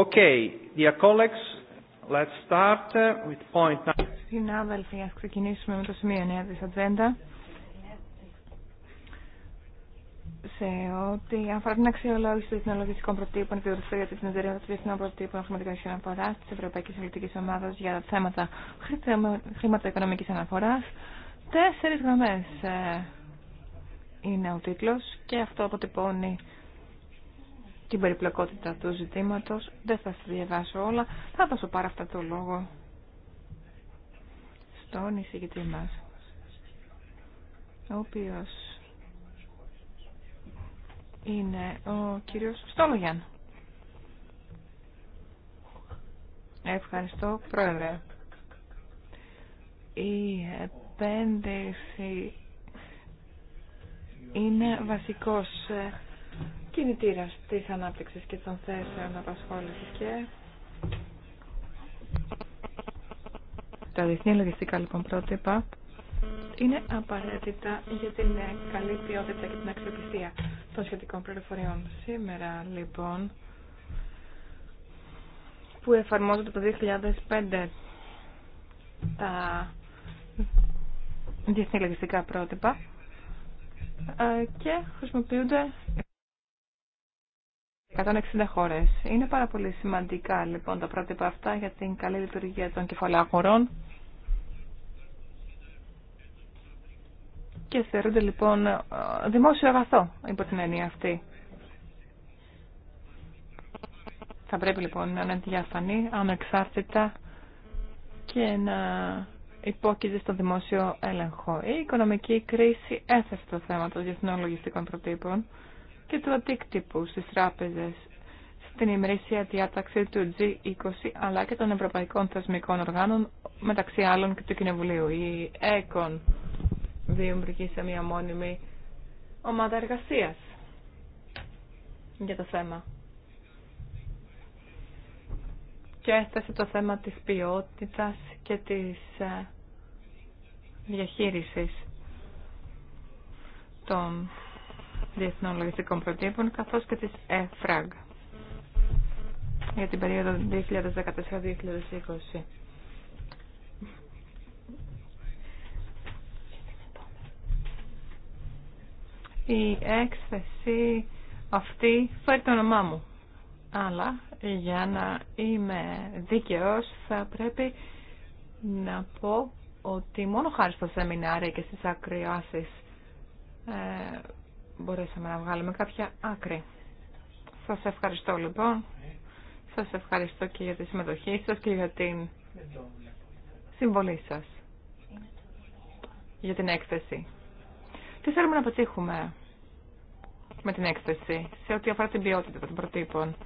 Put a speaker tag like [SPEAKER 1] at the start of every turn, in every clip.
[SPEAKER 1] Okay,
[SPEAKER 2] dear colleagues, let's start uh, with point
[SPEAKER 1] Συνάδελφοι, ας ξεκινήσουμε με το σημείο 9 της ατζέντα. Σε ό,τι αφορά την αξιολόγηση των τεχνολογικών προτύπων, η πληροφορία τη Εταιρεία των Διεθνών Προτύπων Χρηματικών Αναφορά τη Ευρωπαϊκή Ελληνική Ομάδα για τα θέματα χρηματοοικονομική αναφορά. Τέσσερι γραμμέ ε, είναι ο τίτλο και αυτό αποτυπώνει την περιπλοκότητα του ζητήματος. Δεν θα σας διαβάσω όλα. Θα δώσω πάρα αυτά το λόγο στον εισηγητή μας, ο οποίος είναι ο κύριος Στόλογιαν. Ευχαριστώ, Πρόεδρε. Η επένδυση είναι βασικός ε, Κινητήρα τη ανάπτυξη και των θέσεων απασχόληση και τα διεθνή λογιστικά λοιπόν πρότυπα είναι απαραίτητα για την καλή ποιότητα και την αξιοπιστία των σχετικών πληροφοριών. Σήμερα λοιπόν που εφαρμόζονται το 2005 τα διεθνή λογιστικά πρότυπα ε, και χρησιμοποιούνται 160 χώρε. Είναι πάρα πολύ σημαντικά λοιπόν τα πρότυπα αυτά για την καλή λειτουργία των κεφαλαίων και θεωρούνται λοιπόν δημόσιο αγαθό υπό την έννοια αυτή. Θα πρέπει λοιπόν να είναι διαφανή, ανεξάρτητα και να υπόκειται στο δημόσιο έλεγχο. Η οικονομική κρίση έθεσε το θέμα των διεθνών λογιστικών προτύπων και του αντίκτυπου στις τράπεζες στην ημερήσια διάταξη του G20 αλλά και των Ευρωπαϊκών Θεσμικών Οργάνων μεταξύ άλλων και του Κοινοβουλίου. Η ΕΚΟΝ δημιουργεί σε μια μόνιμη ομάδα εργασίας για το θέμα. Και έθεσε το θέμα της ποιότητας και της ε, διαχείρισης των διεθνών λογιστικών προτύπων καθώς και τη ΕΦΡΑΓ για την περίοδο 2014-2020. Η έκθεση αυτή φέρει το όνομά μου. Αλλά για να είμαι δίκαιος θα πρέπει να πω ότι μόνο χάρη στο σεμινάριο και στις ακριάσεις ε, μπορέσαμε να βγάλουμε κάποια άκρη. Σας ευχαριστώ λοιπόν. Σας ευχαριστώ και για τη συμμετοχή σας και για την συμβολή σας. Για την έκθεση. Τι θέλουμε να πετύχουμε με την έκθεση σε ό,τι αφορά την ποιότητα των προτύπων.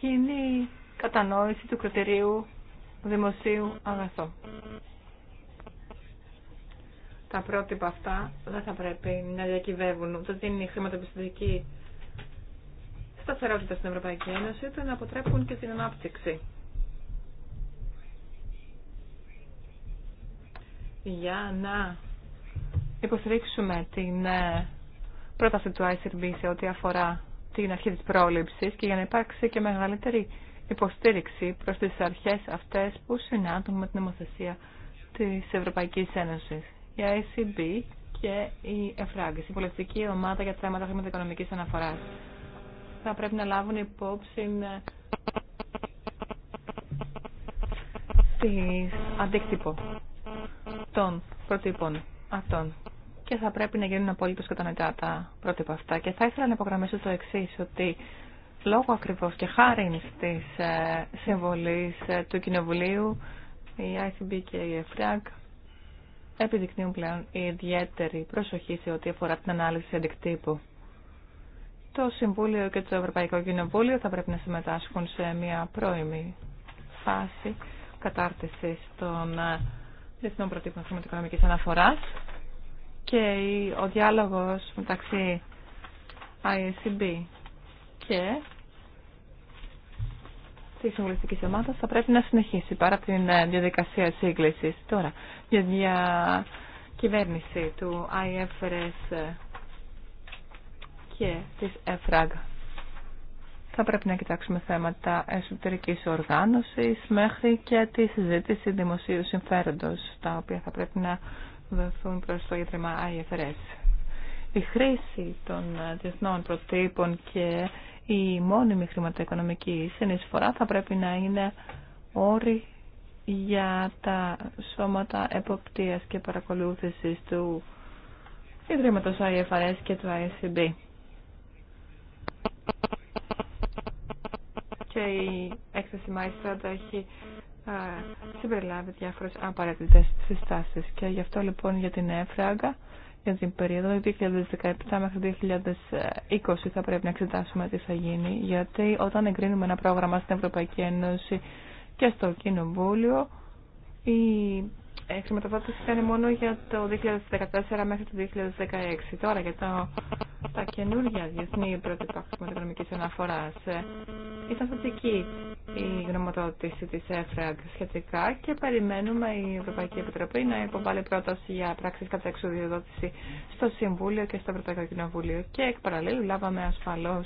[SPEAKER 1] Κοινή κατανόηση του κριτηρίου δημοσίου αγαθό τα πρότυπα αυτά δεν θα πρέπει να διακυβεύουν ούτε την χρηματοπιστωτική σταθερότητα στην Ευρωπαϊκή Ένωση, ούτε να αποτρέπουν και την ανάπτυξη. Για να υποστηρίξουμε την ε, πρόταση του ICRB σε ό,τι αφορά την αρχή της πρόληψης και για να υπάρξει και μεγαλύτερη υποστήριξη προς τις αρχές αυτές που συνάντουν με την νομοθεσία της Ευρωπαϊκής Ένωσης η ICB και η ΕΦΡΑΓ, η Πολιτική Ομάδα για τα Θέματα Χρηματοοικονομικής Αναφοράς. Θα πρέπει να λάβουν υπόψη ε, τις αντίκτυπο των προτύπων αυτών και θα πρέπει να γίνουν απολύτω κατανοητά τα πρότυπα αυτά. Και θα ήθελα να υπογραμμίσω το εξή, ότι λόγω ακριβώ και χάρη τη ε, συμβολή ε, του Κοινοβουλίου, η ICB και η ΕΦΡΑΚ επιδεικνύουν πλέον ιδιαίτερη προσοχή σε ό,τι αφορά την ανάλυση αντικτύπου. Το Συμβούλιο και το Ευρωπαϊκό Κοινοβούλιο θα πρέπει να συμμετάσχουν σε μια πρώιμη φάση κατάρτισης των ε, διεθνών προτύπων χρηματοοικονομικής αναφοράς και ο διάλογος μεταξύ ISCB και τη συμβουλευτική ομάδα θα πρέπει να συνεχίσει παρά την ε, διαδικασία σύγκληση. Τώρα, για διακυβέρνηση του IFRS ε, και τη EFRAG. Θα πρέπει να κοιτάξουμε θέματα εσωτερική οργάνωση μέχρι και τη συζήτηση δημοσίου συμφέροντος, τα οποία θα πρέπει να δοθούν προ το Ίδρυμα IFRS. Η χρήση των ε, διεθνών προτύπων και η μόνιμη χρηματοοικονομική συνεισφορά θα πρέπει να είναι όρη για τα σώματα εποπτείας και παρακολούθησης του Ιδρύματος IFRS και του ICB. Και η έκθεση μάλιστα το έχει συμπεριλάβει διάφορες απαραίτητες συστάσεις. Και γι' αυτό λοιπόν για την ΕΦΡΑΓΑ για την περίοδο 2017 μέχρι 2020 ε, θα πρέπει να εξετάσουμε τι θα γίνει, γιατί όταν εγκρίνουμε ένα πρόγραμμα στην Ευρωπαϊκή Ένωση και στο Κοινοβούλιο, η ε, η χρηματοδότηση ήταν μόνο για το 2014 μέχρι το 2016. Τώρα για το, τα καινούργια διεθνή πρότυπα χρηματοοικονομικής αναφορά. Ε, ήταν θετική η γνωμοδότηση της ΕΦΡΑΚ σχετικά και περιμένουμε η Ευρωπαϊκή Επιτροπή να υποβάλει πρόταση για πράξεις κατά εξουδιοδότηση στο Συμβούλιο και στο Ευρωπαϊκό Και εκ παραλλήλου λάβαμε ασφαλώ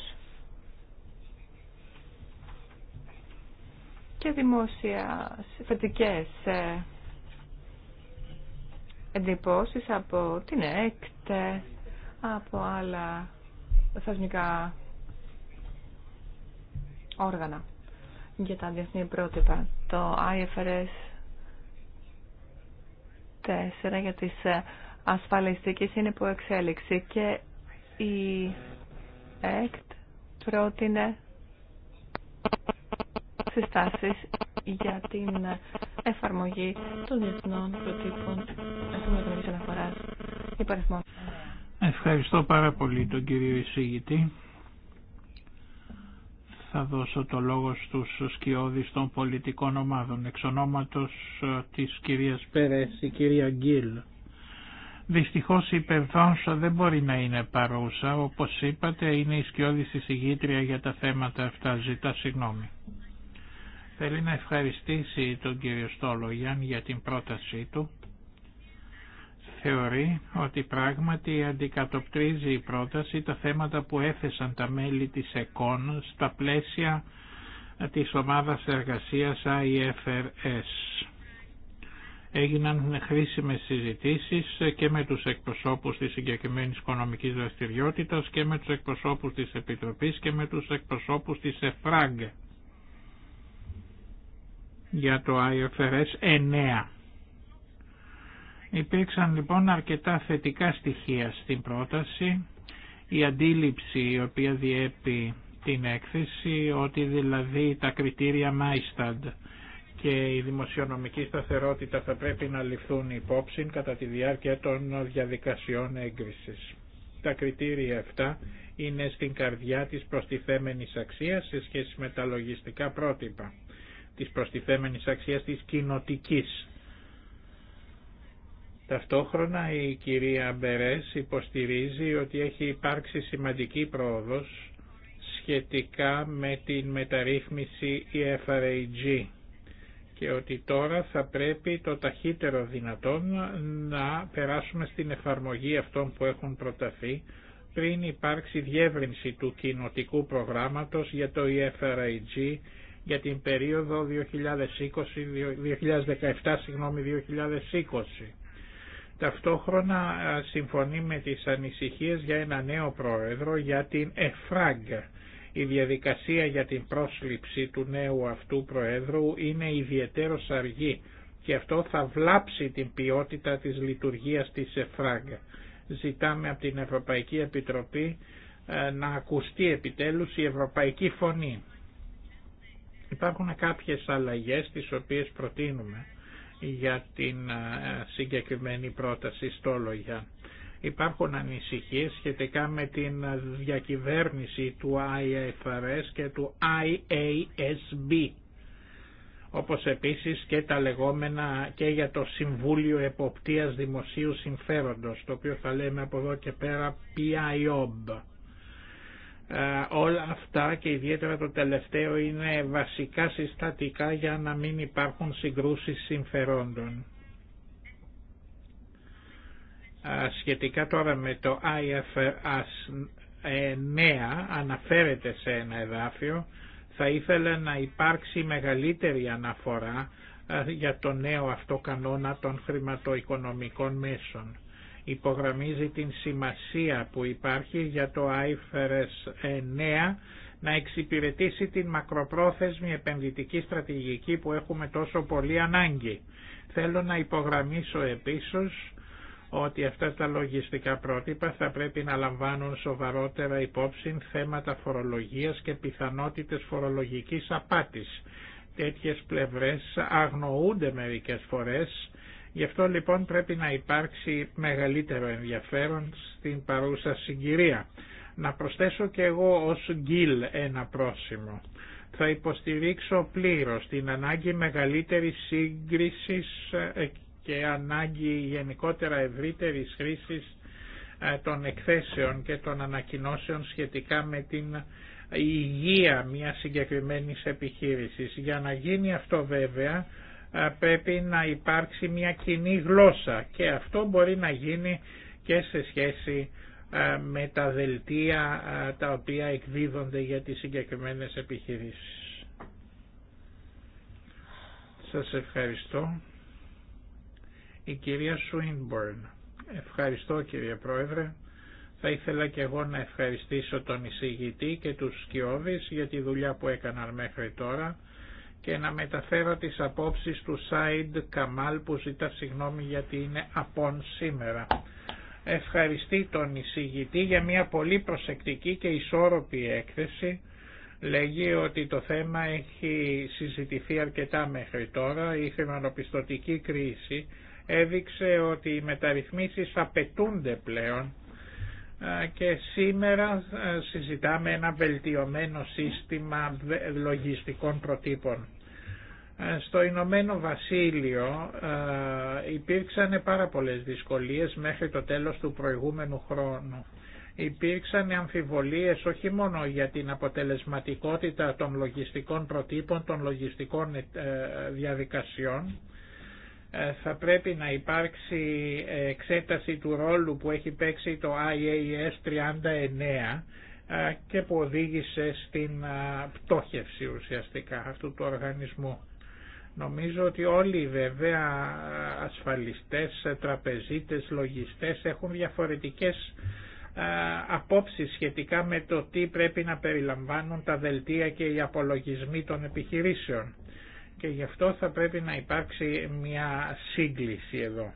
[SPEAKER 1] και δημόσια θετικές ε, εντυπώσεις από την ΕΚΤ, από άλλα θεσμικά όργανα για τα διεθνή πρότυπα. Το IFRS 4 για τις ε, ασφαλιστικές είναι που εξέλιξη και η ΕΚΤ πρότεινε για την εφαρμογή των διεθνών προτύπων αναφοράς
[SPEAKER 3] Ευχαριστώ πάρα πολύ τον κύριο εισήγητη. Θα δώσω το λόγο στους σκιώδεις των πολιτικών ομάδων. Εξ ονόματος ε, της κυρίας Πέρες, η κυρία Γκίλ. Δυστυχώς η περδόνσο δεν μπορεί να είναι παρούσα, όπως είπατε είναι η σκιώδης εισηγήτρια για τα θέματα αυτά, ζητά συγγνώμη. Θέλει να ευχαριστήσει τον κύριο Στόλογιαν για την πρότασή του. Θεωρεί ότι πράγματι αντικατοπτρίζει η πρόταση τα θέματα που έθεσαν τα μέλη της ΕΚΟΝ στα πλαίσια της ομάδας εργασίας IFRS. Έγιναν χρήσιμες συζητήσεις και με τους εκπροσώπους της συγκεκριμένης οικονομικής δραστηριότητας και με τους εκπροσώπους της Επιτροπής και με τους εκπροσώπους της ΕΦΡΑΓ για το IFRS 9. Υπήρξαν λοιπόν αρκετά θετικά στοιχεία στην πρόταση. Η αντίληψη η οποία διέπει την έκθεση ότι δηλαδή τα κριτήρια Μάισταντ και η δημοσιονομική σταθερότητα θα πρέπει να ληφθούν υπόψη κατά τη διάρκεια των διαδικασιών έγκρισης. Τα κριτήρια αυτά είναι στην καρδιά της προστιθέμενης αξίας σε σχέση με τα λογιστικά πρότυπα της προστιθέμενης αξίας της κοινοτικής. Ταυτόχρονα η κυρία Μπερές υποστηρίζει ότι έχει υπάρξει σημαντική πρόοδος σχετικά με την μεταρρύθμιση EFRAG και ότι τώρα θα πρέπει το ταχύτερο δυνατόν να περάσουμε στην εφαρμογή αυτών που έχουν προταθεί πριν υπάρξει διεύρυνση του κοινοτικού προγράμματος για το EFRAG για την περίοδο 2020, 2017 συγγνώμη, 2020. Ταυτόχρονα συμφωνεί με τις ανησυχίες για ένα νέο πρόεδρο για την ΕΦΡΑΓ. Η διαδικασία για την πρόσληψη του νέου αυτού προέδρου είναι ιδιαίτερο αργή και αυτό θα βλάψει την ποιότητα της λειτουργίας της ΕΦΡΑΓ. Ζητάμε από την Ευρωπαϊκή Επιτροπή ε, να ακουστεί επιτέλους η ευρωπαϊκή φωνή. Υπάρχουν κάποιες αλλαγές τις οποίες προτείνουμε για την ε, συγκεκριμένη πρόταση στο Υπάρχουν ανησυχίες σχετικά με την διακυβέρνηση του IFRS και του IASB όπως επίσης και τα λεγόμενα και για το Συμβούλιο Εποπτείας Δημοσίου Συμφέροντος, το οποίο θα λέμε από εδώ και πέρα PIOB. Ε, όλα αυτά και ιδιαίτερα το τελευταίο είναι βασικά συστατικά για να μην υπάρχουν συγκρούσεις συμφερόντων. Ε, σχετικά τώρα με το IFRS 9 ε, αναφέρεται σε ένα εδάφιο, θα ήθελα να υπάρξει μεγαλύτερη αναφορά για το νέο αυτό κανόνα των χρηματοοικονομικών μέσων υπογραμμίζει την σημασία που υπάρχει για το IFRS 9 να εξυπηρετήσει την μακροπρόθεσμη επενδυτική στρατηγική που έχουμε τόσο πολύ ανάγκη. Θέλω να υπογραμμίσω επίσης ότι αυτά τα λογιστικά πρότυπα θα πρέπει να λαμβάνουν σοβαρότερα υπόψη θέματα φορολογίας και πιθανότητες φορολογικής απάτης. Τέτοιες πλευρές αγνοούνται μερικές φορές Γι' αυτό λοιπόν πρέπει να υπάρξει μεγαλύτερο ενδιαφέρον στην παρούσα συγκυρία. Να προσθέσω και εγώ ως γκυλ ένα πρόσημο. Θα υποστηρίξω πλήρως την ανάγκη μεγαλύτερης σύγκρισης ε, και ανάγκη γενικότερα ευρύτερης χρήσης ε, των εκθέσεων και των ανακοινώσεων σχετικά με την υγεία μιας συγκεκριμένης επιχείρησης. Για να γίνει αυτό βέβαια ε, πρέπει να υπάρξει μια κοινή γλώσσα και αυτό μπορεί να γίνει και σε σχέση ε, με τα δελτία ε, τα οποία εκδίδονται για τις συγκεκριμένες επιχειρήσεις. Σας ευχαριστώ. Η κυρία Σουίνμπορν. Ευχαριστώ κύριε Πρόεδρε. Θα ήθελα και εγώ να ευχαριστήσω τον εισηγητή και τους σκιώδεις για τη δουλειά που έκαναν μέχρι τώρα και να μεταφέρω τις απόψεις του Σάιντ Καμάλ που ζητά συγγνώμη γιατί είναι απόν σήμερα. Ευχαριστεί τον εισηγητή για μια πολύ προσεκτική και ισόρροπη έκθεση. Λέγει ότι το θέμα έχει συζητηθεί αρκετά μέχρι τώρα. Η χρηματοπιστωτική κρίση έδειξε ότι οι μεταρρυθμίσεις απαιτούνται πλέον ε, και σήμερα ε, συζητάμε ένα βελτιωμένο σύστημα λογιστικών προτύπων. Ε, στο Ηνωμένο Βασίλειο υπήρξαν πάρα πολλές δυσκολίες μέχρι το τέλος του προηγούμενου χρόνου. Υπήρξαν αμφιβολίες όχι μόνο για την αποτελεσματικότητα των λογιστικών προτύπων, των λογιστικών διαδικασιών, ε, θα πρέπει να υπάρξει εξέταση του ρόλου που έχει παίξει το IAS 39 ε, και που οδήγησε στην ε, πτώχευση ουσιαστικά αυτού του οργανισμού. Νομίζω ότι όλοι βέβαια ασφαλιστές, τραπεζίτες, λογιστές έχουν διαφορετικές απόψεις σχετικά με το τι πρέπει να περιλαμβάνουν τα δελτία και οι απολογισμοί των επιχειρήσεων και γι' αυτό θα πρέπει να υπάρξει μια σύγκληση εδώ.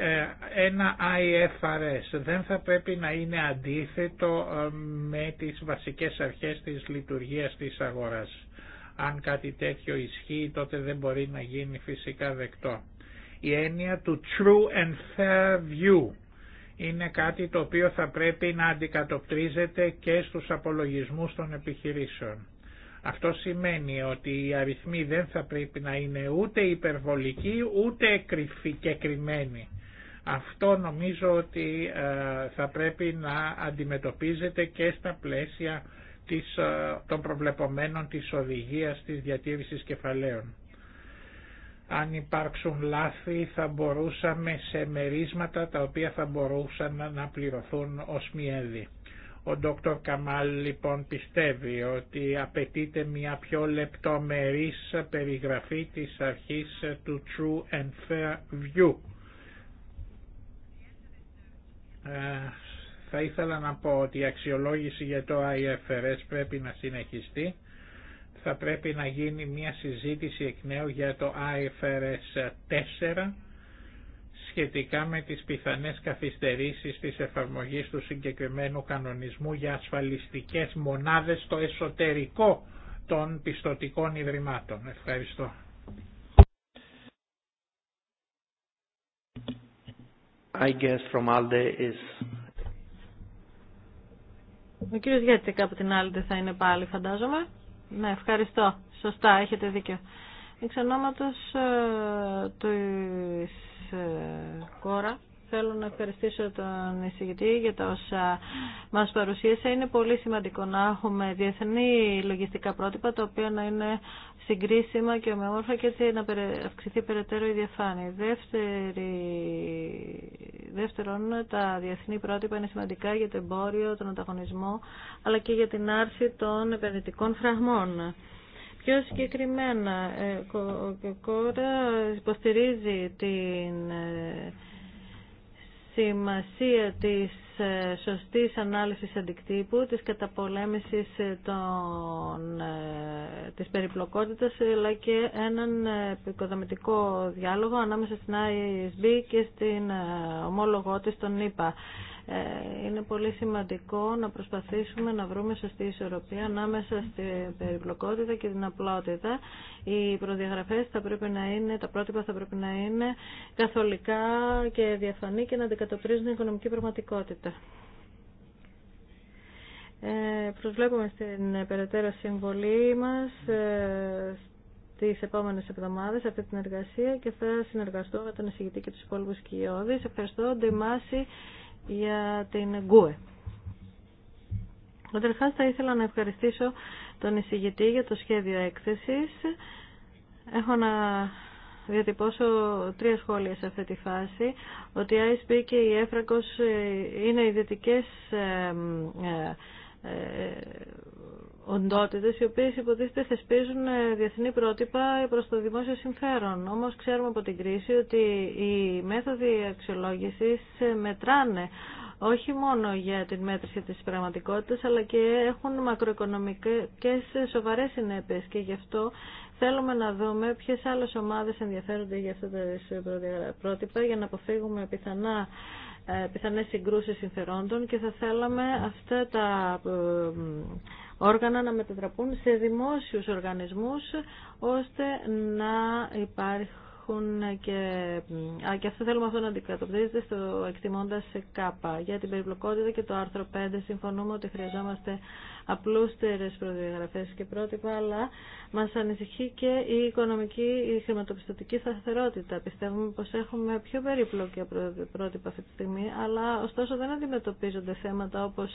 [SPEAKER 3] Ε, ένα IFRS δεν θα πρέπει να είναι αντίθετο ε, με τις βασικές αρχές της λειτουργίας της αγοράς. Αν κάτι τέτοιο ισχύει τότε δεν μπορεί να γίνει φυσικά δεκτό. Η έννοια του true and fair view είναι κάτι το οποίο θα πρέπει να αντικατοπτρίζεται και στους απολογισμούς των επιχειρήσεων. Αυτό σημαίνει ότι οι αριθμοί δεν θα πρέπει να είναι ούτε υπερβολικοί ούτε και κρυμμένοι. Αυτό νομίζω ότι ε, θα πρέπει να αντιμετωπίζεται και στα πλαίσια της, ε, των προβλεπομένων της οδηγίας της διατήρησης κεφαλαίων. Αν υπάρξουν λάθη θα μπορούσαμε σε μερίσματα τα οποία θα μπορούσαν να πληρωθούν ως μιέδη. Ο Δόκτωρ Καμάλ λοιπόν πιστεύει ότι απαιτείται μια πιο λεπτομερής περιγραφή της αρχής του True and Fair View. Ε, θα ήθελα να πω ότι η αξιολόγηση για το IFRS πρέπει να συνεχιστεί. Θα πρέπει να γίνει μια συζήτηση εκ νέου για το IFRS 4 σχετικά με τις πιθανές καθυστερήσεις της εφαρμογής του συγκεκριμένου κανονισμού για ασφαλιστικές μονάδες στο εσωτερικό των πιστοτικών ιδρυμάτων. Ευχαριστώ. I guess from Alde is...
[SPEAKER 4] Ο κύριος Γιάτσεκ από την Άλντε θα είναι πάλι φαντάζομαι. Ναι, ευχαριστώ. Σωστά, έχετε δίκιο. Εξ ονόματος ε, της Κόρα. Ε, Θέλω να ευχαριστήσω τον εισηγητή για τα όσα μας παρουσίασε. Είναι πολύ σημαντικό να έχουμε διεθνή λογιστικά πρότυπα, τα οποία να είναι συγκρίσιμα και ομοιόμορφα και έτσι να αυξηθεί περαιτέρω η διαφάνεια. Δεύτερη... Δεύτερον, τα διεθνή πρότυπα είναι σημαντικά για το εμπόριο, τον ανταγωνισμό, αλλά και για την άρση των επενδυτικών φραγμών. Πιο συγκεκριμένα, η ε, ΚΟΡΑ υποστηρίζει την ε, σημασία της ε, σωστής ανάλυσης αντικτύπου, της καταπολέμησης των, της περιπλοκότητας, αλλά και έναν επικοδομητικό διάλογο ανάμεσα στην ISB και στην ομόλογό της, τον ΙΠΑ. Ε, είναι πολύ σημαντικό να προσπαθήσουμε να βρούμε σωστή ισορροπία ανάμεσα στην περιπλοκότητα και την απλότητα. Οι προδιαγραφές θα πρέπει να είναι, τα πρότυπα θα πρέπει να είναι καθολικά και διαφανή και να αντικατοπτρίζουν την οικονομική πραγματικότητα. Ε, προσβλέπουμε στην περαιτέρω συμβολή μας ε, τι επόμενες εβδομάδες αυτή την εργασία και θα συνεργαστώ με τον εισηγητή και τους υπόλοιπους κοιόδης. Ευχαριστώ, Ντεμάση για την Γκούέ. Καταρχά θα ήθελα να ευχαριστήσω τον εισηγητή για το σχέδιο έκθεσης. Έχω να διατυπώσω τρία σχόλια σε αυτή τη φάση, ότι η ISP και η Έφρακος ε, είναι ιδιωτικές ε, ε, οι οποίε υποτίθεται θεσπίζουν ε, διεθνή πρότυπα προ το δημόσιο συμφέρον. Όμω ξέρουμε από την κρίση ότι οι μέθοδοι αξιολόγηση ε, μετράνε όχι μόνο για την μέτρηση της πραγματικότητας, αλλά και έχουν μακροοικονομικές ε, σοβαρές συνέπειες και γι' αυτό θέλουμε να δούμε ποιες άλλες ομάδες ενδιαφέρονται για αυτά τα πρότυπα για να αποφύγουμε πιθανά πιθανές συγκρούσεις συμφερόντων και θα θέλαμε αυτά τα όργανα να μετατραπούν σε δημόσιους οργανισμούς ώστε να υπάρχουν υπάρχουν και... Α, και αυτό θέλουμε αυτό να αντικατοπτρίζεται στο εκτιμώντα σε κάπα. Για την περιπλοκότητα και το άρθρο 5 συμφωνούμε ότι χρειαζόμαστε απλούστερες προδιαγραφές και πρότυπα, αλλά μας ανησυχεί και η οικονομική, η χρηματοπιστωτική σταθερότητα. Πιστεύουμε πως έχουμε πιο περίπλοκια πρότυπα αυτή τη στιγμή, αλλά ωστόσο δεν αντιμετωπίζονται θέματα όπως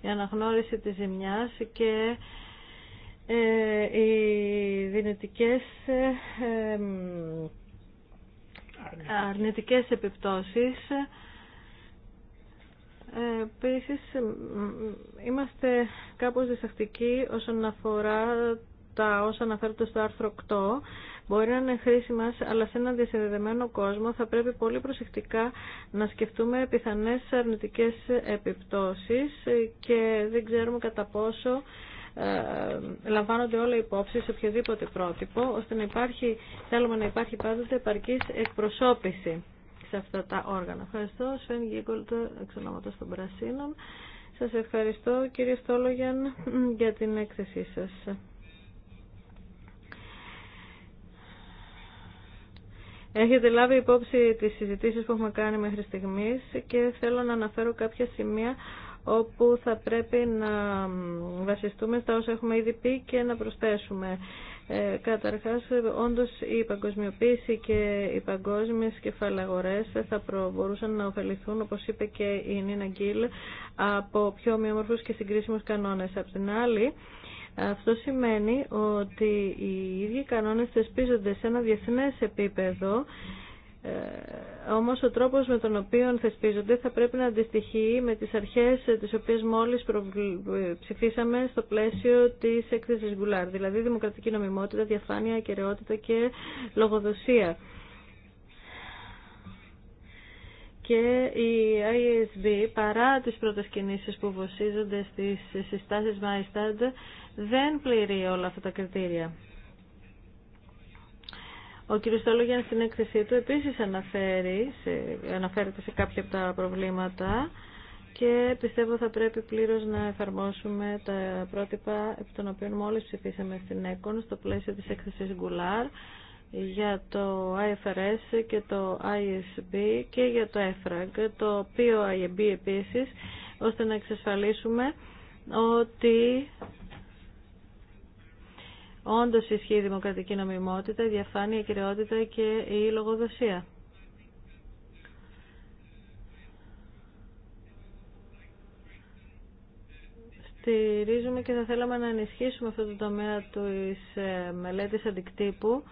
[SPEAKER 4] η αναγνώριση τη ζημιά και ε, οι δυνητικές ε, αρνητικές επιπτώσεις ε, Επίση, είμαστε κάπως διστακτικοί όσον αφορά τα όσα αναφέρονται στο άρθρο 8. Μπορεί να είναι χρήσιμα, αλλά σε έναν διασυνδεδεμένο κόσμο θα πρέπει πολύ προσεκτικά να σκεφτούμε πιθανές αρνητικές επιπτώσεις και δεν ξέρουμε κατά πόσο ε, λαμβάνονται όλα υπόψη σε οποιοδήποτε πρότυπο, ώστε να υπάρχει, θέλουμε να υπάρχει πάντοτε επαρκής εκπροσώπηση σε αυτά τα όργανα. Ευχαριστώ, Σφέν Γίγκολτ, εξ ονόματος των Πρασίνων. Σας ευχαριστώ, κύριε Στόλογιαν, για την έκθεσή σας. Έχετε λάβει υπόψη τις συζητήσεις που έχουμε κάνει μέχρι στιγμής και θέλω να αναφέρω κάποια σημεία όπου θα πρέπει να βασιστούμε στα όσα έχουμε ήδη πει και να προσθέσουμε. Ε, καταρχάς, όντως η παγκοσμιοποίηση και οι παγκόσμιες κεφαλαγορές θα μπορούσαν να ωφεληθούν, όπως είπε και η Νίνα Γκίλ, από πιο ομοιόμορφους και συγκρίσιμους κανόνες. Απ' την άλλη, αυτό σημαίνει ότι οι ίδιοι κανόνες θεσπίζονται σε ένα διεθνές επίπεδο ε, όμως ο τρόπος με τον οποίο θεσπίζονται θα πρέπει να αντιστοιχεί με τις αρχές τις οποίες μόλις ψηφίσαμε στο πλαίσιο της έκθεσης Γκουλάρ, δηλαδή δημοκρατική νομιμότητα, διαφάνεια, κεραιότητα και λογοδοσία. και η ISB παρά τις πρώτες κινήσεις που βοσίζονται στις συστάσεις μάισταντ, δεν πληρεί όλα αυτά τα κριτήρια. Ο κ. Στόλογιαν στην έκθεσή του επίσης αναφέρει, αναφέρεται σε κάποια από τα προβλήματα και πιστεύω θα πρέπει πλήρως να εφαρμόσουμε τα πρότυπα από των οποίων μόλις ψηφίσαμε στην ΕΚΟΝ στο πλαίσιο της έκθεσης Γκουλάρ για το IFRS και το ISB και για το EFRAG, το οποίο επίσης, ώστε να εξασφαλίσουμε ότι όντως ισχύει η δημοκρατική νομιμότητα, η διαφάνεια, η κυριότητα και η λογοδοσία. Στηρίζουμε και θα θέλαμε να ενισχύσουμε αυτό το τομέα της ε, μελέτης αντικτύπου,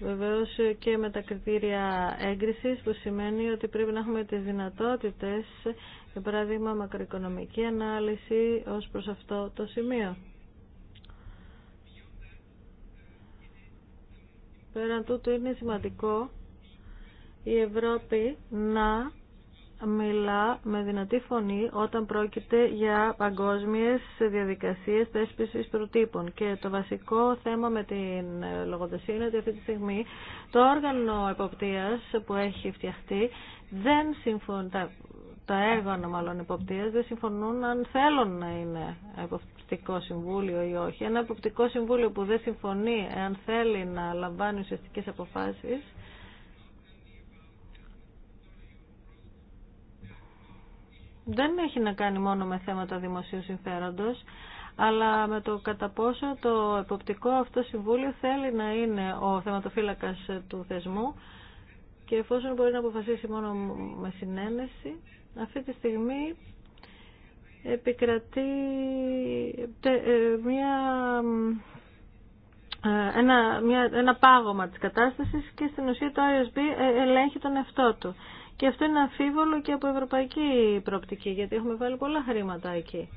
[SPEAKER 4] Βεβαίως και με τα κριτήρια έγκρισης που σημαίνει ότι πρέπει να έχουμε τις δυνατότητες, για παράδειγμα μακροοικονομική ανάλυση ως προς αυτό το σημείο. Πέραν τούτου είναι σημαντικό η Ευρώπη να μιλά με δυνατή φωνή όταν πρόκειται για παγκόσμιες διαδικασίες θέσπισης προτύπων. Και το βασικό θέμα με την λογοδοσία είναι ότι αυτή τη στιγμή το όργανο εποπτείας που έχει φτιαχτεί δεν συμφωνεί, τα, έργανα μάλλον εποπτείας δεν συμφωνούν αν θέλουν να είναι εποπτικό συμβούλιο ή όχι. Ένα εποπτικό συμβούλιο που δεν συμφωνεί εάν θέλει να λαμβάνει ουσιαστικέ αποφάσει. δεν έχει να κάνει μόνο με θέματα δημοσίου συμφέροντος, αλλά με το κατά πόσο το εποπτικό αυτό συμβούλιο θέλει να είναι ο θεματοφύλακας του θεσμού και εφόσον μπορεί να αποφασίσει μόνο με συνένεση, αυτή τη στιγμή επικρατεί ε, μια, ε, ένα, μια, ένα πάγωμα της κατάστασης και στην ουσία το ISB ε, ελέγχει τον εαυτό του. Και αυτό είναι αμφίβολο και από ευρωπαϊκή προοπτική, γιατί έχουμε βάλει πολλά χρήματα εκεί.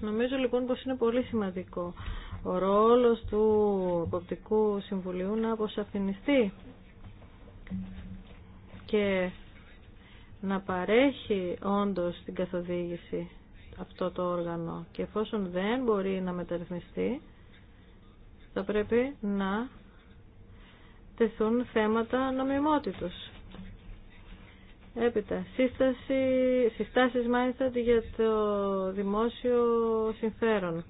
[SPEAKER 4] Νομίζω λοιπόν πως είναι πολύ σημαντικό ο ρόλος του Εποπτικού Συμβουλίου να αποσαφινιστεί και να παρέχει όντως την καθοδήγηση αυτό το όργανο και εφόσον δεν μπορεί να μεταρρυθμιστεί θα πρέπει να τεθούν θέματα νομιμότητος. Έπειτα, σύσταση, συστάσεις μάλιστα για το δημόσιο συμφέρον.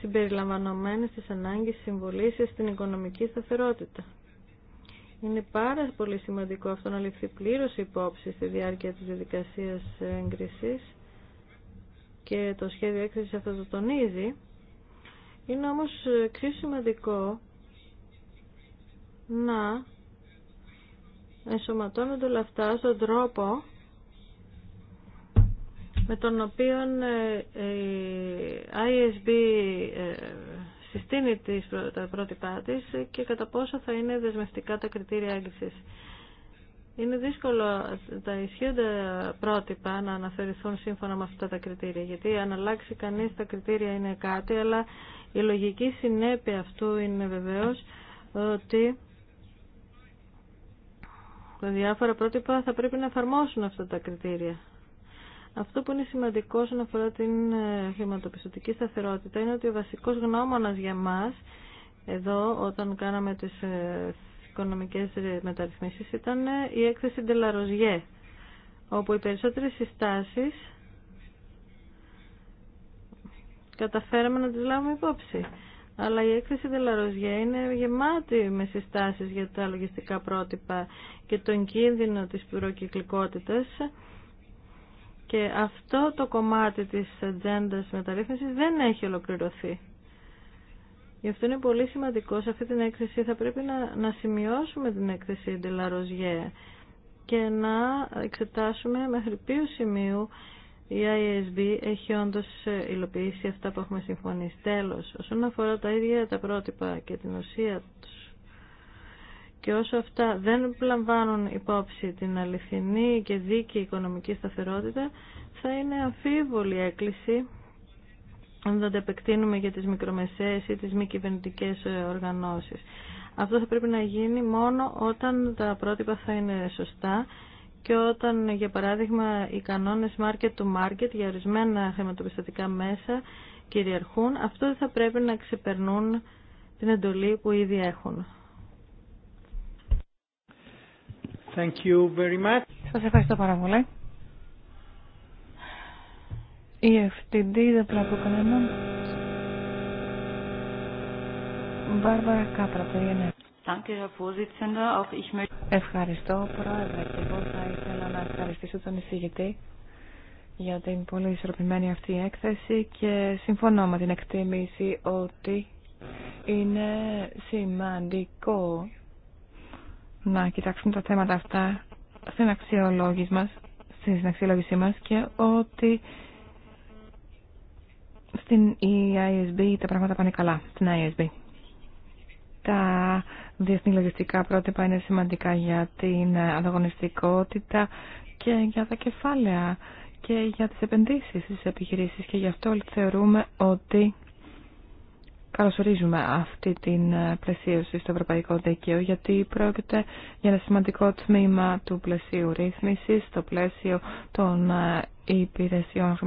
[SPEAKER 4] Συμπεριλαμβανομένες της ανάγκης συμβολής στην οικονομική σταθερότητα. Είναι πάρα πολύ σημαντικό αυτό να ληφθεί πλήρως υπόψη στη διάρκεια της διαδικασία έγκριση και το σχέδιο έκθεση αυτό το τονίζει. Είναι όμως εξίσου σημαντικό να ενσωματώνονται όλα αυτά στον τρόπο με τον οποίο ε, ε, η ISB ε, συστήνει τις, τα πρότυπά τη και κατά πόσο θα είναι δεσμευτικά τα κριτήρια έγκριση. Είναι δύσκολο τα ισχύοντα πρότυπα να αναφερθούν σύμφωνα με αυτά τα κριτήρια, γιατί αν αλλάξει κανείς τα κριτήρια είναι κάτι, αλλά η λογική συνέπεια αυτού είναι βεβαίω ότι τα διάφορα πρότυπα θα πρέπει να εφαρμόσουν αυτά τα κριτήρια. Αυτό που είναι σημαντικό όσον αφορά την ε, χρηματοπιστωτική σταθερότητα είναι ότι ο βασικός γνώμονας για μας εδώ όταν κάναμε τις ε, οικονομικές ε, μεταρρυθμίσεις ήταν η έκθεση Ντελαροζιέ όπου οι περισσότερες συστάσεις καταφέραμε να τις λάβουμε υπόψη. Αλλά η έκθεση Δελαροζιέ είναι γεμάτη με συστάσεις για τα λογιστικά πρότυπα και τον κίνδυνο της προκυκλικότητας και αυτό το κομμάτι της ατζέντα μεταρρύθμισης δεν έχει ολοκληρωθεί. Γι' αυτό είναι πολύ σημαντικό σε αυτή την έκθεση θα πρέπει να, να σημειώσουμε την έκθεση Ντελαροζιέ και να εξετάσουμε μέχρι ποιο σημείου η ISB έχει όντω ε, υλοποιήσει αυτά που έχουμε συμφωνήσει. Τέλο, όσον αφορά τα ίδια τα πρότυπα και την ουσία του και όσο αυτά δεν λαμβάνουν υπόψη την αληθινή και δίκαιη οικονομική σταθερότητα, θα είναι αμφίβολη έκκληση αν δεν τα επεκτείνουμε για τις μικρομεσαίες ή τις μη κυβερνητικέ ε, οργανώσεις. Αυτό θα πρέπει να γίνει μόνο όταν τα πρότυπα θα είναι σωστά και όταν, για παράδειγμα, οι κανόνες market to market για ορισμένα χρηματοπιστωτικά μέσα κυριαρχούν, αυτό θα πρέπει να ξεπερνούν την εντολή που ήδη έχουν.
[SPEAKER 2] Thank you very much. Σας
[SPEAKER 1] ευχαριστώ πάρα πολύ. Η FTD δεν πλάκω κανέναν. Μπάρμπαρα Κάπρα, ναι. möchte. Ευχαριστώ,
[SPEAKER 5] Πρόεδρε, και εγώ θα ήθελα να ευχαριστήσω
[SPEAKER 1] τον εισηγητή για την πολύ ισορροπημένη αυτή έκθεση και συμφωνώ με την εκτίμηση ότι είναι σημαντικό να κοιτάξουμε τα θέματα αυτά στην αξιολόγηση μας, στην αξιολόγησή μας και ότι στην e ISB τα πράγματα πάνε καλά, στην ISB. Τα διεθνή λογιστικά πρότυπα είναι σημαντικά για την ανταγωνιστικότητα και για τα κεφάλαια και για τις επενδύσεις στις επιχειρήσεις και γι' αυτό θεωρούμε ότι Καλωσορίζουμε αυτή την ε, πλαισίωση στο Ευρωπαϊκό Δίκαιο γιατί πρόκειται για ένα σημαντικό τμήμα του πλαισίου ρύθμιση, στο πλαίσιο των ε, υπηρεσιών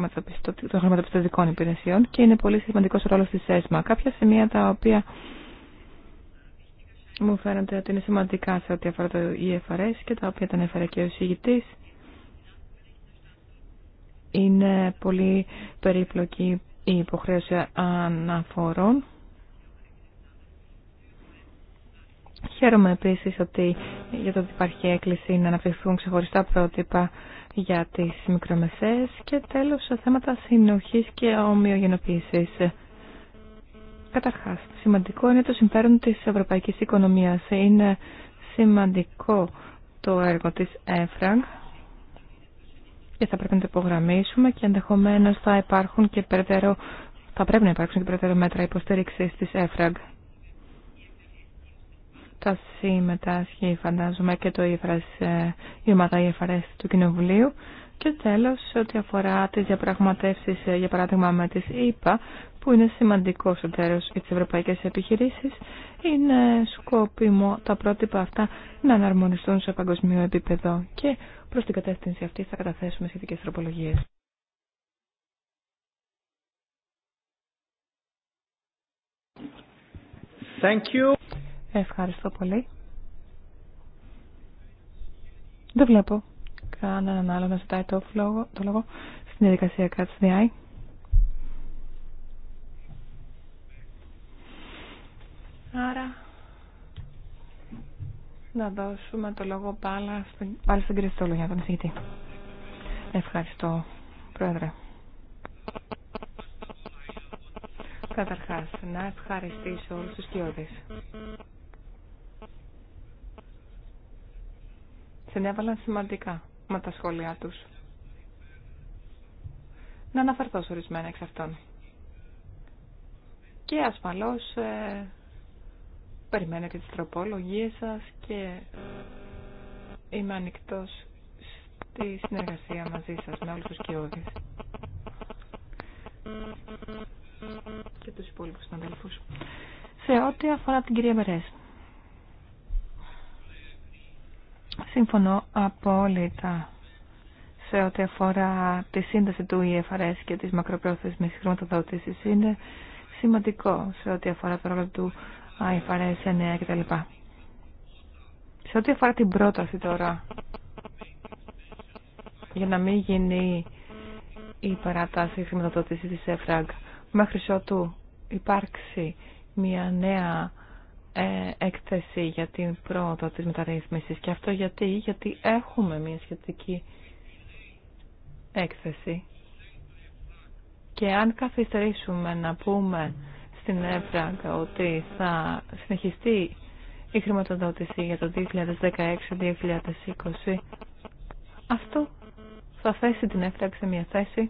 [SPEAKER 1] των χρηματοπιστωτικών υπηρεσιών και είναι πολύ σημαντικός ο ρόλος της ΕΣΜΑ. Κάποια σημεία τα οποία μου φαίνονται ότι είναι σημαντικά σε ό,τι αφορά το EFRS και τα οποία τα έφερε και ο συγητής είναι πολύ περίπλοκη η υποχρέωση αναφορών Χαίρομαι επίσης ότι για το ότι υπάρχει έκκληση να αναπτυχθούν ξεχωριστά πρότυπα για τις μικρομεσαίες και τέλος θέματα συνοχή και ομοιογενοποίησης. Καταρχά. σημαντικό είναι το συμφέρον της ευρωπαϊκής οικονομίας. Είναι σημαντικό το έργο της ΕΦΡΑΓ και θα πρέπει να το υπογραμμίσουμε και ενδεχομένω θα υπάρχουν και περαιτέρω θα πρέπει να υπάρξουν και περαιτέρω μέτρα υποστήριξη τη ΕΦΡΑΓ θα συμμετάσχει φαντάζομαι και το EFRS, ε, η ομάδα του Κοινοβουλίου. Και τέλος, ό,τι αφορά τις διαπραγματεύσεις, ε, για παράδειγμα με τις ΕΙΠΑ, που είναι στο τέλος για τις ευρωπαϊκές επιχειρήσεις, είναι σκόπιμο τα πρότυπα αυτά να αναρμονιστούν σε παγκοσμίο επίπεδο και προς την κατεύθυνση αυτή θα καταθέσουμε σχετικές τροπολογίες. Thank you. Ευχαριστώ πολύ. Δεν βλέπω κανέναν άλλο να ζητάει το, λόγο, το λόγο στην διαδικασία ΚΑΤΣΔΙ. Άρα, να δώσουμε το λόγο πάλι στην, πάλι στην Κριστόλου του τον εισηγητή. Ευχαριστώ, Πρόεδρε. Καταρχάς, να ευχαριστήσω όλους τους κοιόδης συνέβαλαν σημαντικά με τα σχόλιά τους. Να αναφερθώ σε ορισμένα εξ αυτών. Και ασφαλώς ε, περιμένω και τις τροπολογίες σας και είμαι ανοιχτό στη συνεργασία μαζί σας με όλους τους κοιόδης και τους υπόλοιπους συναδέλφους. Σε ό,τι αφορά την κυρία Μερέσ. Συμφωνώ απόλυτα σε ό,τι αφορά τη σύνταση του EFRS και της μακροπρόθεσμης χρηματοδότησης. Είναι σημαντικό σε ό,τι αφορά το ρόλο του IFRS 9 κτλ. Σε ό,τι αφορά την πρόταση τώρα, για να μην γίνει η παράταση χρηματοδότηση της ΕΦΡΑΓ, μέχρι ότου υπάρξει μια νέα ε, έκθεση για την πρόοδο της μεταρρύθμισης. Και αυτό γιατί, γιατί έχουμε μια σχετική έκθεση. Και αν καθυστερήσουμε να πούμε στην ΕΦΡΑΚ ότι θα συνεχιστεί η χρηματοδότηση για το 2016-2020, αυτό θα θέσει την ΕΦΡΑΚ σε μια θέση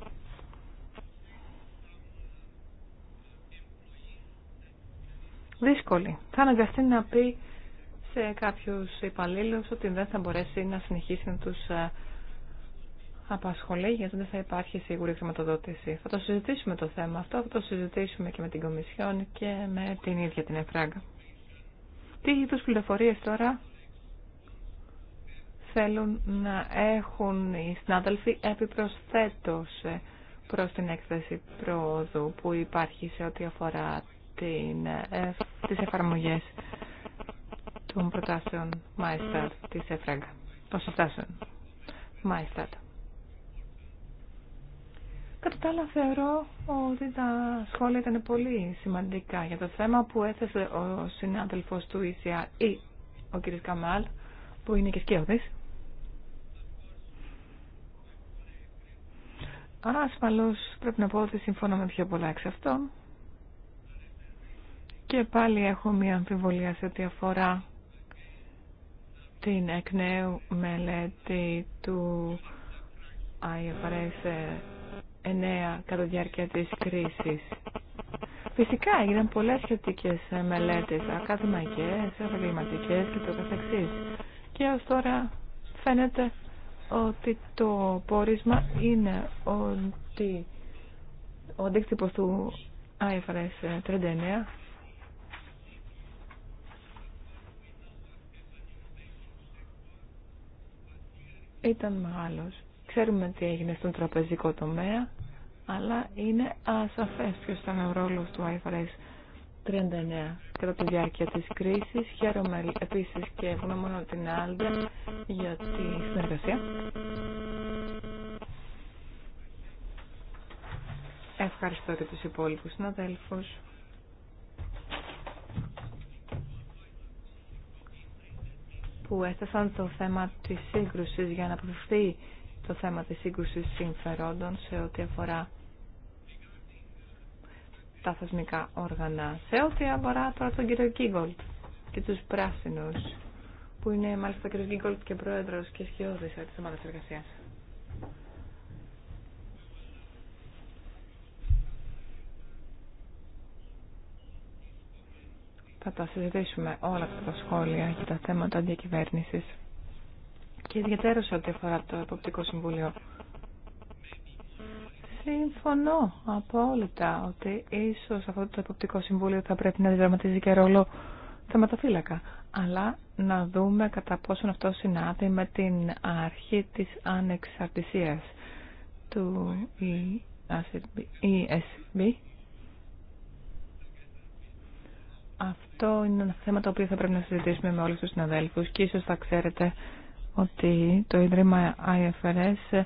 [SPEAKER 1] δύσκολη. Θα αναγκαστεί να πει σε κάποιους υπαλλήλου ότι δεν θα μπορέσει να συνεχίσει να τους ε, απασχολεί γιατί δεν θα υπάρχει σίγουρη χρηματοδότηση. Θα το συζητήσουμε το θέμα αυτό, θα το συζητήσουμε και με την Κομισιόν και με την ίδια την Εφράγκα. Τι είδου πληροφορίε τώρα θέλουν να έχουν οι συνάδελφοι επιπροσθέτω ε, προς την έκθεση πρόοδου που υπάρχει σε ό,τι αφορά την, ε, τις εφαρμογές των προτάσεων Μάιστατ της ΕΦΡΑΓ, των συστάσεων Μάιστατ. Κατά τα άλλα θεωρώ ότι τα σχόλια ήταν πολύ σημαντικά για το θέμα που έθεσε ο συνάδελφος του ΙΣΙΑ ή ο κ. Καμάλ που είναι και Ας Ασφαλώς πρέπει να πω ότι συμφωνώ με πιο πολλά εξ αυτών. Και πάλι έχω μία αμφιβολία σε ό,τι αφορά την εκ νέου μελέτη του IFRS 9 κατά τη διάρκεια της κρίσης. Φυσικά έγιναν πολλές σχετικές μελέτες, ακαδημαϊκές, επαγγελματικέ και το καθεξής. Και ως τώρα φαίνεται ότι το πόρισμα είναι ότι ο αντίκτυπος του IFRS 39 ήταν μεγάλος. Ξέρουμε τι έγινε στον τραπεζικό τομέα, αλλά είναι ασαφές ποιος ήταν ο ρόλος του IFRS 39 κατά τη διάρκεια της κρίσης. Χαίρομαι επίσης και ευγνώμονω την Άλντα για τη συνεργασία. Ευχαριστώ και τους υπόλοιπους συναδέλφους. που έθεσαν το θέμα της σύγκρουσης για να αποφευθεί το θέμα της σύγκρουσης συμφερόντων σε ό,τι αφορά τα θεσμικά όργανα. Σε ό,τι αφορά τώρα τον κύριο Κίγκολτ και τους πράσινους, που είναι μάλιστα ο κύριος Κίγκολτ και πρόεδρος και σχεδόν της ομάδας εργασίας. Θα τα συζητήσουμε όλα αυτά τα σχόλια για τα θέματα διακυβέρνηση. και ιδιαίτερα ό,τι αφορά το Εποπτικό Συμβούλιο. Συμφωνώ απόλυτα ότι ίσως αυτό το Εποπτικό Συμβούλιο θα πρέπει να διδραματίζει και ρόλο θεματοφύλακα, αλλά να δούμε κατά πόσον αυτό συνάδει με την αρχή της ανεξαρτησίας του ESB αυτό είναι ένα θέμα το οποίο θα πρέπει να συζητήσουμε με όλους τους συναδέλφους και ίσως θα ξέρετε ότι το Ίδρυμα IFRS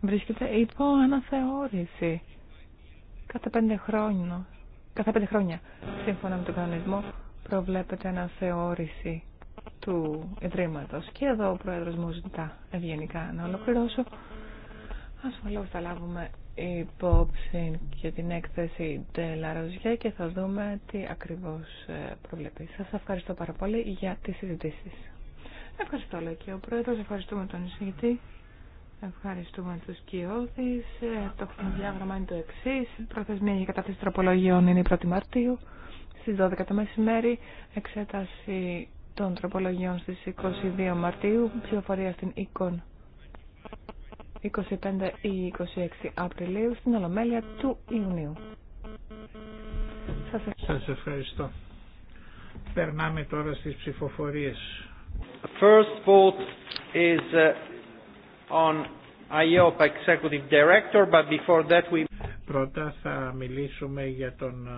[SPEAKER 1] βρίσκεται υπό αναθεώρηση κατά πέντε χρόνια. Κάθε πέντε χρόνια, σύμφωνα με τον κανονισμό, προβλέπεται αναθεώρηση του Ιδρύματος. Και εδώ ο Πρόεδρος μου ζητά ευγενικά να ολοκληρώσω. Ασφαλώς θα λάβουμε υπόψη και την έκθεση Τελαροζιέ και θα δούμε τι ακριβώς ε, προβλέπει. Σας ευχαριστώ πάρα πολύ για τις συζητήσεις. Ευχαριστώ λέει και ο Πρόεδρος, ευχαριστούμε τον εισηγητή, ευχαριστούμε τους κοιόδης, ε, το χρονοδιάγραμμα είναι το εξή. προθεσμία για κατάθεση τροπολογιών είναι η 1η Μαρτίου, στις 12 το μεσημέρι, εξέταση των τροπολογιών στις 22 Μαρτίου, ψηφοφορία στην εικόνα. 25 ή 26 Απριλίου στην Ολομέλεια του Ιουνίου.
[SPEAKER 3] Σας ευχαριστώ. Σας ευχαριστώ. Περνάμε τώρα στις
[SPEAKER 2] ψηφοφορίες. First vote is uh, on Executive Director, but before that we...
[SPEAKER 3] Πρώτα θα μιλήσουμε για τον...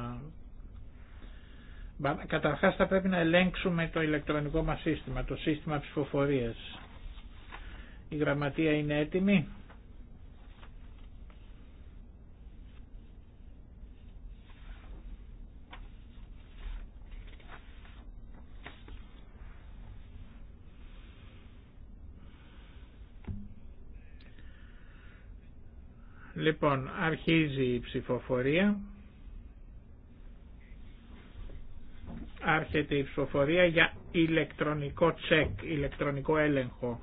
[SPEAKER 3] Uh, καταρχάς θα πρέπει να ελέγξουμε το ηλεκτρονικό μας σύστημα, το σύστημα ψηφοφορίας. Η γραμματεία είναι έτοιμη. Λοιπόν, αρχίζει η ψηφοφορία. Άρχεται η ψηφοφορία για ηλεκτρονικό τσεκ, ηλεκτρονικό έλεγχο.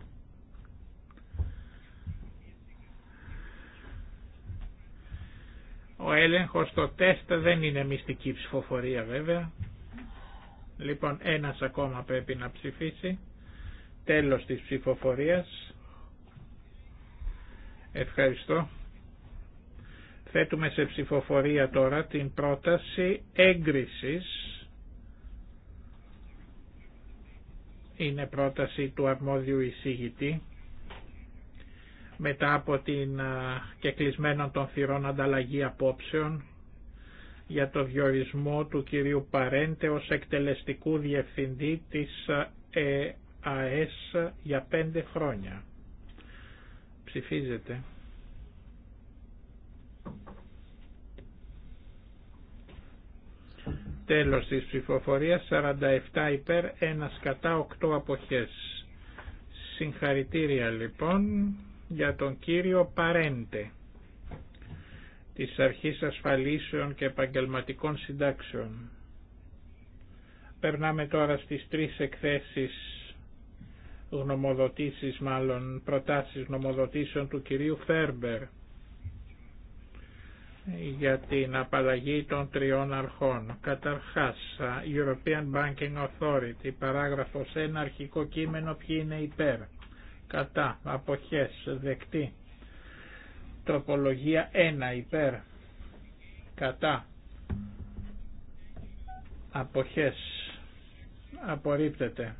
[SPEAKER 3] Ο έλεγχος στο τεστ δεν είναι μυστική ψηφοφορία βέβαια. Λοιπόν, ένας ακόμα πρέπει να ψηφίσει. Τέλος της ψηφοφορίας. Ευχαριστώ. Θέτουμε σε ψηφοφορία τώρα την πρόταση έγκρισης. Είναι πρόταση του αρμόδιου εισηγητή μετά από την κλεισμένων των θυρών ανταλλαγή απόψεων για το διορισμό του κυρίου Παρέντε ως εκτελεστικού διευθυντή της ΕΑΕΣ για πέντε χρόνια. Ψηφίζεται. Τέλος της ψηφοφορίας 47 υπέρ, 1 κατά, 8 αποχές. Συγχαρητήρια λοιπόν για τον κύριο Παρέντε της Αρχής Ασφαλίσεων και Επαγγελματικών Συντάξεων. Περνάμε τώρα στις τρεις εκθέσεις γνωμοδοτήσεις μάλλον, προτάσεις γνωμοδοτήσεων του κυρίου Φέρμπερ για την απαλλαγή των τριών αρχών. Καταρχάς, European Banking Authority, παράγραφος 1, αρχικό κείμενο, ποιοι είναι υπέρ κατά, αποχές, δεκτή. Τροπολογία 1 υπέρ, κατά, αποχές, απορρίπτεται.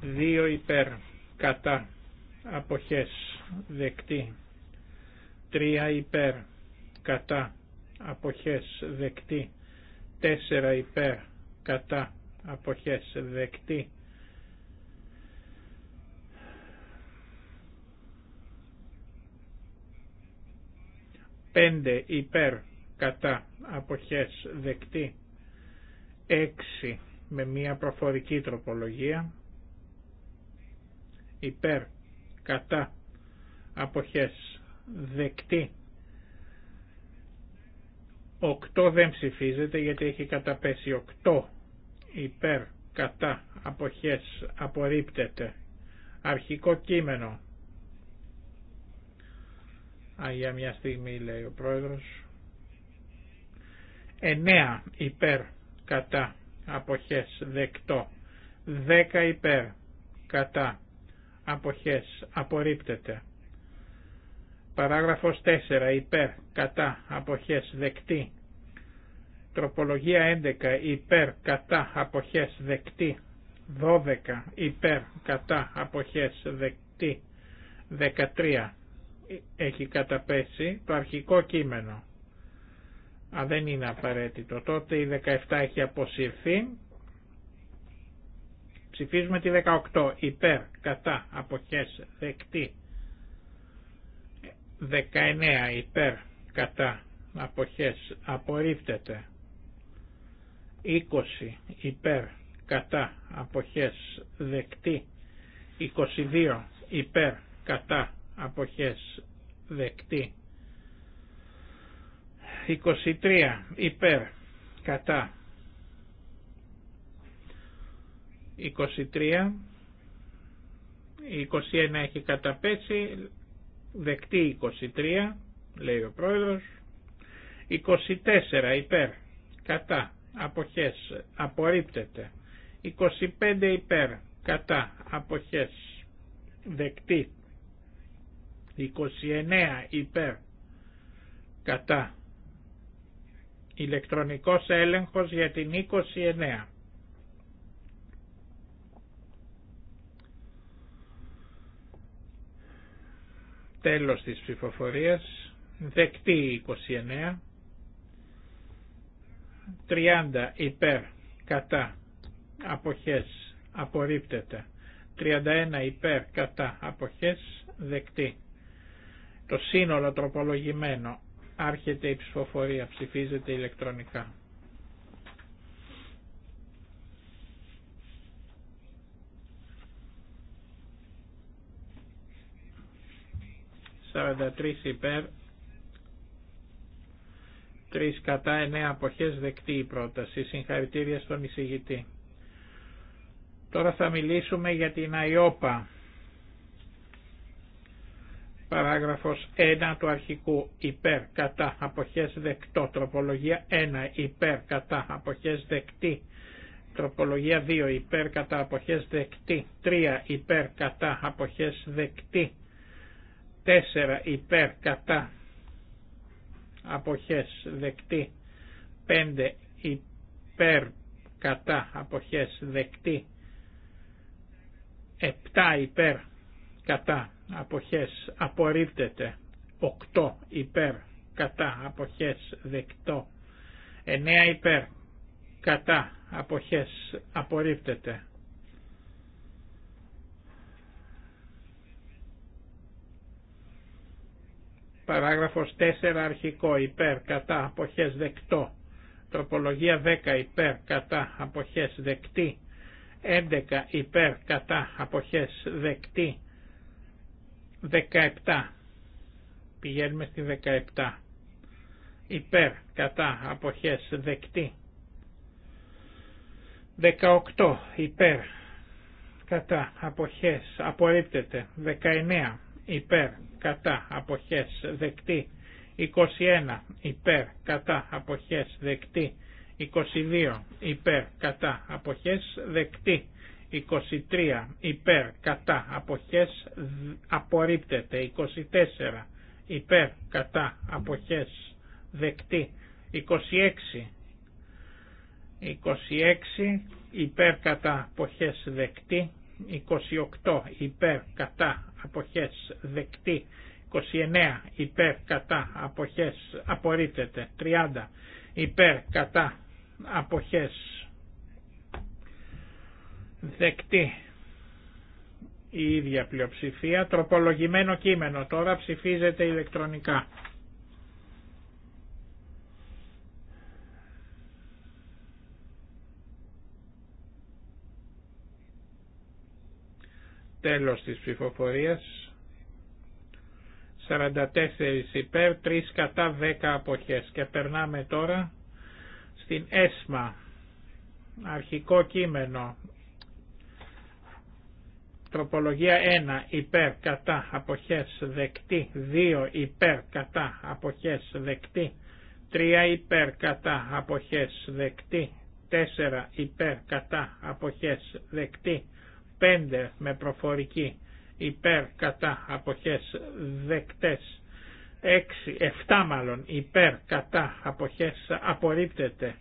[SPEAKER 3] 2 υπέρ, κατά, αποχές, δεκτεί 3 υπέρ, κατά, αποχές, δεκτή. 4 υπέρ, κατά, αποχές, δεκτή. 5 υπέρ κατά αποχές δεκτή 6 με μια προφορική τροπολογία υπέρ κατά αποχές δεκτή 8 δεν ψηφίζεται γιατί έχει καταπέσει 8 υπέρ κατά αποχές απορρίπτεται αρχικό κείμενο Α, για μια στιγμή λέει ο πρόεδρος. 9 υπέρ κατά αποχές δεκτό. 10 υπέρ κατά αποχές απορρίπτεται. Παράγραφος 4 υπέρ κατά αποχές δεκτή. Τροπολογία 11 υπέρ κατά αποχές δεκτή. 12 υπέρ κατά αποχές δεκτή. 13 έχει καταπέσει το αρχικό κείμενο. Α, δεν είναι απαραίτητο. Τότε η 17 έχει αποσυρθεί. Ψηφίζουμε τη 18. Υπέρ, κατά, αποχές, δεκτή. 19. Υπέρ, κατά, αποχές, Απορρίφτεται. 20. Υπέρ, κατά, αποχές, δεκτή. 22. Υπέρ, κατά, αποχές δεκτή 23 υπέρ κατά 23 η 21 έχει καταπέσει δεκτή 23 λέει ο πρόεδρος 24 υπέρ κατά αποχές απορρίπτεται 25 υπέρ κατά αποχές δεκτή 29 υπέρ κατά ηλεκτρονικός έλεγχος για την 29 τέλος της ψηφοφορίας δεκτή 29 30 υπέρ κατά αποχές απορρίπτεται 31 υπέρ κατά αποχές δεκτή το σύνολο τροπολογημένο. Άρχεται η ψηφοφορία. Ψηφίζεται ηλεκτρονικά. «43 υπέρ, 3 κατά 9 αποχές δεκτή η πρόταση. Συγχαρητήρια στον εισηγητή». Τώρα θα μιλήσουμε για την ΑΙΟΠΑ. Παράγραφος 1 του αρχικού υπέρ κατά αποχές δεκτό. Τροπολογία 1 υπέρ κατά αποχές δεκτή. Τροπολογία 2 υπέρ κατά αποχές δεκτή. 3 υπέρ κατά αποχές δεκτή. 4 υπέρ κατά αποχές δεκτή. 5 υπέρ κατά αποχές δεκτή. 7 υπέρ κατά αποχές απορρίπτεται 8 υπέρ κατά αποχές δεκτό 9 υπέρ κατά αποχές απορρίπτεται Παράγραφος 4 αρχικό υπέρ κατά αποχές δεκτό. Τροπολογία 10 υπέρ κατά αποχές δεκτή. 11 υπέρ κατά αποχές δεκτή. 17. Πηγαίνουμε στη 17. Υπέρ, κατά, αποχές, δεκτή. 18. Υπέρ, κατά, αποχές, απορρίπτεται. 19. Υπέρ, κατά, αποχές, δεκτή. 21. Υπέρ, κατά, αποχές, δεκτή. 22. Υπέρ, κατά, αποχές, δεκτή. 23 υπέρ κατά αποχές απορρίπτεται 24 υπέρ κατά αποχές δεκτή 26 26 υπέρ κατά αποχές δεκτή 28 υπέρ κατά αποχές δεκτή 29 υπέρ κατά αποχές απορρίπτεται 30 υπέρ κατά αποχές Δεκτή η ίδια πλειοψηφία. Τροπολογημένο κείμενο τώρα ψηφίζεται ηλεκτρονικά. Τέλος της ψηφοφορίας. 44 υπέρ, 3 κατά 10 αποχές. Και περνάμε τώρα στην ΕΣΜΑ. Αρχικό κείμενο Τροπολογία 1 υπέρ κατά αποχές δεκτή, 2 υπέρ κατά αποχές δεκτή, 3 υπέρ κατά αποχές δεκτή, 4 υπέρ κατά αποχές δεκτή, 5 με προφορική υπέρ κατά αποχές δεκτές, 6, 7 μάλλον υπέρ κατά αποχές απορρίπτεται,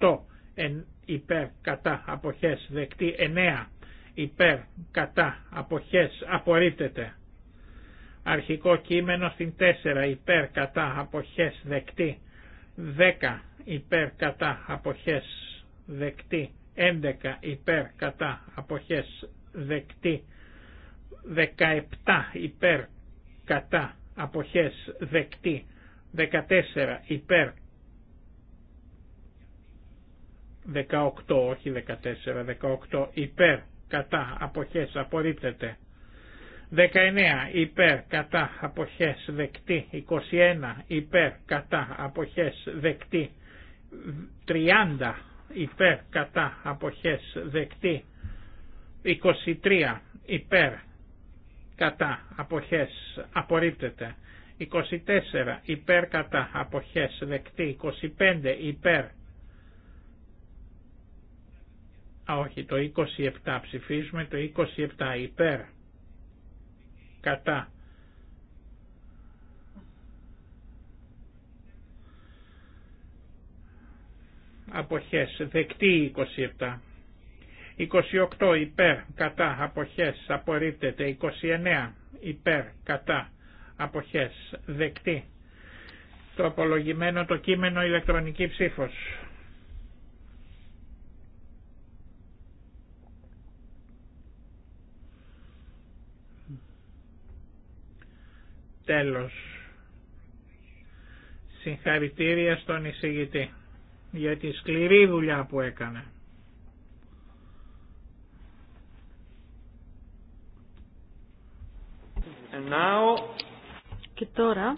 [SPEAKER 3] 8 εν, υπέρ κατά αποχές δεκτή, 9 υπέρ, κατά, αποχές, απορρίπτεται. Αρχικό κείμενο στην 4, υπέρ, κατά, αποχές, δεκτή. 10, υπέρ, κατά, αποχές, δεκτή. 11, υπέρ, κατά, αποχές, δεκτή. 17, υπέρ, κατά, αποχές, δεκτή. 14, υπέρ, 18, όχι 14, 18, υπέρ, κατά, αποχές, απορρίπτεται. 19 υπέρ, κατά, αποχές, δεκτή. 21 υπέρ, κατά, αποχές, δεκτή. 30 υπέρ, κατά, αποχές, δεκτή. 23 υπέρ, κατά, αποχές, απορρίπτεται. 24 υπέρ, κατά, αποχές, δεκτή. 25 υπέρ, Α, όχι, το 27. Ψηφίζουμε το 27 υπέρ. Κατά. Αποχές. Δεκτή 27. 28 υπέρ κατά αποχές απορρίπτεται 29 υπέρ κατά αποχές δεκτή το απολογημένο το κείμενο ηλεκτρονική ψήφος Τέλος. Συγχαρητήρια στον εισηγητή για τη σκληρή δουλειά που έκανε.
[SPEAKER 4] Και τώρα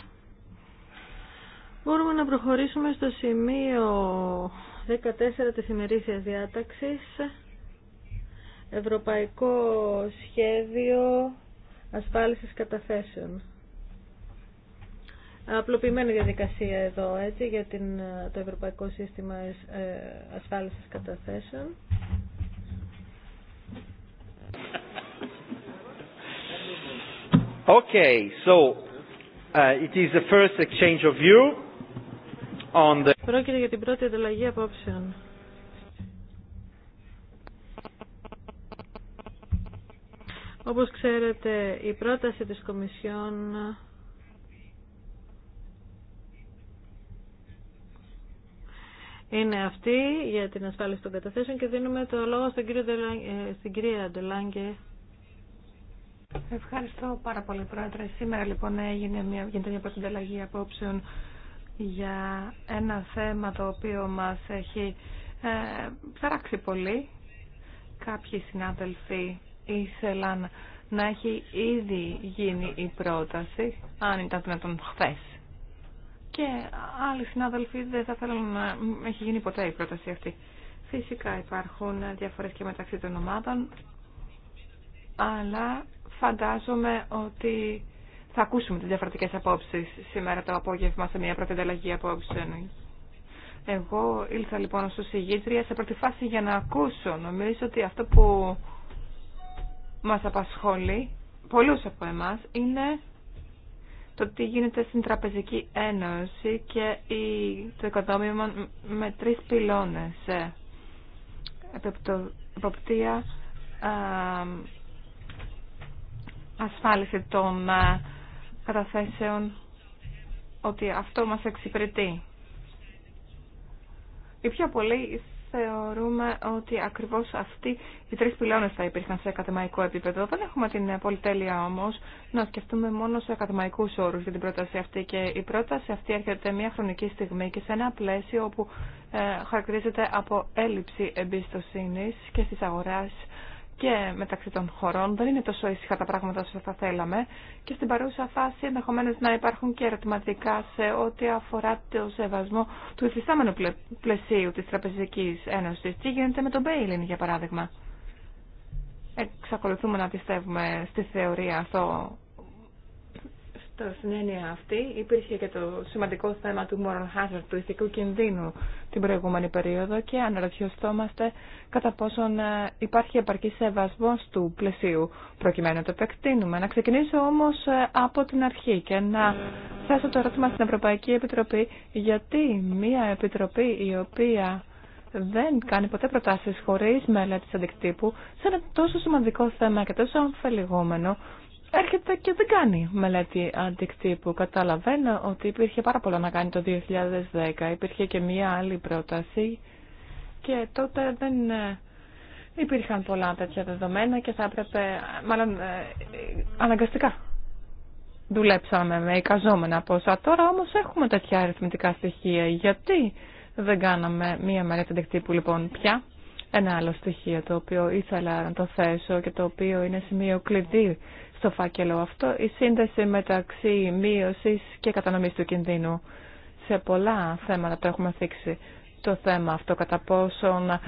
[SPEAKER 4] μπορούμε να προχωρήσουμε στο σημείο 14 της ημερήσιας διάταξης Ευρωπαϊκό Σχέδιο Ασφάλισης Καταθέσεων απλοποιημένη διαδικασία εδώ έτσι, για την, το Ευρωπαϊκό Σύστημα ε, Ασφάλισης Καταθέσεων.
[SPEAKER 2] Okay, so uh, it is the first exchange of view
[SPEAKER 5] on the.
[SPEAKER 4] Πρόκειται για την πρώτη ανταλλαγή απόψεων. Όπως ξέρετε, η πρόταση της Κομισιόν είναι αυτή για την ασφάλιση των καταθέσεων και δίνουμε το λόγο στον κύριο
[SPEAKER 1] ε, στην κυρία Ντελάνγκε. Ευχαριστώ πάρα πολύ, Πρόεδρε. Σήμερα λοιπόν έγινε μια, γίνεται μια απόψεων για ένα θέμα το οποίο μας έχει ε, πολύ. Κάποιοι συνάδελφοι ήθελαν να έχει ήδη γίνει η πρόταση, αν ήταν δυνατόν χθες και άλλοι συνάδελφοι δεν θα θέλουν να έχει γίνει ποτέ η πρόταση αυτή. Φυσικά υπάρχουν διαφορές και μεταξύ των ομάδων, αλλά φαντάζομαι ότι θα ακούσουμε τις διαφορετικές απόψεις σήμερα το απόγευμα σε μια πρώτη ανταλλαγή απόψεων. Εγώ ήλθα λοιπόν ως ηγήτρια σε πρώτη φάση για να ακούσω. Νομίζω ότι αυτό που μας απασχολεί, πολλούς από εμάς, είναι το τι γίνεται στην Τραπεζική Ένωση και η, το οικοδόμημα με τρεις πυλώνες. Ε, εποπτεία, ε, ασφάλιση των ε, καταθέσεων, ότι αυτό μας εξυπηρετεί. Οι πιο θεωρούμε ότι ακριβώς αυτοί οι τρεις πυλώνες θα υπήρχαν σε ακαδημαϊκό επίπεδο. Δεν έχουμε την πολυτέλεια όμως να σκεφτούμε μόνο σε ακαδημαϊκούς όρους για την πρόταση αυτή και η πρόταση αυτή έρχεται μια χρονική στιγμή και σε ένα πλαίσιο όπου ε, χαρακτηρίζεται από έλλειψη εμπιστοσύνης και στις αγοράς και μεταξύ των χωρών. Δεν είναι τόσο ήσυχα τα πράγματα όσο θα θέλαμε και στην παρούσα φάση ενδεχομένω να υπάρχουν και ερωτηματικά σε ό,τι αφορά το σεβασμό του υφιστάμενου πλαισίου της Τραπεζικής Ένωσης. Τι γίνεται με τον Μπέιλιν, για παράδειγμα. Εξακολουθούμε να πιστεύουμε στη θεωρία αυτό Τώρα στην έννοια αυτή υπήρχε και το σημαντικό θέμα του moral hazard, του ηθικού κινδύνου την προηγούμενη περίοδο και αναρωτιωστόμαστε κατά πόσον ε, υπάρχει επαρκή σεβασμός του πλαισίου προκειμένου να το επεκτείνουμε. Να ξεκινήσω όμως ε, από την αρχή και να θέσω το ερώτημα στην Ευρωπαϊκή Επιτροπή γιατί μια επιτροπή η οποία δεν κάνει ποτέ προτάσεις χωρίς μελέτη αντικτύπου σε ένα τόσο σημαντικό θέμα και τόσο αμφελιγόμενο έρχεται και δεν κάνει μελέτη αντικτύπου. Καταλαβαίνω ότι υπήρχε πάρα πολλά να κάνει το 2010. Υπήρχε και μία άλλη πρόταση και τότε δεν ε, υπήρχαν πολλά τέτοια δεδομένα και θα έπρεπε, μάλλον ε, αναγκαστικά δουλέψαμε με εικαζόμενα πόσα. Τώρα όμως έχουμε τέτοια αριθμητικά στοιχεία. Γιατί δεν κάναμε μία μελέτη αντικτύπου λοιπόν πια. Ένα άλλο στοιχείο το οποίο ήθελα να το θέσω και το οποίο είναι σημείο κλειδί στο φάκελο αυτό η σύνδεση μεταξύ μείωσης και κατανομής του κινδύνου. Σε πολλά θέματα το έχουμε θίξει το θέμα αυτό, κατά πόσον ε,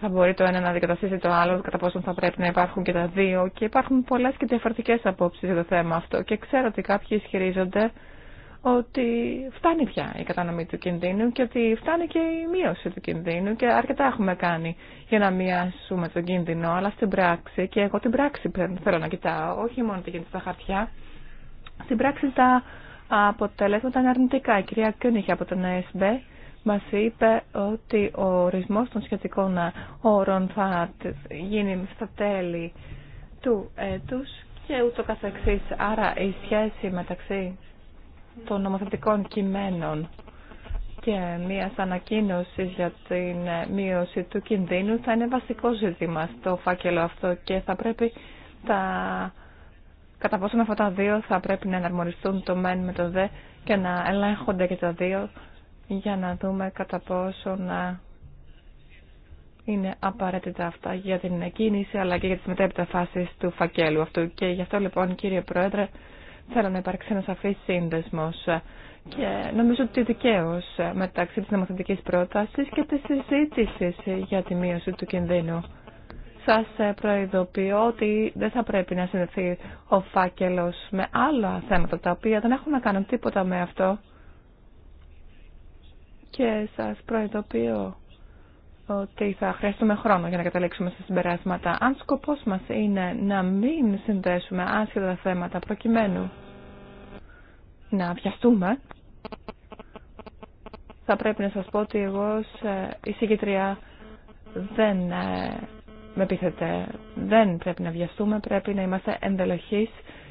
[SPEAKER 1] θα μπορεί το ένα να αντικαταστήσει το άλλο, κατά πόσον θα πρέπει να υπάρχουν και τα δύο και υπάρχουν πολλές και διαφορετικές απόψεις για το θέμα αυτό και ξέρω ότι κάποιοι ισχυρίζονται ότι φτάνει πια η κατανομή του κινδύνου και ότι φτάνει και η μείωση του κινδύνου και αρκετά έχουμε κάνει για να μοιάσουμε τον κίνδυνο, αλλά στην πράξη, και εγώ την πράξη θέλω να κοιτάω, όχι μόνο τι γίνεται στα χαρτιά, στην πράξη τα αποτελέσματα είναι αρνητικά. Η κυρία Κιούνιχ από τον ΕΣΜΠ μας είπε ότι ο ορισμός των σχετικών όρων θα γίνει στα τέλη του έτους και ούτω καθεξής. Άρα η σχέση μεταξύ των νομοθετικών κειμένων και μια ανακοίνωση για την μείωση του κινδύνου θα είναι βασικό ζήτημα στο φάκελο αυτό και θα πρέπει τα... κατά πόσον αυτά τα δύο θα πρέπει να εναρμονιστούν το μεν με το δε και να ελέγχονται και τα δύο για να δούμε κατά πόσο ε, είναι απαραίτητα αυτά για την κίνηση αλλά και για τις μετέπειτα φάσεις του φακέλου αυτού. Και γι' αυτό λοιπόν κύριε Πρόεδρε Θέλω να υπάρξει ένα σαφή σύνδεσμο και νομίζω ότι δικαίω μεταξύ τη νομοθετική πρόταση και τη συζήτηση για τη μείωση του κινδύνου. Σα ε, προειδοποιώ ότι δεν θα πρέπει να συνδεθεί ο φάκελο με άλλα θέματα τα οποία δεν έχουν να κάνουν τίποτα με αυτό. Και σας προειδοποιώ ότι θα χρειαστούμε χρόνο για να καταλήξουμε στα συμπεράσματα. Αν σκοπός μας είναι να μην συνδέσουμε άσχετα θέματα προκειμένου να βιαστούμε θα πρέπει να σας πω ότι εγώ ε, η συγκεντρία δεν ε, με πείθετε. Δεν πρέπει να βιαστούμε, πρέπει να είμαστε ενδελεχείς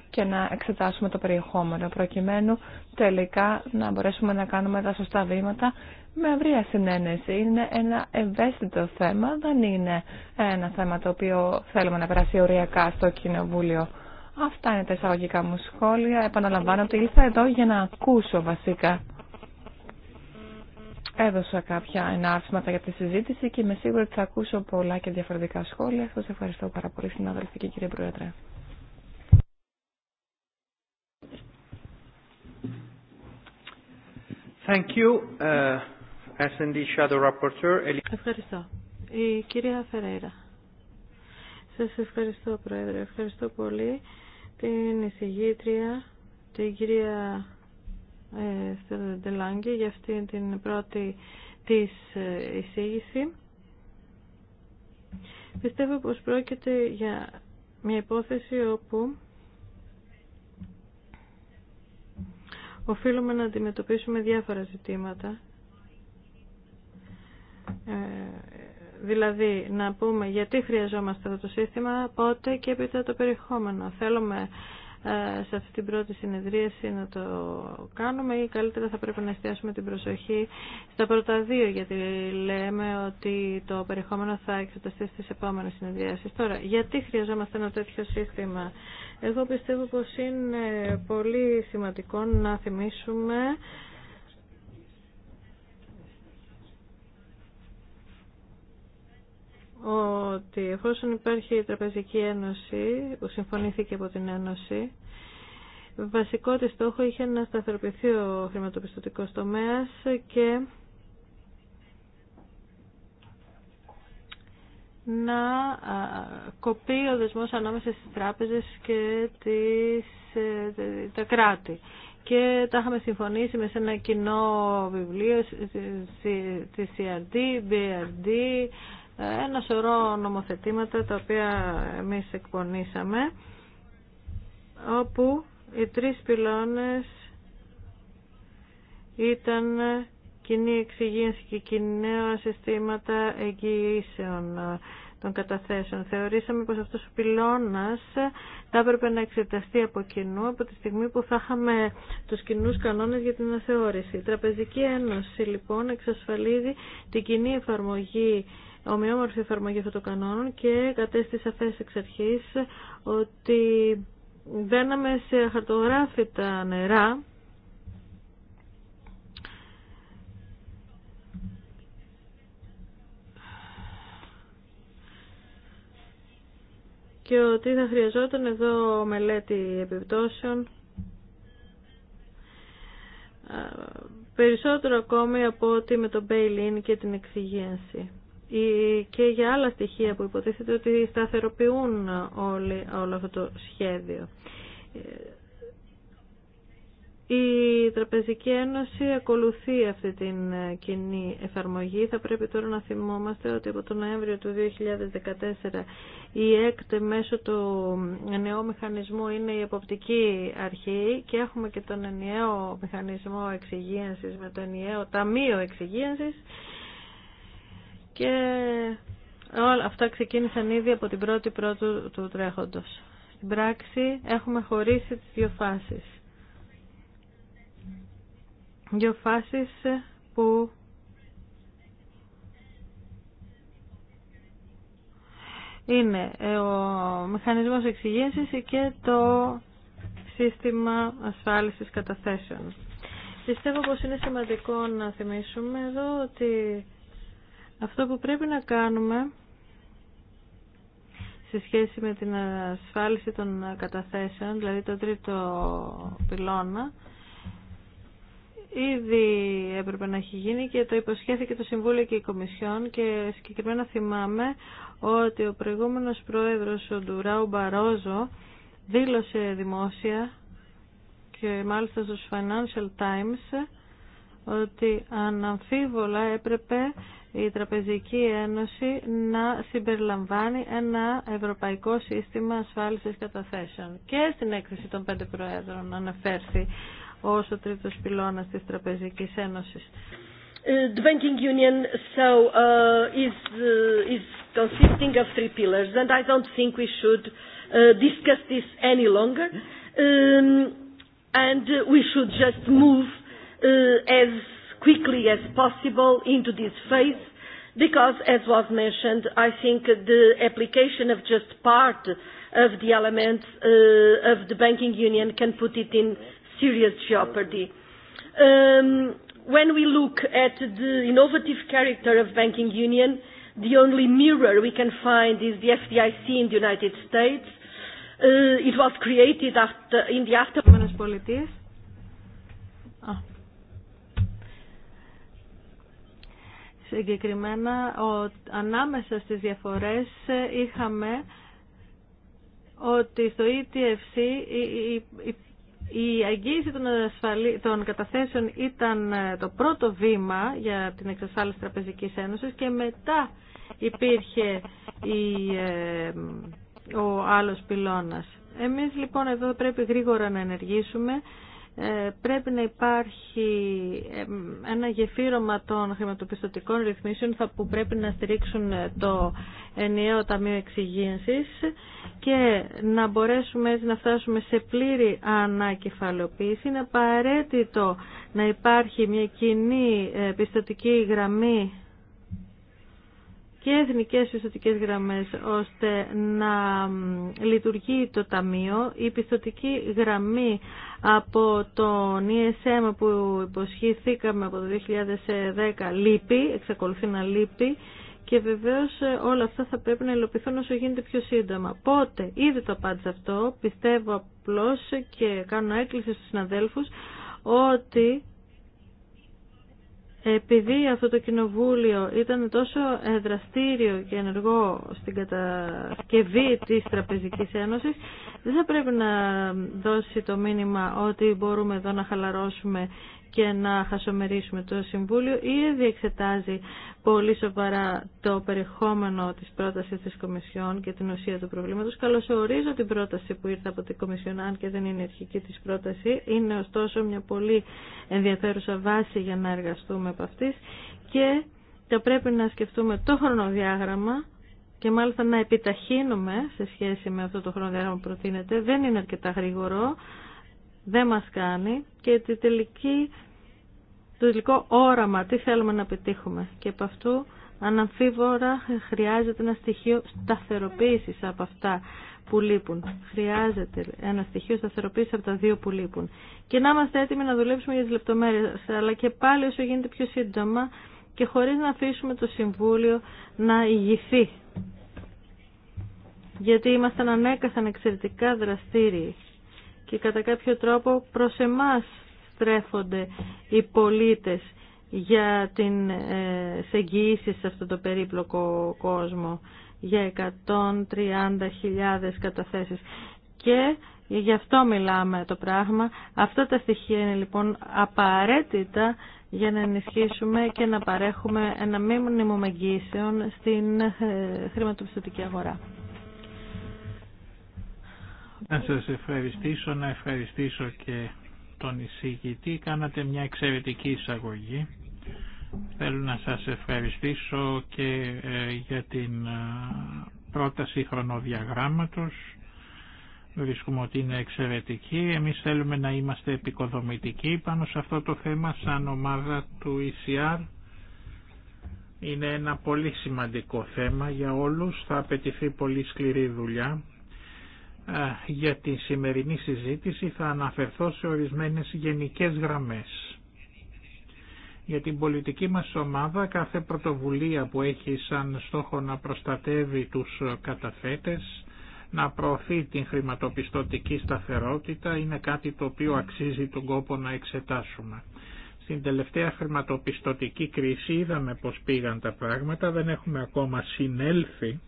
[SPEAKER 1] και να εξετάσουμε το περιεχόμενο προκειμένου τελικά να μπορέσουμε να κάνουμε τα σωστά βήματα με ευρεία συνένεση. Είναι ένα ευαίσθητο θέμα, δεν είναι ένα θέμα το οποίο θέλουμε να περάσει οριακά στο Κοινοβούλιο. Αυτά είναι τα εισαγωγικά μου σχόλια. Επαναλαμβάνω ότι ήρθα εδώ για να ακούσω βασικά. Έδωσα κάποια ενάρσματα για τη συζήτηση και είμαι σίγουρη ότι θα ακούσω πολλά και διαφορετικά σχόλια. Σας ευχαριστώ πάρα πολύ συνάδελφοι και κύριε Πρόεδρε.
[SPEAKER 3] Thank you. Ε, Ευχαριστώ.
[SPEAKER 4] Η κυρία Φερέιρα. Σας ευχαριστώ, Πρόεδρε. Ευχαριστώ πολύ την εισηγήτρια, την κυρία ε, Στελαντελάγκη, για αυτή την πρώτη της ε, εισήγηση. Πιστεύω πως πρόκειται για μια υπόθεση όπου οφείλουμε να αντιμετωπίσουμε διάφορα ζητήματα ε, δηλαδή να πούμε γιατί χρειαζόμαστε αυτό το σύστημα, πότε και έπειτα το περιεχόμενο. Θέλουμε ε, σε αυτή την πρώτη συνεδρίαση να το κάνουμε ή καλύτερα θα πρέπει να εστιάσουμε την προσοχή στα πρώτα δύο γιατί λέμε ότι το περιεχόμενο θα εξεταστεί στις επόμενες συνεδριάσεις. Τώρα, γιατί χρειαζόμαστε ένα τέτοιο σύστημα. Εγώ πιστεύω πως είναι πολύ σημαντικό να θυμίσουμε ότι εφόσον υπάρχει η Τραπεζική Ένωση που συμφωνήθηκε από την Ένωση βασικό της στόχο είχε να σταθεροποιηθεί ο χρηματοπιστωτικός τομέας και να κοπεί ο δεσμός ανάμεσα στις τράπεζες και τις, τα κράτη. Και τα είχαμε συμφωνήσει με σε ένα κοινό βιβλίο, CRD, BRD, ένα σωρό νομοθετήματα τα οποία εμείς εκπονήσαμε όπου οι τρεις πυλώνες ήταν κοινή εξυγίαση και νέα συστήματα εγγυήσεων των καταθέσεων. Θεωρήσαμε πως αυτός ο πυλώνας θα έπρεπε να εξεταστεί από κοινού από τη στιγμή που θα είχαμε τους κοινούς κανόνες για την αθεώρηση. Η Τραπεζική Ένωση λοιπόν εξασφαλίζει την κοινή εφαρμογή ομοιόμορφη εφαρμογή αυτών των κανόνων και κατέστησα σαφές εξ αρχή ότι μπαίναμε σε χαρτογράφητα νερά και ότι θα χρειαζόταν εδώ μελέτη επιπτώσεων περισσότερο ακόμη από ότι με το bail-in και την εξυγίανση και για άλλα στοιχεία που υποτίθεται ότι σταθεροποιούν όλη, όλο αυτό το σχέδιο. Η Τραπεζική Ένωση ακολουθεί αυτή την κοινή εφαρμογή. Θα πρέπει τώρα να θυμόμαστε ότι από τον Νοέμβριο του 2014 η ΕΚΤ μέσω του νέου μηχανισμού είναι η εποπτική αρχή και έχουμε και τον ενιαίο μηχανισμό εξυγίανσης με το ενιαίο ταμείο εξυγίανσης και όλα αυτά ξεκίνησαν ήδη από την πρώτη πρώτου του τρέχοντος. Στην πράξη έχουμε χωρίσει τις δύο φάσεις. Δύο φάσεις που είναι ο μηχανισμός εξυγένσης και το σύστημα ασφάλισης καταθέσεων. Πιστεύω πως είναι σημαντικό να θυμίσουμε εδώ ότι αυτό που πρέπει να κάνουμε σε σχέση με την ασφάλιση των καταθέσεων, δηλαδή το τρίτο πυλώνα, ήδη έπρεπε να έχει γίνει και το υποσχέθηκε το Συμβούλιο και η Κομισιόν και συγκεκριμένα θυμάμαι ότι ο προηγούμενος πρόεδρος ο Ντουράου Μπαρόζο δήλωσε δημόσια και μάλιστα στους Financial Times ότι αναμφίβολα έπρεπε η Τραπεζική Ένωση να συμπεριλαμβάνει ένα ευρωπαϊκό σύστημα ασφάλισης καταθέσεων. Και στην έκθεση των πέντε προέδρων αναφέρθη ως ο τρίτος πυλώνας της Τραπεζικής Ένωσης. Ε, the banking union so uh, is uh, is consisting of three pillars, and I don't think we should uh, discuss this any longer. Um, and we should just move as quickly as possible into this phase because, as was mentioned, I think the application of just part of the elements of the banking union can put it in serious jeopardy. When we look at the innovative character of banking union, the only mirror we can find is the FDIC in the United States. It was created after in the after Συγκεκριμένα, ανάμεσα στις διαφορές ε, είχαμε ότι στο ETFC η αγγίση των, ασφαλί... καταθέσεων ήταν ε, το πρώτο βήμα για την εξασφάλιση τραπεζικής ένωσης και μετά υπήρχε η... Ε, ο άλλος πυλώνας. Εμείς λοιπόν εδώ πρέπει γρήγορα να ενεργήσουμε ε, πρέπει να υπάρχει ε, ένα γεφύρωμα των χρηματοπιστωτικών ρυθμίσεων που πρέπει να στηρίξουν ε, το ενιαίο Ταμείο Εξυγίνησης και να μπορέσουμε έτσι να φτάσουμε σε πλήρη ανακεφαλοποίηση. Είναι απαραίτητο να υπάρχει μια κοινή πιστωτική γραμμή και εθνικές πιστοτικές γραμμές ώστε να λειτουργεί το Ταμείο. Η πιστοτική γραμμή από τον ESM που υποσχεθήκαμε από το 2010 λείπει, εξακολουθεί να λείπει και βεβαίως όλα αυτά θα πρέπει να υλοποιηθούν όσο γίνεται πιο σύντομα. Πότε, ήδη το απάντησε αυτό, πιστεύω απλώς και κάνω έκκληση στους συναδέλφους ότι επειδή αυτό το κοινοβούλιο ήταν τόσο δραστήριο και ενεργό στην κατασκευή της Τραπεζικής Ένωσης, δεν θα πρέπει να δώσει το μήνυμα ότι μπορούμε εδώ να χαλαρώσουμε και να χασομερίσουμε το Συμβούλιο ή εξετάζει πολύ σοβαρά το περιεχόμενο της πρότασης της Κομισιόν και την ουσία του προβλήματος. ορίζω την πρόταση που ήρθε από την Κομισιόν, αν και δεν είναι η αρχική της πρόταση. Είναι ωστόσο μια πολύ ενδιαφέρουσα βάση για να εργαστούμε από αυτή και θα πρέπει να σκεφτούμε το χρονοδιάγραμμα και μάλιστα να επιταχύνουμε σε σχέση με αυτό το χρονοδιάγραμμα που προτείνεται. Δεν είναι αρκετά γρήγορο δεν μας κάνει και τη το τελικό όραμα, τι θέλουμε να πετύχουμε. Και από αυτού αναμφίβορα χρειάζεται ένα στοιχείο σταθεροποίησης από αυτά που λείπουν. Χρειάζεται ένα στοιχείο σταθεροποίηση από τα δύο που λείπουν. Και να είμαστε έτοιμοι να δουλέψουμε για τις λεπτομέρειες, αλλά και πάλι όσο γίνεται πιο σύντομα και χωρίς να αφήσουμε το Συμβούλιο να ηγηθεί. Γιατί ήμασταν ανέκαθαν εξαιρετικά δραστήριοι και κατά κάποιο τρόπο προς εμάς στρέφονται οι πολίτες για την ε, σε αυτό το περίπλοκο κόσμο για 130.000 καταθέσεις και γι' αυτό μιλάμε το πράγμα. Αυτά τα στοιχεία είναι λοιπόν απαραίτητα για να ενισχύσουμε και να παρέχουμε ένα μήνυμα εγγύησεων στην ε, χρηματοπιστωτική
[SPEAKER 3] αγορά. Να σας ευχαριστήσω, να ευχαριστήσω και τον εισηγητή. Κάνατε μια εξαιρετική εισαγωγή. Θέλω να σας ευχαριστήσω και ε, για την ε, πρόταση χρονοδιαγράμματος. Βρίσκουμε ότι είναι εξαιρετική. Εμείς θέλουμε να είμαστε επικοδομητικοί πάνω σε αυτό το θέμα σαν ομάδα του ECR. Είναι ένα πολύ σημαντικό θέμα για όλους. Θα απαιτηθεί πολύ σκληρή δουλειά για τη σημερινή συζήτηση θα αναφερθώ σε ορισμένες γενικές γραμμές. Για την πολιτική μας ομάδα κάθε πρωτοβουλία που έχει σαν στόχο να προστατεύει τους καταθέτες, να προωθεί την χρηματοπιστωτική σταθερότητα είναι κάτι το οποίο αξίζει τον κόπο να εξετάσουμε. Στην τελευταία χρηματοπιστωτική κρίση είδαμε πως πήγαν τα πράγματα, δεν έχουμε ακόμα συνέλθει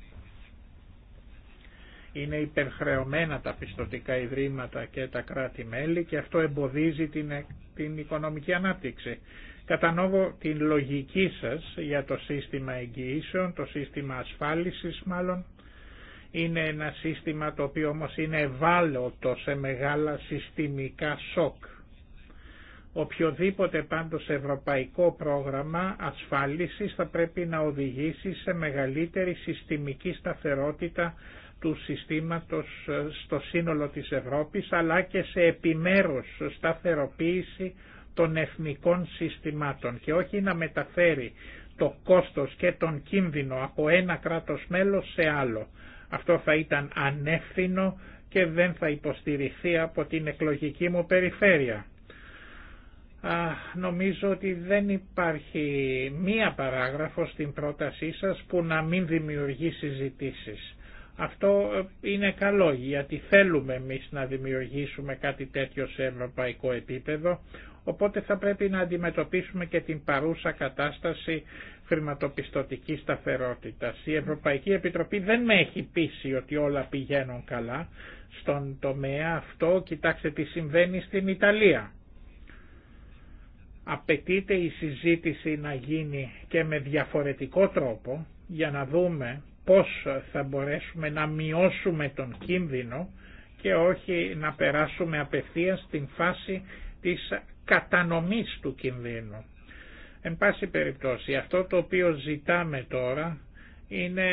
[SPEAKER 3] είναι υπερχρεωμένα τα πιστοτικά ιδρύματα και τα κράτη-μέλη και αυτό εμποδίζει την, την οικονομική ανάπτυξη. Κατανοώ την λογική σας για το σύστημα εγγυήσεων, το σύστημα ασφάλισης μάλλον. Είναι ένα σύστημα το οποίο όμως είναι ευάλωτο σε μεγάλα συστημικά σοκ. Οποιοδήποτε πάντως ευρωπαϊκό πρόγραμμα ασφάλισης θα πρέπει να οδηγήσει σε μεγαλύτερη συστημική σταθερότητα του συστήματος ε, στο σύνολο της Ευρώπης αλλά και σε επιμέρους σταθεροποίηση των εθνικών συστημάτων και όχι να μεταφέρει το κόστος και τον κίνδυνο από ένα κράτος μέλος σε άλλο. Αυτό θα ήταν ανεύθυνο και δεν θα υποστηριχθεί από την εκλογική μου περιφέρεια. νομίζω ότι δεν υπάρχει μία παράγραφο στην πρότασή σας που να μην δημιουργεί συζητήσεις. Αυτό ε, είναι καλό γιατί θέλουμε εμείς να δημιουργήσουμε κάτι τέτοιο σε ευρωπαϊκό επίπεδο, οπότε θα πρέπει να αντιμετωπίσουμε και την παρούσα κατάσταση χρηματοπιστωτικής σταθερότητας. Η Ευρωπαϊκή Επιτροπή δεν με έχει πείσει ότι όλα πηγαίνουν καλά στον τομέα αυτό. Κοιτάξτε τι συμβαίνει στην Ιταλία. Απαιτείται η συζήτηση να γίνει και με διαφορετικό τρόπο για να δούμε πώς θα μπορέσουμε να μειώσουμε τον κίνδυνο και όχι να περάσουμε απευθείας στην φάση της κατανομής του κινδύνου. Εν πάση περιπτώσει, αυτό το οποίο ζητάμε τώρα είναι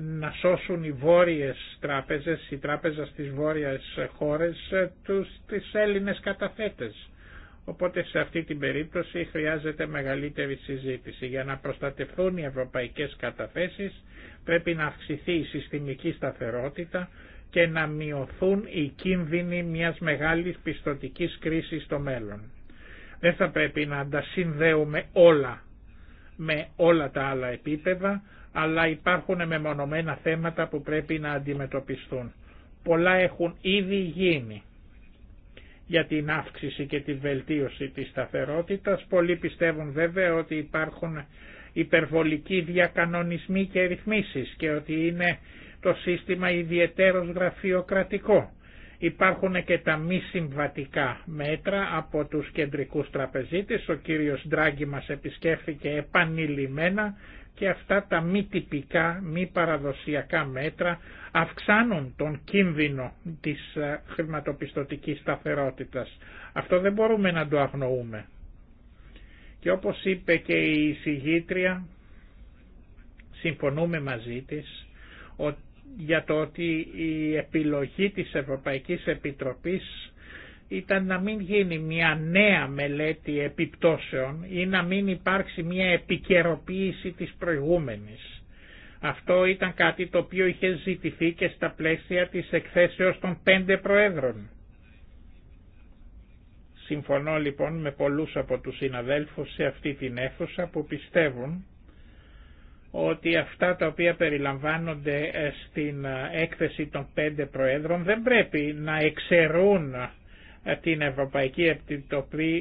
[SPEAKER 3] να σώσουν οι βόρειες τράπεζες, οι τράπεζα στις βόρειες χώρες, ε, τους, τις Έλληνες καταθέτες. Οπότε σε αυτή την περίπτωση χρειάζεται μεγαλύτερη συζήτηση. Για να προστατευτούν οι ευρωπαϊκές καταθέσεις πρέπει να αυξηθεί η συστημική σταθερότητα και να μειωθούν οι κίνδυνοι μιας μεγάλης πιστοτικής κρίσης στο μέλλον. Δεν θα πρέπει να τα όλα με όλα τα άλλα επίπεδα, αλλά υπάρχουν μεμονωμένα θέματα που πρέπει να αντιμετωπιστούν. Πολλά έχουν ήδη γίνει για την αύξηση και τη βελτίωση της σταθερότητας. Πολλοί πιστεύουν βέβαια ότι υπάρχουν υπερβολικοί διακανονισμοί και ρυθμίσεις και ότι είναι το σύστημα ιδιαίτερος γραφειοκρατικό. Υπάρχουν και τα μη συμβατικά μέτρα από τους κεντρικούς τραπεζίτες. Ο κύριος Ντράγκη μας επισκέφθηκε επανειλημμένα και αυτά τα μη τυπικά, μη παραδοσιακά μέτρα αυξάνουν τον κίνδυνο της ε, χρηματοπιστωτικής σταθερότητας. Αυτό δεν μπορούμε να το αγνοούμε. Και όπως είπε και η συγγήτρια, συμφωνούμε μαζί της για το ότι η επιλογή της Ευρωπαϊκής Επιτροπής ήταν να μην γίνει μια νέα μελέτη επιπτώσεων ή να μην υπάρξει μια επικαιροποίηση της προηγούμενης. Αυτό ήταν κάτι το οποίο είχε ζητηθεί και στα πλαίσια της εκθέσεως των πέντε προέδρων. Συμφωνώ λοιπόν με πολλούς από τους συναδέλφους σε αυτή την αίθουσα που πιστεύουν ότι αυτά τα οποία περιλαμβάνονται ε, στην ε, έκθεση των πέντε προέδρων δεν πρέπει να εξαιρούν την Ευρωπαϊκή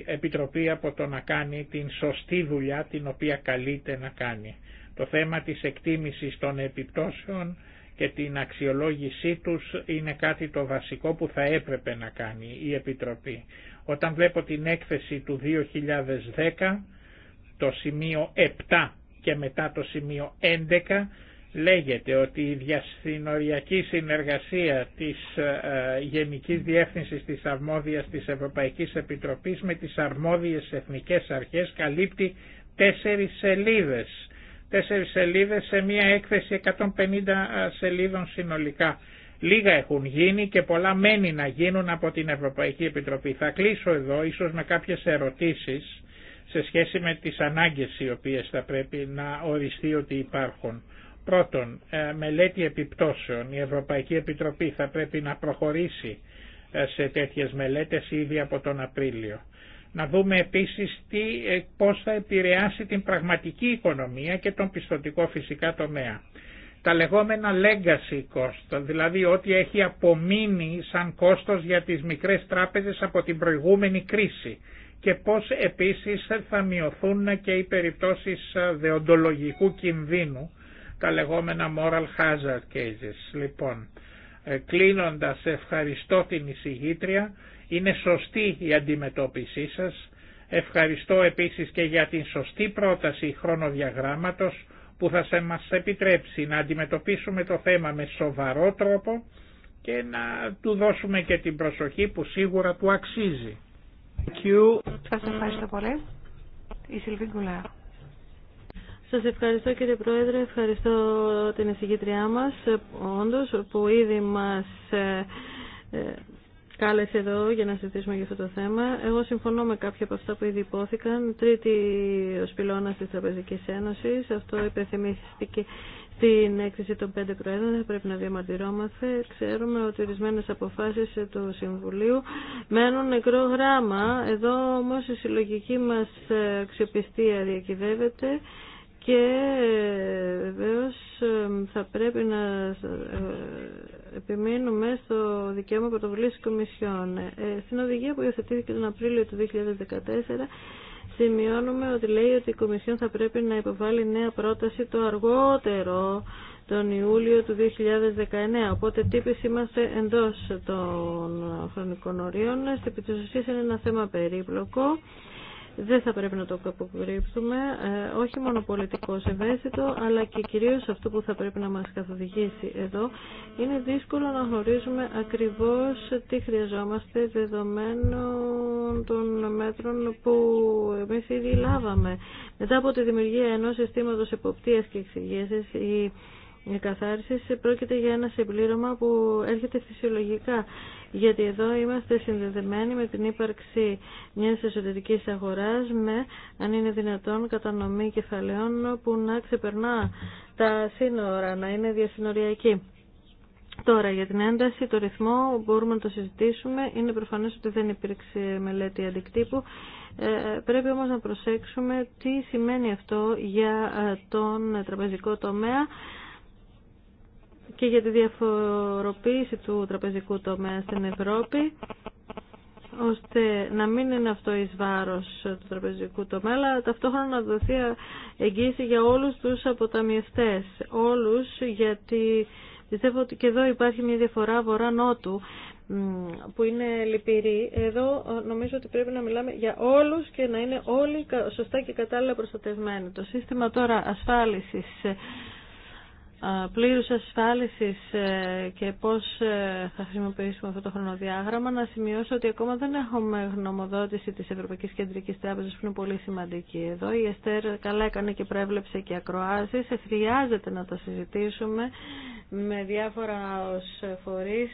[SPEAKER 3] Επιτροπή από το να κάνει την σωστή δουλειά την οποία καλείται να κάνει. Το θέμα της εκτίμησης των επιπτώσεων και την αξιολόγησή τους είναι κάτι το βασικό που θα έπρεπε να κάνει η Επιτροπή. Όταν βλέπω την έκθεση του 2010, το σημείο 7 και μετά το σημείο 11, λέγεται ότι η διασυνοριακή συνεργασία της ε, ε, Γενικής Διεύθυνσης της Αρμόδιας της Ευρωπαϊκής Επιτροπής με τις αρμόδιες εθνικές αρχές καλύπτει τέσσερις σελίδες. Τέσσερις σελίδες σε μια έκθεση 150 ε, σελίδων συνολικά. Λίγα έχουν γίνει και πολλά μένει να γίνουν από την Ευρωπαϊκή Επιτροπή. Θα κλείσω εδώ ίσως με κάποιες ερωτήσεις σε σχέση με τις ανάγκες οι οποίες θα πρέπει να οριστεί ότι υπάρχουν. Πρώτον, ε, μελέτη επιπτώσεων. Η Ευρωπαϊκή Επιτροπή θα πρέπει να προχωρήσει ε, σε τέτοιες μελέτες ήδη από τον Απρίλιο. Να δούμε επίσης τι, ε, πώς θα επηρεάσει την πραγματική οικονομία και τον πιστοτικό φυσικά τομέα. Τα λεγόμενα legacy cost, δηλαδή ό,τι έχει απομείνει σαν κόστος για τις μικρές τράπεζες από την προηγούμενη κρίση και πώς επίσης θα μειωθούν και οι περιπτώσεις δεοντολογικού κινδύνου τα λεγόμενα moral hazard cases. Λοιπόν, ε, κλείνοντας ευχαριστώ την εισηγήτρια, είναι σωστή η αντιμετώπιση σας, ευχαριστώ επίσης και για την σωστή πρόταση χρονοδιαγράμματος που θα σε μας επιτρέψει να αντιμετωπίσουμε το θέμα με σοβαρό τρόπο και να του δώσουμε και την προσοχή που σίγουρα του αξίζει. Σας ευχαριστώ πολύ. Η
[SPEAKER 4] σας ευχαριστώ κύριε Πρόεδρε, ευχαριστώ την εισηγήτριά μας, ε, όντως, που ήδη μας ε, ε, κάλεσε εδώ για να συζητήσουμε για αυτό το θέμα. Εγώ συμφωνώ με κάποια από αυτά που ήδη υπόθηκαν. Τρίτη ο πυλώνα τη Τραπεζική Ένωση. Αυτό υπενθυμίστηκε στην έκθεση των πέντε Προέδρων. Θα πρέπει να διαμαρτυρόμαστε. Ξέρουμε ότι ορισμένε αποφάσει του Συμβουλίου μένουν νεκρό γράμμα. Εδώ όμω η συλλογική μα αξιοπιστία διακυβεύεται και βεβαίω θα πρέπει να ε, επιμείνουμε στο δικαίωμα πρωτοβουλίας Κομισιόν. Ε, στην οδηγία που υιοθετήθηκε τον Απρίλιο του 2014 σημειώνουμε ότι λέει ότι η Κομισιόν θα πρέπει να υποβάλει νέα πρόταση το αργότερο τον Ιούλιο του 2019. Οπότε τύπης είμαστε εντός των χρονικών ορίων. Στην επιτυχία είναι ένα θέμα περίπλοκο δεν θα πρέπει να το αποκρύψουμε, ε, όχι μόνο πολιτικό ευαίσθητο, αλλά και κυρίως αυτό που θα πρέπει να μας καθοδηγήσει εδώ. Είναι δύσκολο να γνωρίζουμε ακριβώς τι χρειαζόμαστε δεδομένων των μέτρων που εμείς ήδη λάβαμε. Μετά από τη δημιουργία ενός συστήματος εποπτείας και εξηγήσεις, η καθάριση πρόκειται για ένα συμπλήρωμα που έρχεται φυσιολογικά γιατί εδώ είμαστε συνδεδεμένοι με την ύπαρξη μιας εσωτερικής αγοράς με, αν είναι δυνατόν, κατανομή κεφαλαίων που να ξεπερνά τα σύνορα, να είναι διασυνοριακή. Τώρα, για την ένταση, το ρυθμό μπορούμε να το συζητήσουμε. Είναι προφανές ότι δεν υπήρξε μελέτη αντικτύπου. Ε, πρέπει όμως να προσέξουμε τι σημαίνει αυτό για ε, τον τραπεζικό τομέα και για τη διαφοροποίηση του τραπεζικού τομέα στην Ευρώπη ώστε να μην είναι αυτό εις βάρος του τραπεζικού τομέα, αλλά ταυτόχρονα να δοθεί εγγύηση για όλους τους αποταμιευτές, όλους γιατί πιστεύω ότι και εδώ υπάρχει μια διαφορά βορρά-νότου που είναι λυπηρή. Εδώ ε, νομίζω ότι πρέπει να μιλάμε για όλους και να είναι όλοι σωστά και κατάλληλα προστατευμένοι. Το σύστημα τώρα ασφάλισης ε, πλήρους ασφάλισης ε, και πώς ε, θα χρησιμοποιήσουμε αυτό το χρονοδιάγραμμα, να σημειώσω ότι ακόμα δεν έχουμε γνωμοδότηση της Ευρωπαϊκής Κεντρικής Τράπεζας που είναι πολύ σημαντική εδώ. Η Εστέρ καλά έκανε και προέβλεψε και ακροάσεις. Χρειάζεται να το συζητήσουμε με διάφορα φορείς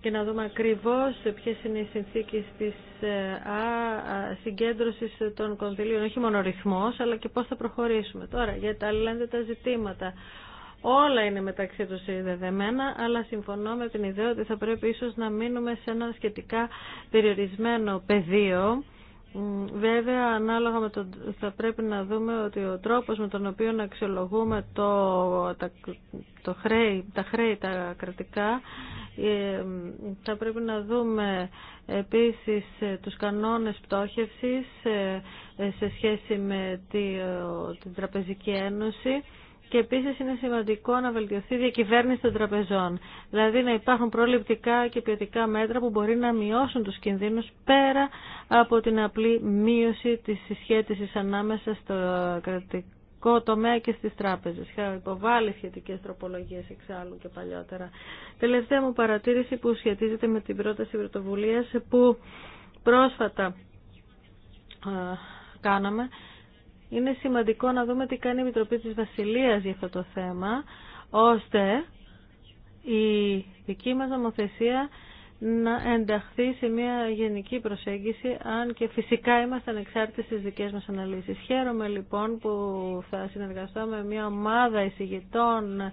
[SPEAKER 4] και να δούμε ακριβώς ποιες είναι οι συνθήκες της ε, συγκέντρωσης των κονδυλίων, όχι μόνο ρυθμός, αλλά και πώς θα προχωρήσουμε. Τώρα, για τα άλλα τα ζητήματα Όλα είναι μεταξύ τους συνδεδεμένα, αλλά συμφωνώ με την ιδέα ότι θα πρέπει ίσως να μείνουμε σε ένα σχετικά περιορισμένο πεδίο. Βέβαια, ανάλογα με το θα πρέπει να δούμε ότι ο τρόπος με τον οποίο να αξιολογούμε το, τα, το χρέη, τα χρέη τα κρατικά ε, θα πρέπει να δούμε επίσης ε, τους κανόνες πτώχευσης ε, σε σχέση με την Τραπεζική Ένωση και επίση είναι σημαντικό να βελτιωθεί η διακυβέρνηση των τραπεζών. Δηλαδή να υπάρχουν προληπτικά και ποιοτικά μέτρα που μπορεί να μειώσουν του κινδύνου πέρα από την απλή μείωση τη συσχέτιση ανάμεσα στο κρατικό τομέα και στι τράπεζε. Είχα υποβάλει σχετικέ τροπολογίε εξάλλου και παλιότερα. Τελευταία μου παρατήρηση που σχετίζεται με την πρόταση πρωτοβουλία που πρόσφατα κάναμε είναι σημαντικό να δούμε τι κάνει η Επιτροπή της Βασιλείας για αυτό το θέμα, ώστε η δική μας νομοθεσία να ενταχθεί σε μια γενική προσέγγιση, αν και φυσικά είμαστε ανεξάρτητοι στις δικές μας αναλύσεις. Χαίρομαι λοιπόν που θα συνεργαστώ με μια ομάδα εισηγητών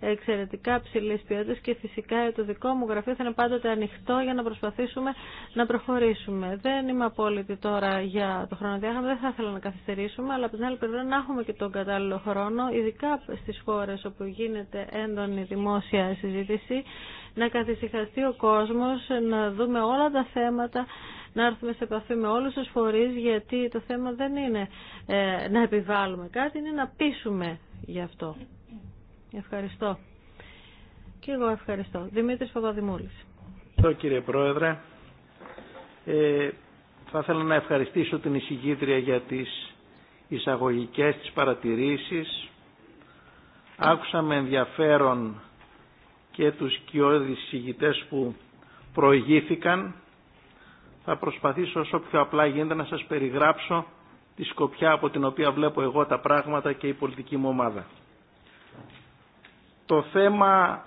[SPEAKER 4] εξαιρετικά ψηλή ποιότητα και φυσικά το δικό μου γραφείο θα είναι πάντοτε ανοιχτό για να προσπαθήσουμε να προχωρήσουμε. Δεν είμαι απόλυτη τώρα για το χρονοδιάγραμμα, δεν θα ήθελα να καθυστερήσουμε, αλλά από την άλλη πλευρά να έχουμε και τον κατάλληλο χρόνο, ειδικά στι χώρε όπου γίνεται έντονη δημόσια συζήτηση, να καθησυχαστεί ο κόσμο, να δούμε όλα τα θέματα, να έρθουμε σε επαφή με όλους τους φορείς, γιατί το θέμα δεν είναι ε, να επιβάλλουμε κάτι, είναι να πείσουμε γι' αυτό. Ευχαριστώ. Και εγώ ευχαριστώ. Δημήτρης Παπαδημούλης.
[SPEAKER 2] Ευχαριστώ κύριε Πρόεδρε. Ε, θα ήθελα να ευχαριστήσω την εισηγήτρια για τις εισαγωγικές της παρατηρήσεις. Άκουσα με ενδιαφέρον και τους κοιόδης εισηγητές που προηγήθηκαν. Θα προσπαθήσω όσο πιο απλά γίνεται να σας περιγράψω τη σκοπιά από την οποία βλέπω εγώ τα πράγματα και η πολιτική μου ομάδα το θέμα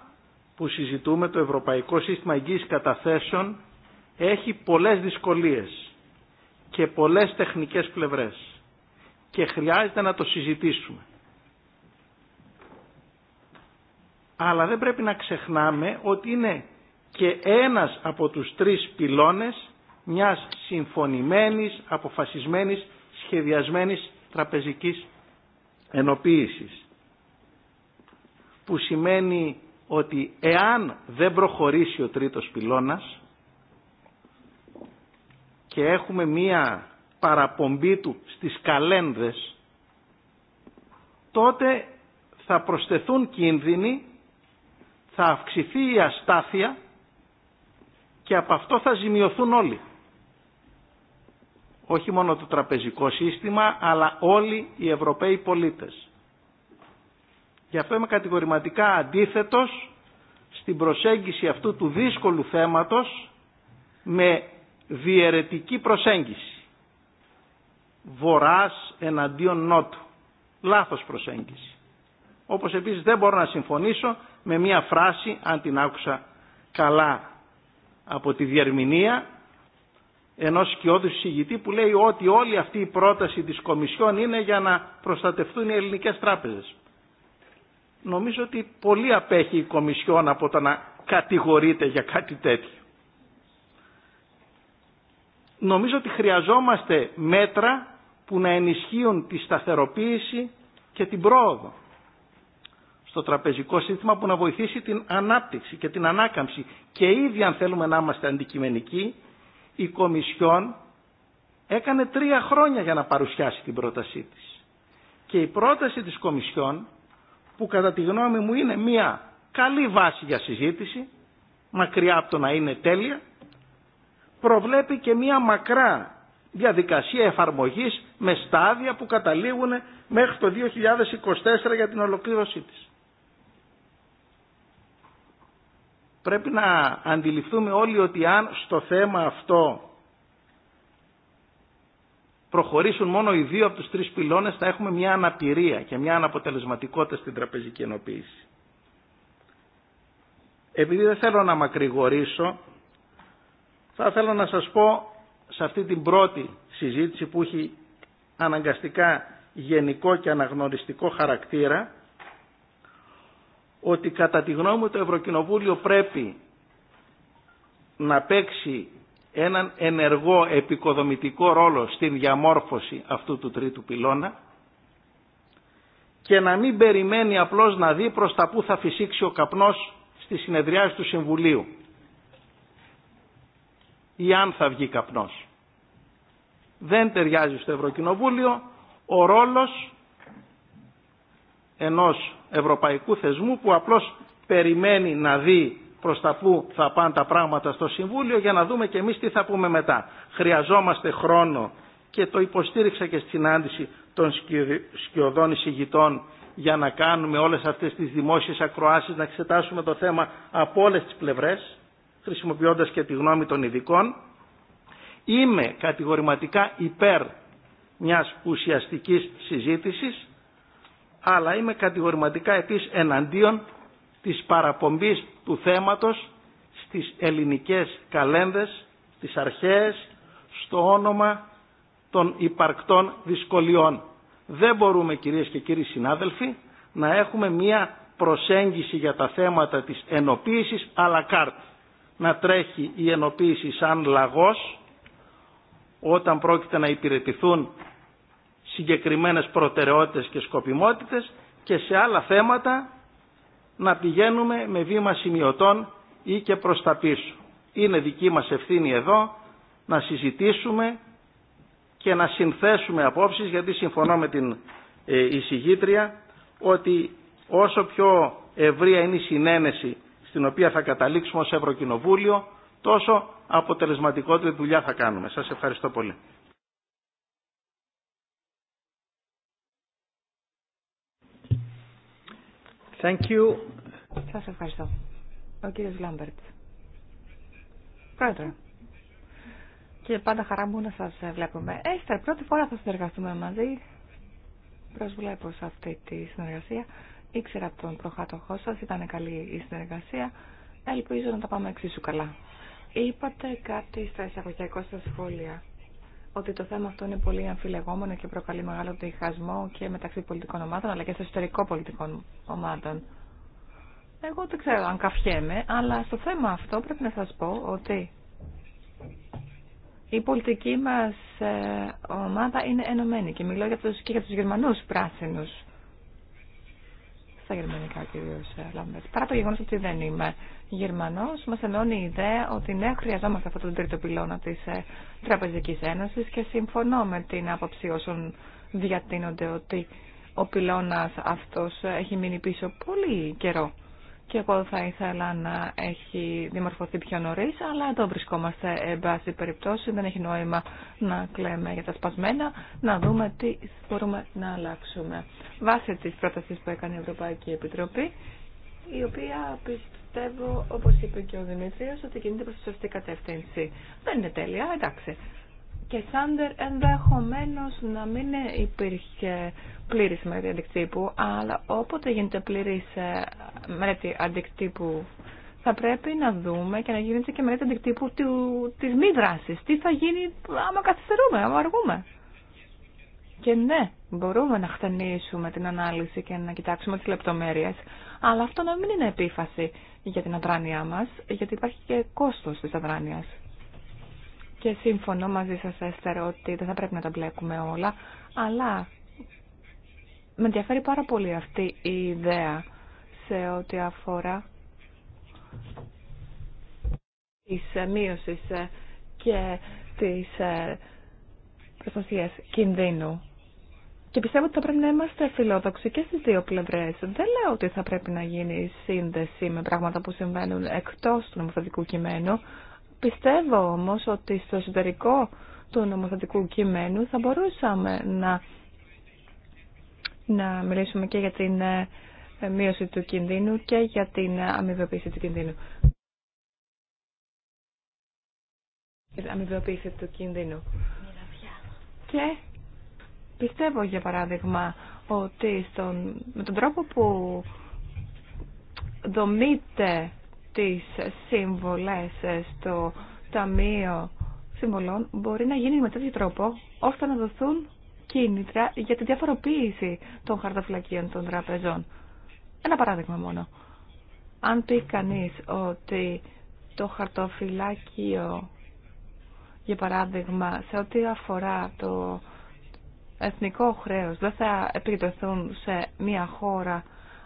[SPEAKER 2] που συζητούμε, το Ευρωπαϊκό Σύστημα Εγγύης Καταθέσεων, έχει πολλές δυσκολίες και πολλές τεχνικές πλευρές και χρειάζεται να το συζητήσουμε. Αλλά δεν πρέπει να ξεχνάμε ότι είναι και ένας από τους τρεις πυλώνες μιας συμφωνημένης, αποφασισμένης, σχεδιασμένης τραπεζικής ενοποίησης που σημαίνει ότι εάν δεν προχωρήσει ο τρίτος πυλώνας και έχουμε μία παραπομπή του στις καλένδες, τότε θα προσθεθούν κίνδυνοι, θα αυξηθεί η αστάθεια και από αυτό θα ζημιωθούν όλοι. Όχι μόνο το τραπεζικό σύστημα, αλλά όλοι οι Ευρωπαίοι πολίτες. Γι' αυτό είμαι κατηγορηματικά αντίθετος στην προσέγγιση αυτού του δύσκολου θέματος με διαιρετική προσέγγιση. βοράς εναντίον νότου. Λάθος προσέγγιση. Όπως επίσης δεν μπορώ να συμφωνήσω με μια φράση, αν την άκουσα καλά από τη διερμηνία, ενός σκιώδους συγητή που λέει ότι όλη αυτή η πρόταση της Κομισιόν είναι για να προστατευτούν οι ελληνικές τράπεζες νομίζω ότι πολύ απέχει η Κομισιόν από το να κατηγορείται για κάτι τέτοιο. Νομίζω ότι χρειαζόμαστε μέτρα που να ενισχύουν τη σταθεροποίηση και την πρόοδο στο τραπεζικό σύστημα που να βοηθήσει την ανάπτυξη και την ανάκαμψη. Και ήδη αν θέλουμε να είμαστε αντικειμενικοί, η Κομισιόν έκανε τρία χρόνια για να παρουσιάσει την πρότασή της. Και η πρόταση της Κομισιόν που κατά τη γνώμη μου είναι μια καλή βάση για συζήτηση, μακριά από το να είναι τέλεια, προβλέπει και μια μακρά διαδικασία εφαρμογής με στάδια που καταλήγουν μέχρι το 2024 για την ολοκλήρωσή της. Πρέπει να αντιληφθούμε όλοι ότι αν στο θέμα αυτό προχωρήσουν μόνο οι δύο από τους τρεις πυλώνες θα έχουμε μια αναπηρία και μια αναποτελεσματικότητα στην τραπεζική ενοποίηση. Επειδή δεν θέλω να μακρηγορήσω, θα θέλω να σας πω σε αυτή την πρώτη συζήτηση που έχει αναγκαστικά γενικό και αναγνωριστικό χαρακτήρα, ότι κατά τη γνώμη μου το Ευρωκοινοβούλιο πρέπει να παίξει έναν ενεργό επικοδομητικό ρόλο στην διαμόρφωση αυτού του τρίτου πυλώνα και να μην περιμένει απλώς να δει προς τα που θα φυσήξει ο καπνός στη συνεδριάση του Συμβουλίου ή αν θα βγει καπνός. Δεν ταιριάζει στο Ευρωκοινοβούλιο ο ρόλος ενός ευρωπαϊκού θεσμού που απλώς περιμένει να δει προς τα που θα πάνε τα πράγματα στο Συμβούλιο για να δούμε και εμείς τι θα πούμε μετά. Χρειαζόμαστε χρόνο και το υποστήριξα και στην συνάντηση των σκιωδών εισηγητών για να κάνουμε όλες αυτές τις δημόσιες ακροάσεις, να εξετάσουμε το θέμα από όλες τις πλευρές, χρησιμοποιώντας και τη γνώμη των ειδικών. Είμαι κατηγορηματικά υπέρ μιας ουσιαστικής συζήτησης, αλλά είμαι κατηγορηματικά επίσης εναντίον της παραπομπής του θέματος στις ελληνικές καλένδες, στις αρχαίες, στο όνομα των υπαρκτών δυσκολιών. Δεν μπορούμε κυρίες και κύριοι συνάδελφοι να έχουμε μία προσέγγιση για τα θέματα της ενοποίησης αλλά κάρτ. Να τρέχει η ενοποίηση σαν λαγός όταν πρόκειται να υπηρετηθούν συγκεκριμένες προτεραιότητες και σκοπιμότητες και σε άλλα θέματα να πηγαίνουμε με βήμα σημειωτών ή και προς τα πίσω. Είναι δική μας ευθύνη εδώ να συζητήσουμε και να συνθέσουμε απόψεις γιατί συμφωνώ με την ε, εισηγήτρια ότι όσο πιο ευρία είναι η συνένεση στην οποία θα καταλήξουμε ως Ευρωκοινοβούλιο τόσο αποτελεσματικότερη δουλειά θα κάνουμε. Σας ευχαριστώ πολύ.
[SPEAKER 1] Σας ευχαριστώ. Ο κύριος Λάμπερτ. Πρόεδρε. Και πάντα χαρά μου να σας βλέπουμε. Έστερ, πρώτη φορά θα συνεργαστούμε μαζί. Προσβλέπω σε αυτή τη συνεργασία. Ήξερα από τον προχάτοχό σας, ήταν καλή η συνεργασία. Ελπίζω να τα πάμε εξίσου καλά. Είπατε κάτι στα εισαγωγικά σα σχόλια ότι το θέμα αυτό είναι πολύ αμφιλεγόμενο και προκαλεί μεγάλο διχασμό και μεταξύ πολιτικών ομάδων αλλά και στο εσωτερικό πολιτικών ομάδων. Εγώ δεν ξέρω αν καφιέμαι, αλλά στο θέμα αυτό πρέπει να σας πω ότι η πολιτική μας ε, ομάδα είναι ενωμένη και μιλώ για τους, και για τους Γερμανούς πράσινους. Στα γερμανικά κυρίως, ε, Λάμπερτ. Παρά το γεγονός ότι δεν είμαι Γερμανός, μας ενώνει η ιδέα ότι ναι, χρειαζόμαστε αυτόν τον τρίτο πυλώνα της ε, Τραπεζικής Ένωσης και συμφωνώ με την άποψη όσων διατείνονται ότι ο πυλώνας αυτός έχει μείνει πίσω πολύ καιρό και εγώ θα ήθελα να έχει δημορφωθεί πιο νωρί, αλλά εδώ βρισκόμαστε εν πάση περιπτώσει. Δεν έχει νόημα να κλαίμε για τα σπασμένα, να δούμε τι μπορούμε να αλλάξουμε. Βάσει τη πρόταση που έκανε η Ευρωπαϊκή Επιτροπή, η οποία πιστεύω, όπω είπε και ο Δημήτριο, ότι κινείται προ τη σωστή κατεύθυνση. Δεν είναι τέλεια, εντάξει και Σάντερ ενδεχομένω να μην υπήρχε πλήρη μελέτη αντικτύπου, αλλά όποτε γίνεται πλήρη ε, μελέτη αντικτύπου θα πρέπει να δούμε και να γίνεται και μελέτη αντικτύπου τη μη δράση. Τι θα γίνει άμα καθυστερούμε, άμα αργούμε. Και ναι, μπορούμε να χτενίσουμε την ανάλυση και να κοιτάξουμε τις λεπτομέρειες, αλλά αυτό να μην είναι επίφαση για την αδράνειά μας, γιατί υπάρχει και κόστος της αδράνειας και σύμφωνο μαζί σας Έστερ ότι δεν θα πρέπει να τα μπλέκουμε όλα, αλλά με ενδιαφέρει πάρα πολύ αυτή η ιδέα σε ό,τι αφορά της μείωση και της προστασίας κινδύνου. Και πιστεύω ότι θα πρέπει να είμαστε φιλόδοξοι και στις δύο πλευρές. Δεν λέω ότι θα πρέπει να γίνει σύνδεση με πράγματα που συμβαίνουν εκτός του νομοθετικού κειμένου, Πιστεύω όμως ότι στο εσωτερικό του νομοθετικού κειμένου θα μπορούσαμε να, να μιλήσουμε και για την ε, μείωση του κινδύνου και για την αμοιβοποίηση του κινδύνου. αμοιβοποίηση του κινδύνου. Και πιστεύω για παράδειγμα ότι στον, με τον τρόπο που δομείται τις σύμβολες στο Ταμείο Συμβολών μπορεί να γίνει με τέτοιο τρόπο ώστε να δοθούν κίνητρα για τη διαφοροποίηση των χαρτοφυλακίων των τραπεζών. Ένα παράδειγμα μόνο. Αν πει κανείς ότι το χαρτοφυλάκιο, για παράδειγμα, σε ό,τι αφορά το εθνικό χρέος, δεν θα επιτεθούν σε μία χώρα,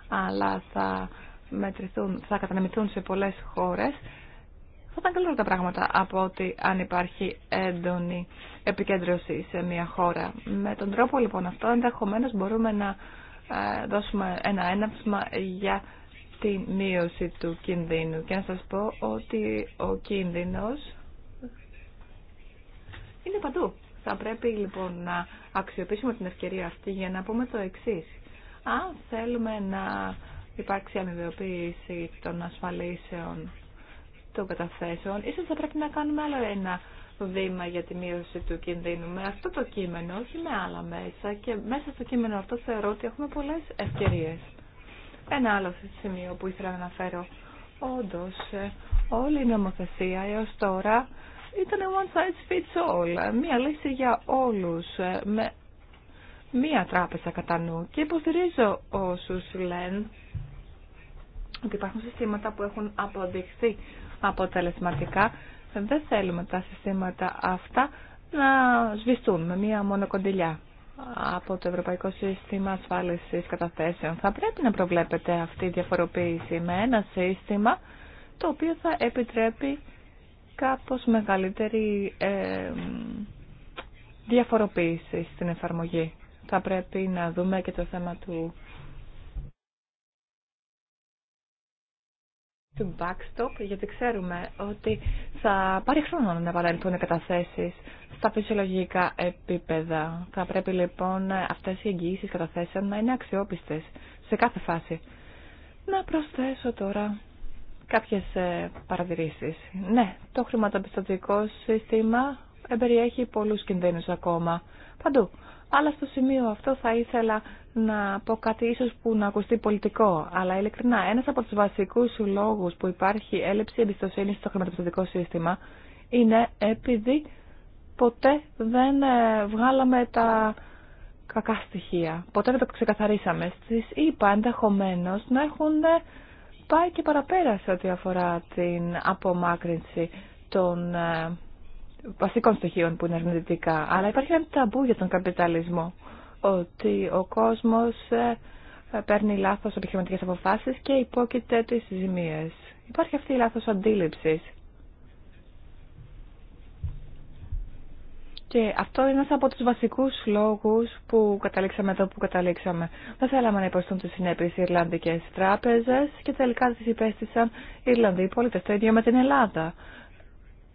[SPEAKER 1] αλλά θα μετρηθούν, θα κατανεμηθούν σε πολλές χώρες, θα ήταν καλύτερα τα πράγματα από ότι αν υπάρχει έντονη επικέντρωση σε μια χώρα. Με τον τρόπο λοιπόν αυτό ενδεχομένω μπορούμε να ε, δώσουμε ένα έναυσμα για τη μείωση του κινδύνου. Και να σας πω ότι ο κίνδυνος είναι παντού. Θα πρέπει λοιπόν να αξιοποιήσουμε την ευκαιρία αυτή για να πούμε το εξής. Αν θέλουμε να υπάρξει αμοιβαιοποίηση των ασφαλίσεων των καταθέσεων, ίσως θα πρέπει να κάνουμε άλλο ένα βήμα για τη μείωση του κινδύνου με αυτό το κείμενο, όχι με άλλα μέσα και μέσα στο κείμενο αυτό θεωρώ ότι έχουμε πολλές ευκαιρίες. Ένα άλλο σημείο που ήθελα να αναφέρω. Όντω, ε, όλη η νομοθεσία εω τώρα ήταν one size fits all, ε, μία λύση για όλου. Ε, με μία τράπεζα κατά νου. Και υποστηρίζω όσου λένε ότι υπάρχουν συστήματα που έχουν αποδειχθεί αποτελεσματικά. Δεν θέλουμε τα συστήματα αυτά να σβηστούν με μία μόνο κοντιλιά από το Ευρωπαϊκό Σύστημα Ασφάλισης Καταθέσεων. Θα πρέπει να προβλέπεται αυτή η διαφοροποίηση με ένα σύστημα το οποίο θα επιτρέπει κάπως μεγαλύτερη ε, διαφοροποίηση στην εφαρμογή. Θα πρέπει να δούμε και το θέμα του του backstop, γιατί ξέρουμε ότι θα πάρει χρόνο να παραλυθούν οι καταθέσει στα φυσιολογικά επίπεδα. Θα πρέπει λοιπόν αυτές οι εγγυήσει καταθέσεων να είναι αξιόπιστε σε κάθε φάση. Να προσθέσω τώρα κάποιες ε, παρατηρήσει. Ναι, το χρηματοπιστωτικό σύστημα εμπεριέχει πολλούς κινδύνους ακόμα. Παντού. Αλλά στο σημείο αυτό θα ήθελα να πω κάτι ίσως που να ακουστεί πολιτικό. Αλλά ειλικρινά, ένας από τους βασικούς λόγους που υπάρχει έλλειψη εμπιστοσύνη στο χρηματοπιστωτικό σύστημα είναι επειδή ποτέ δεν ε, βγάλαμε τα κακά στοιχεία. Ποτέ δεν το ξεκαθαρίσαμε. Στις είπα ενδεχομένω να έχουν ε, πάει και παραπέρα σε ό,τι αφορά την απομάκρυνση των ε, βασικών στοιχείων που είναι αρνητικά. Αλλά υπάρχει ένα ταμπού για τον καπιταλισμό. Ότι ο κόσμο ε, παίρνει λάθο επιχειρηματικέ αποφάσει και υπόκειται τι ζημίε. Υπάρχει αυτή η λάθο αντίληψη. Και αυτό είναι ένα από του βασικού λόγου που καταλήξαμε εδώ που καταλήξαμε. Δεν θέλαμε να υποστούν τις συνέπειε οι Ιρλανδικές τράπεζε και τελικά τι υπέστησαν οι Ιρλανδοί πολιτέ Το ίδιο με την Ελλάδα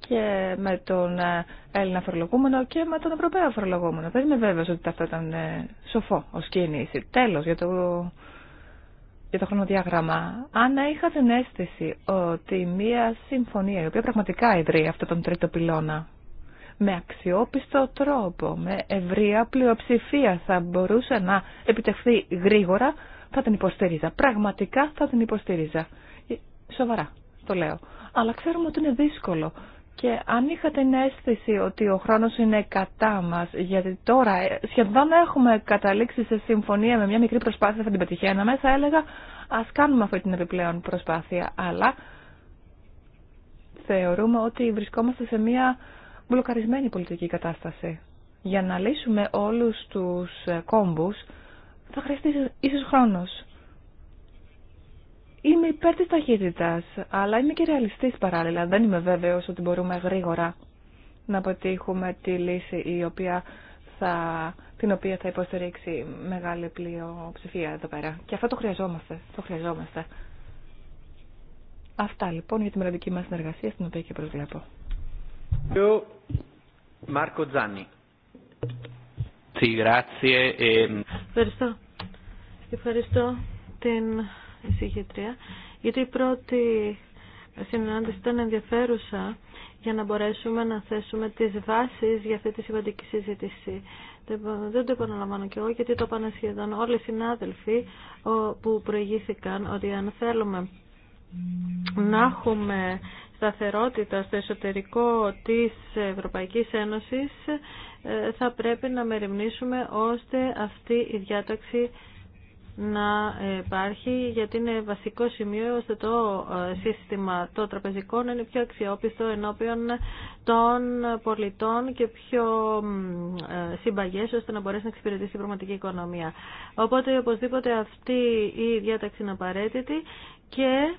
[SPEAKER 1] και με τον ε, Έλληνα φορολογούμενο και με τον Ευρωπαίο φορολογούμενο. Δεν είμαι βέβαιος ότι αυτό ήταν ε, σοφό ως κίνηση. Τέλος για το, το χρονοδιάγραμμα. Αν είχα την αίσθηση ότι μια συμφωνία η οποία πραγματικά ιδρύει αυτόν τον τρίτο πυλώνα με αξιόπιστο τρόπο, με ευρεία πλειοψηφία θα μπορούσε να επιτευχθεί γρήγορα, θα την υποστηρίζα. Πραγματικά θα την υποστηρίζα. Ε, σοβαρά το λέω. Αλλά ξέρουμε ότι είναι δύσκολο και αν είχα την αίσθηση ότι ο χρόνος είναι κατά μας, γιατί τώρα ε, σχεδόν έχουμε καταλήξει σε συμφωνία με μια μικρή προσπάθεια, θα την πετυχαίναμε, θα έλεγα ας κάνουμε αυτή την επιπλέον προσπάθεια. Αλλά θεωρούμε ότι βρισκόμαστε σε μια μπλοκαρισμένη πολιτική κατάσταση. Για να λύσουμε όλους τους ε, κόμπους θα χρειαστεί ίσως χρόνος. Είμαι υπέρ της ταχύτητας, αλλά είμαι και ρεαλιστής παράλληλα. Δεν είμαι βέβαιος ότι μπορούμε γρήγορα να πετύχουμε τη λύση η οποία θα, την οποία θα υποστηρίξει μεγάλη πλειοψηφία εδώ πέρα. Και αυτό το χρειαζόμαστε. Το χρειαζόμαστε. Αυτά λοιπόν για τη μελλοντική μας συνεργασία στην οποία και προσβλέπω.
[SPEAKER 3] Μάρκο ehm.
[SPEAKER 1] Ευχαριστώ.
[SPEAKER 4] Ευχαριστώ την γιατί η πρώτη συνάντηση ήταν ενδιαφέρουσα για να μπορέσουμε να θέσουμε τις βάσεις για αυτή τη σημαντική συζήτηση. Δεν το επαναλαμβάνω και εγώ γιατί το είπαν σχεδόν όλοι οι συνάδελφοι που προηγήθηκαν ότι αν θέλουμε να έχουμε σταθερότητα στο εσωτερικό της Ευρωπαϊκής Ένωσης ε, θα πρέπει να μεριμνήσουμε ώστε αυτή η διάταξη να υπάρχει γιατί είναι βασικό σημείο ώστε το ε, σύστημα το τραπεζικό να είναι πιο αξιόπιστο ενώπιον των πολιτών και πιο ε, συμπαγές ώστε να μπορέσει να εξυπηρετήσει την πραγματική οικονομία. Οπότε οπωσδήποτε αυτή η διάταξη είναι απαραίτητη και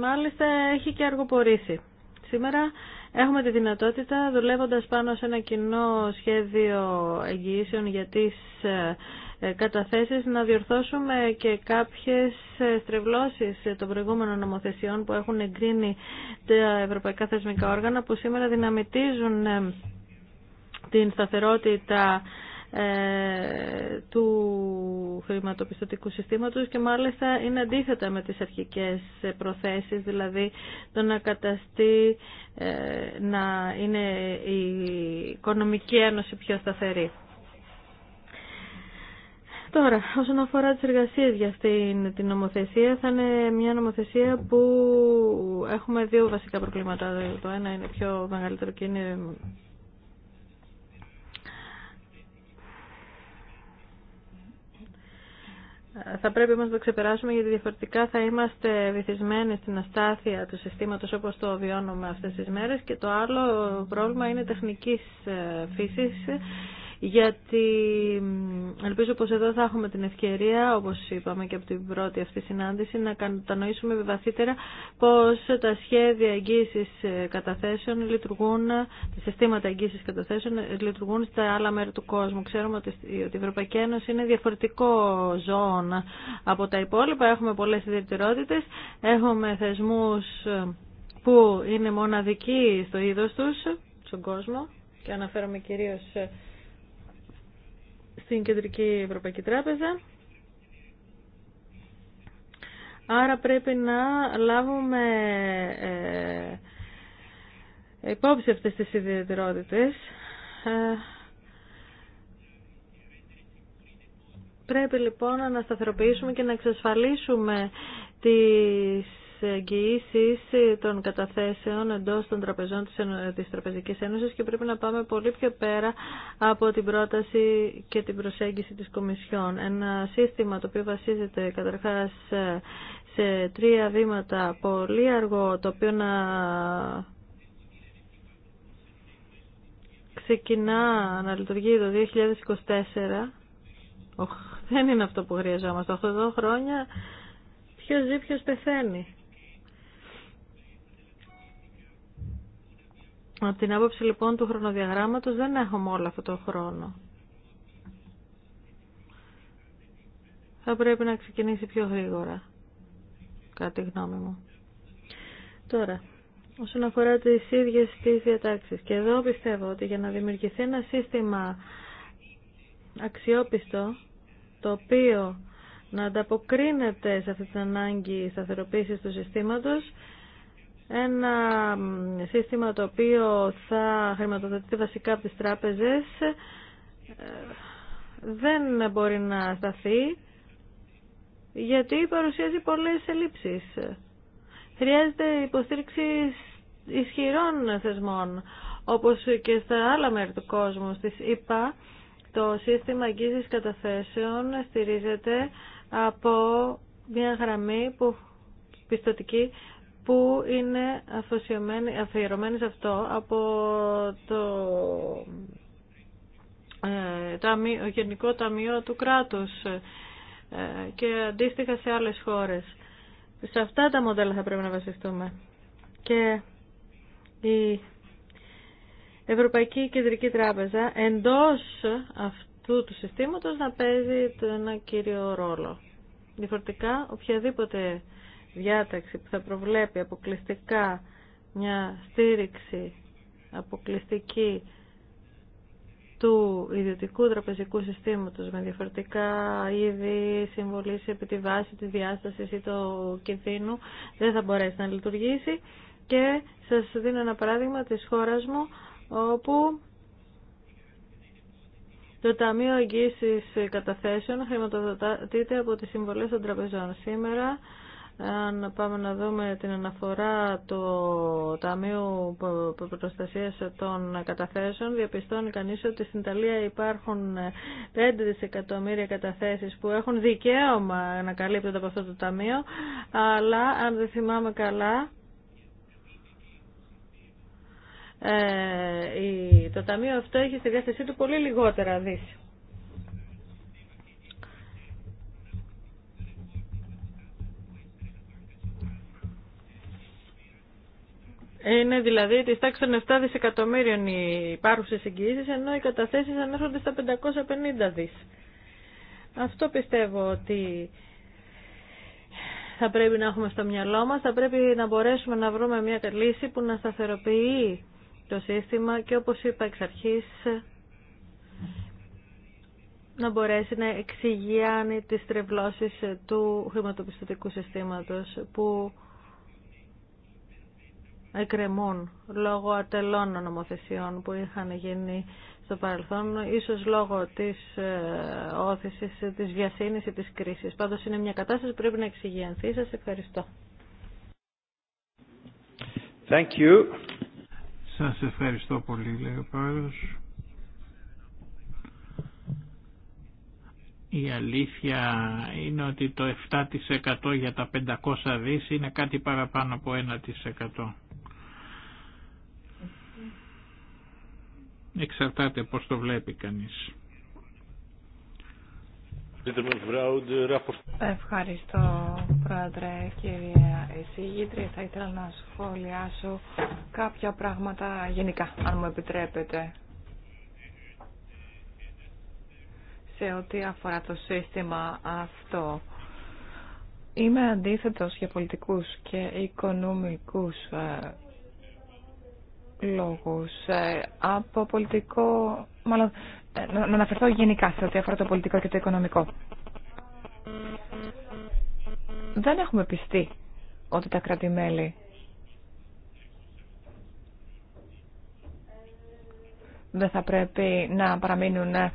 [SPEAKER 4] μάλιστα έχει και αργοπορήσει. Σήμερα έχουμε τη δυνατότητα δουλεύοντας πάνω σε ένα κοινό σχέδιο εγγυήσεων για τις ε, ε, καταθέσεις να διορθώσουμε και κάποιες ε, στρεβλώσεις ε, των προηγούμενων νομοθεσιών που έχουν εγκρίνει τα ευρωπαϊκά θεσμικά όργανα που σήμερα δυναμητίζουν την σταθερότητα του χρηματοπιστωτικού συστήματος και μάλιστα είναι αντίθετα με τις αρχικές προθέσεις, δηλαδή το να καταστεί να είναι η οικονομική ένωση πιο σταθερή. Τώρα, όσον αφορά τις εργασίες για αυτήν την νομοθεσία, θα είναι μια νομοθεσία που έχουμε δύο βασικά προβλήματα. Το ένα είναι πιο μεγαλύτερο και είναι Θα πρέπει όμως να το ξεπεράσουμε γιατί διαφορετικά θα είμαστε βυθισμένοι στην αστάθεια του συστήματος όπως το βιώνουμε αυτές τις μέρες και το άλλο πρόβλημα είναι τεχνικής ε, φύσης γιατί ελπίζω πως εδώ θα έχουμε την ευκαιρία, όπως είπαμε και από την πρώτη αυτή συνάντηση, να κατανοήσουμε βαθύτερα πως τα σχέδια εγγύησης ε, καταθέσεων λειτουργούν, τα συστήματα εγγύησης καταθέσεων ε, λειτουργούν στα άλλα μέρη του κόσμου. Ξέρουμε ότι η Ευρωπαϊκή Ένωση είναι διαφορετικό ζώο από τα υπόλοιπα. Έχουμε πολλές ιδιαιτερότητες, έχουμε θεσμούς ε, που είναι μοναδικοί στο είδος τους, στον κόσμο και αναφέρομαι κυρίως στην Κεντρική Ευρωπαϊκή Τράπεζα. Άρα πρέπει να λάβουμε ε, υπόψη αυτές τις ιδιαιτερότητες. Ε, πρέπει λοιπόν να σταθεροποιήσουμε και να εξασφαλίσουμε τις εγγυήσεις ε, των καταθέσεων εντός των τραπεζών ε, της Τραπεζικής Ένωσης και πρέπει να πάμε πολύ πιο πέρα από την πρόταση και την προσέγγιση της Κομισιόν. Ένα σύστημα το οποίο βασίζεται καταρχάς ε, σε τρία βήματα πολύ αργό, το οποίο να ξεκινά να λειτουργεί το 2024 δεν είναι αυτό που χρειαζόμαστε. 8 χρόνια ποιος ζει, ποιος πεθαίνει. Από την άποψη λοιπόν του χρονοδιαγράμματος δεν έχουμε όλο αυτό το χρόνο. Θα πρέπει να ξεκινήσει πιο γρήγορα, κάτι γνώμη μου. Τώρα, όσον αφορά τις ίδιες τις διατάξεις, και εδώ πιστεύω ότι για να δημιουργηθεί ένα σύστημα αξιόπιστο, το οποίο να ανταποκρίνεται σε αυτή την ανάγκη σταθεροποίησης του συστήματος, ένα σύστημα το οποίο θα χρηματοδοτείται βασικά από τις τράπεζες ε, δεν μπορεί να σταθεί γιατί παρουσιάζει πολλές ελλείψεις. Χρειάζεται υποστήριξη ισχυρών θεσμών όπως και στα άλλα μέρη του κόσμου. Στις ΙΠΑ, το σύστημα αγγίζης καταθέσεων στηρίζεται από μια γραμμή που πιστοτική που είναι αφιερωμένη σε αυτό από το, ε, Γενικό Ταμείο του Κράτους ε, και αντίστοιχα σε άλλες χώρες. Σε αυτά τα μοντέλα θα πρέπει να βασιστούμε. Και η Ευρωπαϊκή Κεντρική Τράπεζα εντός αυτού του συστήματος να παίζει ένα κύριο ρόλο. Διαφορετικά, οποιαδήποτε διάταξη που θα προβλέπει αποκλειστικά μια στήριξη αποκλειστική του ιδιωτικού τραπεζικού συστήματος με διαφορετικά είδη συμβολής επί τη βάση της διάστασης ή το κινδύνου δεν θα μπορέσει να λειτουργήσει και σας δίνω ένα παράδειγμα της χώρας μου όπου το Ταμείο Εγγύησης Καταθέσεων χρηματοδοτείται από τις συμβολές των τραπεζών. Σήμερα αν πάμε να δούμε την αναφορά του Ταμείου Προστασίας των Καταθέσεων, διαπιστώνει κανείς ότι στην Ιταλία υπάρχουν 5 δισεκατομμύρια καταθέσεις που έχουν δικαίωμα να καλύπτονται από αυτό το Ταμείο, αλλά αν δεν θυμάμαι καλά, ε, το Ταμείο αυτό έχει στη διάθεσή του πολύ λιγότερα δίση. Είναι δηλαδή τη τάξη των 7 δισεκατομμύριων οι υπάρχουσε εγγυήσει, ενώ οι καταθέσει ανέρχονται στα 550 δι. Αυτό πιστεύω ότι θα πρέπει να έχουμε στο μυαλό μα. θα πρέπει να μπορέσουμε να βρούμε μια λύση που να σταθεροποιεί το σύστημα και όπως είπα εξ αρχή να μπορέσει να εξηγιάνει τις τρευλώσεις του χρηματοπιστωτικού συστήματος που εκκρεμούν λόγω ατελών νομοθεσιών που είχαν γίνει στο παρελθόν, ίσως λόγω της ε, όθησης, της βιασύνης ή της κρίσης. Πάντως είναι μια κατάσταση που πρέπει να εξηγιανθεί. Σας ευχαριστώ.
[SPEAKER 3] Thank you. Σας ευχαριστώ πολύ, λέει Η αλήθεια είναι ότι το 7% για τα 500 δις είναι κάτι παραπάνω από 1%. Εξαρτάται πώς το βλέπει κανείς.
[SPEAKER 1] Ευχαριστώ Πρόεδρε κυρία εισηγήτρια. Θα ήθελα να σχολιάσω κάποια πράγματα γενικά, αν μου επιτρέπετε. Σε ό,τι αφορά το σύστημα αυτό. Είμαι αντίθετος για πολιτικούς και οικονομικούς ε, λόγους. Ε, από πολιτικό, μάλλον ε, να αναφερθώ γενικά σε ό,τι αφορά το πολιτικό και το οικονομικό. Δεν έχουμε πιστεί ότι τα κράτη-μέλη δεν θα πρέπει να παραμείνουν ε,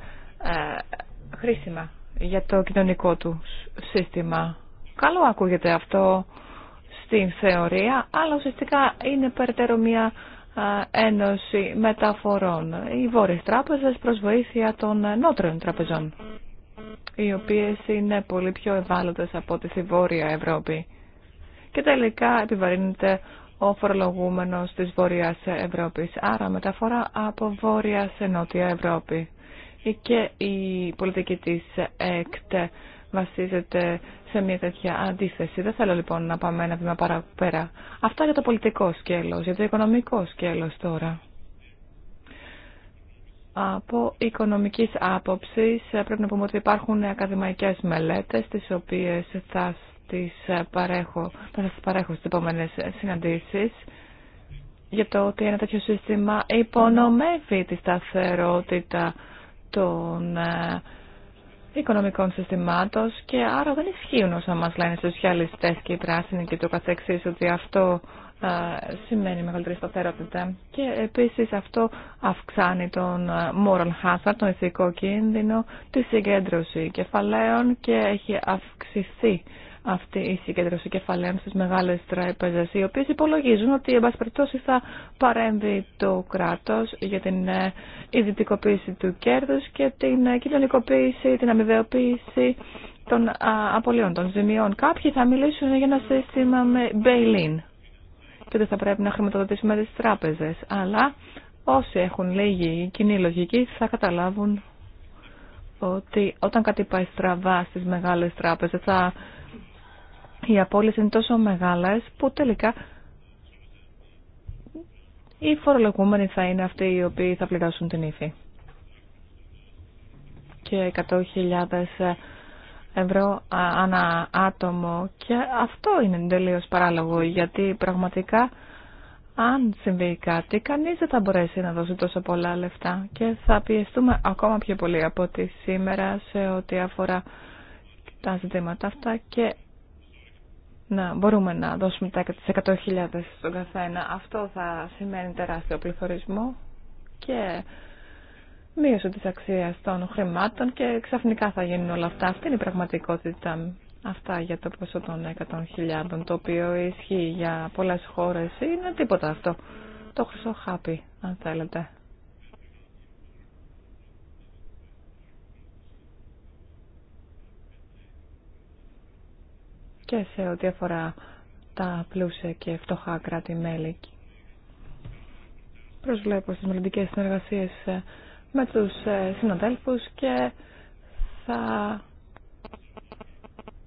[SPEAKER 1] χρήσιμα για το κοινωνικό του σύστημα. Καλό ακούγεται αυτό στην θεωρία, αλλά ουσιαστικά είναι περαιτέρω μια Ένωση Μεταφορών, οι βόρειες τράπεζες προς βοήθεια των νότρων τραπεζών, οι οποίες είναι πολύ πιο ευάλωτες από τη Βόρεια Ευρώπη. Και τελικά επιβαρύνεται ο φορολογούμενος της Βόρειας Ευρώπης, άρα μεταφορά από Βόρεια σε Νότια Ευρώπη. Και η πολιτική της ΕΚΤ βασίζεται σε μια τέτοια αντίθεση. Δεν θέλω λοιπόν να πάμε ένα βήμα παραπέρα. Αυτά για το πολιτικό σκέλος, για το οικονομικό σκέλος τώρα. Από οικονομικής άποψης ε, πρέπει να πούμε ότι υπάρχουν ακαδημαϊκές μελέτες τις οποίες θα τις ε, παρέχω, θα παρέχω στις επόμενες ε, συναντήσεις για το ότι ένα τέτοιο σύστημα υπονομεύει τη σταθερότητα των οικονομικών συστημάτων και άρα δεν ισχύουν όσα μα λένε οι σοσιαλιστές και οι πράσινοι και το καθεξή ότι αυτό ε, σημαίνει μεγαλύτερη σταθερότητα και επίση αυτό αυξάνει τον ε, moral hazard, τον ηθικό κίνδυνο, τη συγκέντρωση κεφαλαίων και έχει αυξηθεί αυτή η συγκέντρωση κεφαλαίων στις μεγάλες τράπεζες, οι οποίες υπολογίζουν ότι εν πάση περιπτώσει θα παρέμβει το κράτος για την ε, ιδιωτικοποίηση του κέρδους και την ε, κοινωνικοποίηση, την αμοιβαιοποίηση των απολειών, των ζημιών. Κάποιοι θα μιλήσουν για ένα σύστημα με bail-in και ότι θα πρέπει να χρηματοδοτήσουμε τις τράπεζες, αλλά όσοι έχουν λίγη κοινή λογική θα καταλάβουν ότι όταν κάτι πάει στραβά στις μεγάλες τράπεζες θα οι απώλειες είναι τόσο μεγάλες που τελικά οι φορολογούμενοι θα είναι αυτοί οι οποίοι θα πληρώσουν την ύφη. Και 100.000 ευρώ ανά άτομο και αυτό είναι τελείω παράλογο γιατί πραγματικά αν συμβεί κάτι κανείς δεν θα μπορέσει να δώσει τόσο πολλά λεφτά και θα πιεστούμε ακόμα πιο πολύ από ό,τι σήμερα σε ό,τι αφορά τα ζητήματα αυτά και να μπορούμε να δώσουμε τα 100.000 στον καθένα. Αυτό θα σημαίνει τεράστιο πληθωρισμό και μείωση της αξίας των χρημάτων και ξαφνικά θα γίνουν όλα αυτά. Αυτή είναι η πραγματικότητα. Αυτά για το ποσό των 100.000, το οποίο ισχύει για πολλές χώρες, είναι τίποτα αυτό. Το χρυσό χάπι, αν θέλετε. και σε ό,τι αφορά τα πλούσια και φτωχά κράτη-μέλη. Προσβλέπω στις μελλοντικές συνεργασίες ε, με τους ε, συναδέλφους και θα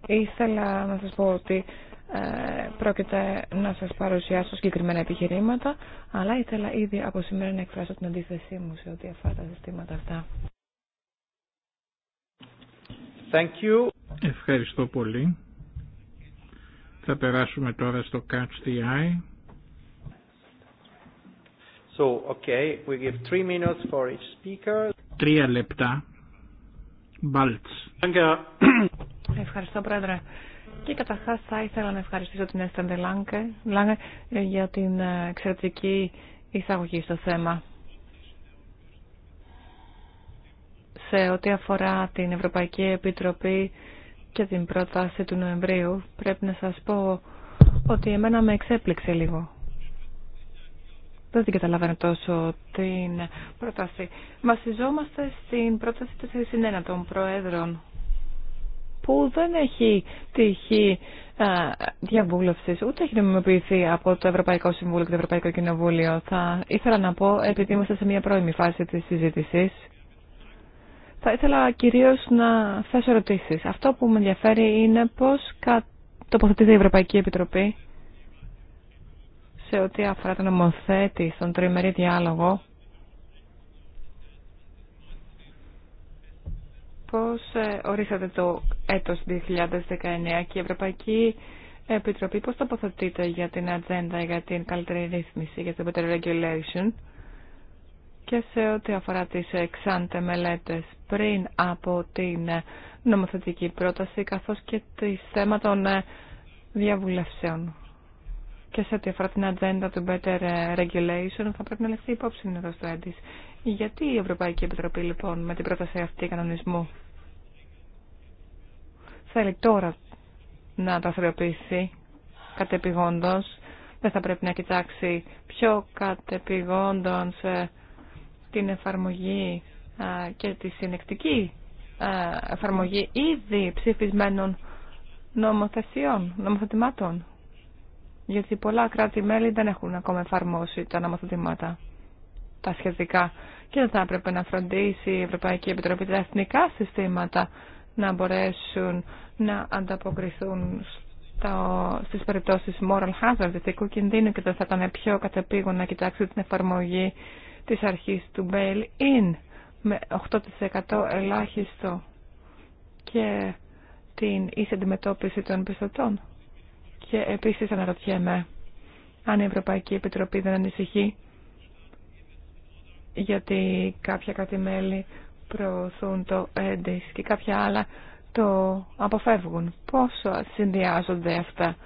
[SPEAKER 1] ήθελα να σας πω ότι ε, πρόκειται να σας παρουσιάσω συγκεκριμένα επιχειρήματα, αλλά ήθελα ήδη από σήμερα να εκφράσω την αντίθεσή μου σε ό,τι αφορά τα ζητήματα αυτά.
[SPEAKER 3] Thank you. Ευχαριστώ πολύ. Θα περάσουμε τώρα στο Catch the Eye. So, okay, we give Τρία λεπτά. Μπάλτς.
[SPEAKER 1] Ευχαριστώ, Πρόεδρε. Και καταρχά θα ήθελα να ευχαριστήσω την Έστεντε Λάγκε για την ε, εξαιρετική εισαγωγή στο θέμα. Σε ό,τι αφορά την Ευρωπαϊκή Επιτροπή και την πρόταση του Νοεμβρίου, πρέπει να σας πω ότι εμένα με εξέπληξε λίγο. Δεν την καταλαβαίνω τόσο την πρόταση. Βασιζόμαστε στην πρόταση της συνένα των Προέδρων που δεν έχει τύχη διαβούλευση, ούτε έχει νομιμοποιηθεί από το Ευρωπαϊκό Συμβούλιο και το Ευρωπαϊκό Κοινοβούλιο. Θα ήθελα να πω, επειδή είμαστε σε μια πρώιμη φάση της συζήτησης θα ήθελα κυρίως να θέσω ερωτήσεις. Αυτό που με ενδιαφέρει είναι πώς τοποθετείται η Ευρωπαϊκή Επιτροπή σε ό,τι αφορά τον νομοθέτη στον τριμερή διάλογο. Πώς ε, ορίσατε το έτος 2019 και η Ευρωπαϊκή Επιτροπή πώς τοποθετείται για την ατζέντα, για την καλύτερη ρύθμιση, για το better regulation και σε ό,τι αφορά τις εξάντε μελέτες πριν από την νομοθετική πρόταση καθώς και τις θέμα των ε, διαβουλευσεών. Και σε ό,τι αφορά την ατζέντα του Better Regulation θα πρέπει να λεφθεί υπόψη εδώ στο έντις. Γιατί η Ευρωπαϊκή Επιτροπή λοιπόν με την πρόταση αυτή κανονισμού θέλει τώρα να τα θεωρηθεί κατεπηγόντως δεν θα πρέπει να κοιτάξει πιο κατεπηγόντων σε την εφαρμογή και τη συνεκτική εφαρμογή ήδη ψηφισμένων νομοθεσιών, νομοθετημάτων. Γιατί πολλά κράτη-μέλη δεν έχουν ακόμα εφαρμόσει τα νομοθετημάτα τα σχετικά και δεν θα έπρεπε να φροντίσει η Ευρωπαϊκή Επιτροπή τα εθνικά συστήματα να μπορέσουν να ανταποκριθούν στο, στις περιπτώσεις moral hazard, δυτικού κινδύνου και δεν θα ήταν πιο κατεπήγον να κοιτάξει την εφαρμογή της αρχής του bail-in με 8% ελάχιστο και την ίση αντιμετώπιση των πιστωτών. Και επίσης αναρωτιέμαι αν η Ευρωπαϊκή Επιτροπή δεν ανησυχεί γιατί κάποια κατημέλη προωθούν το έντις και κάποια άλλα το αποφεύγουν. Πόσο συνδυάζονται αυτά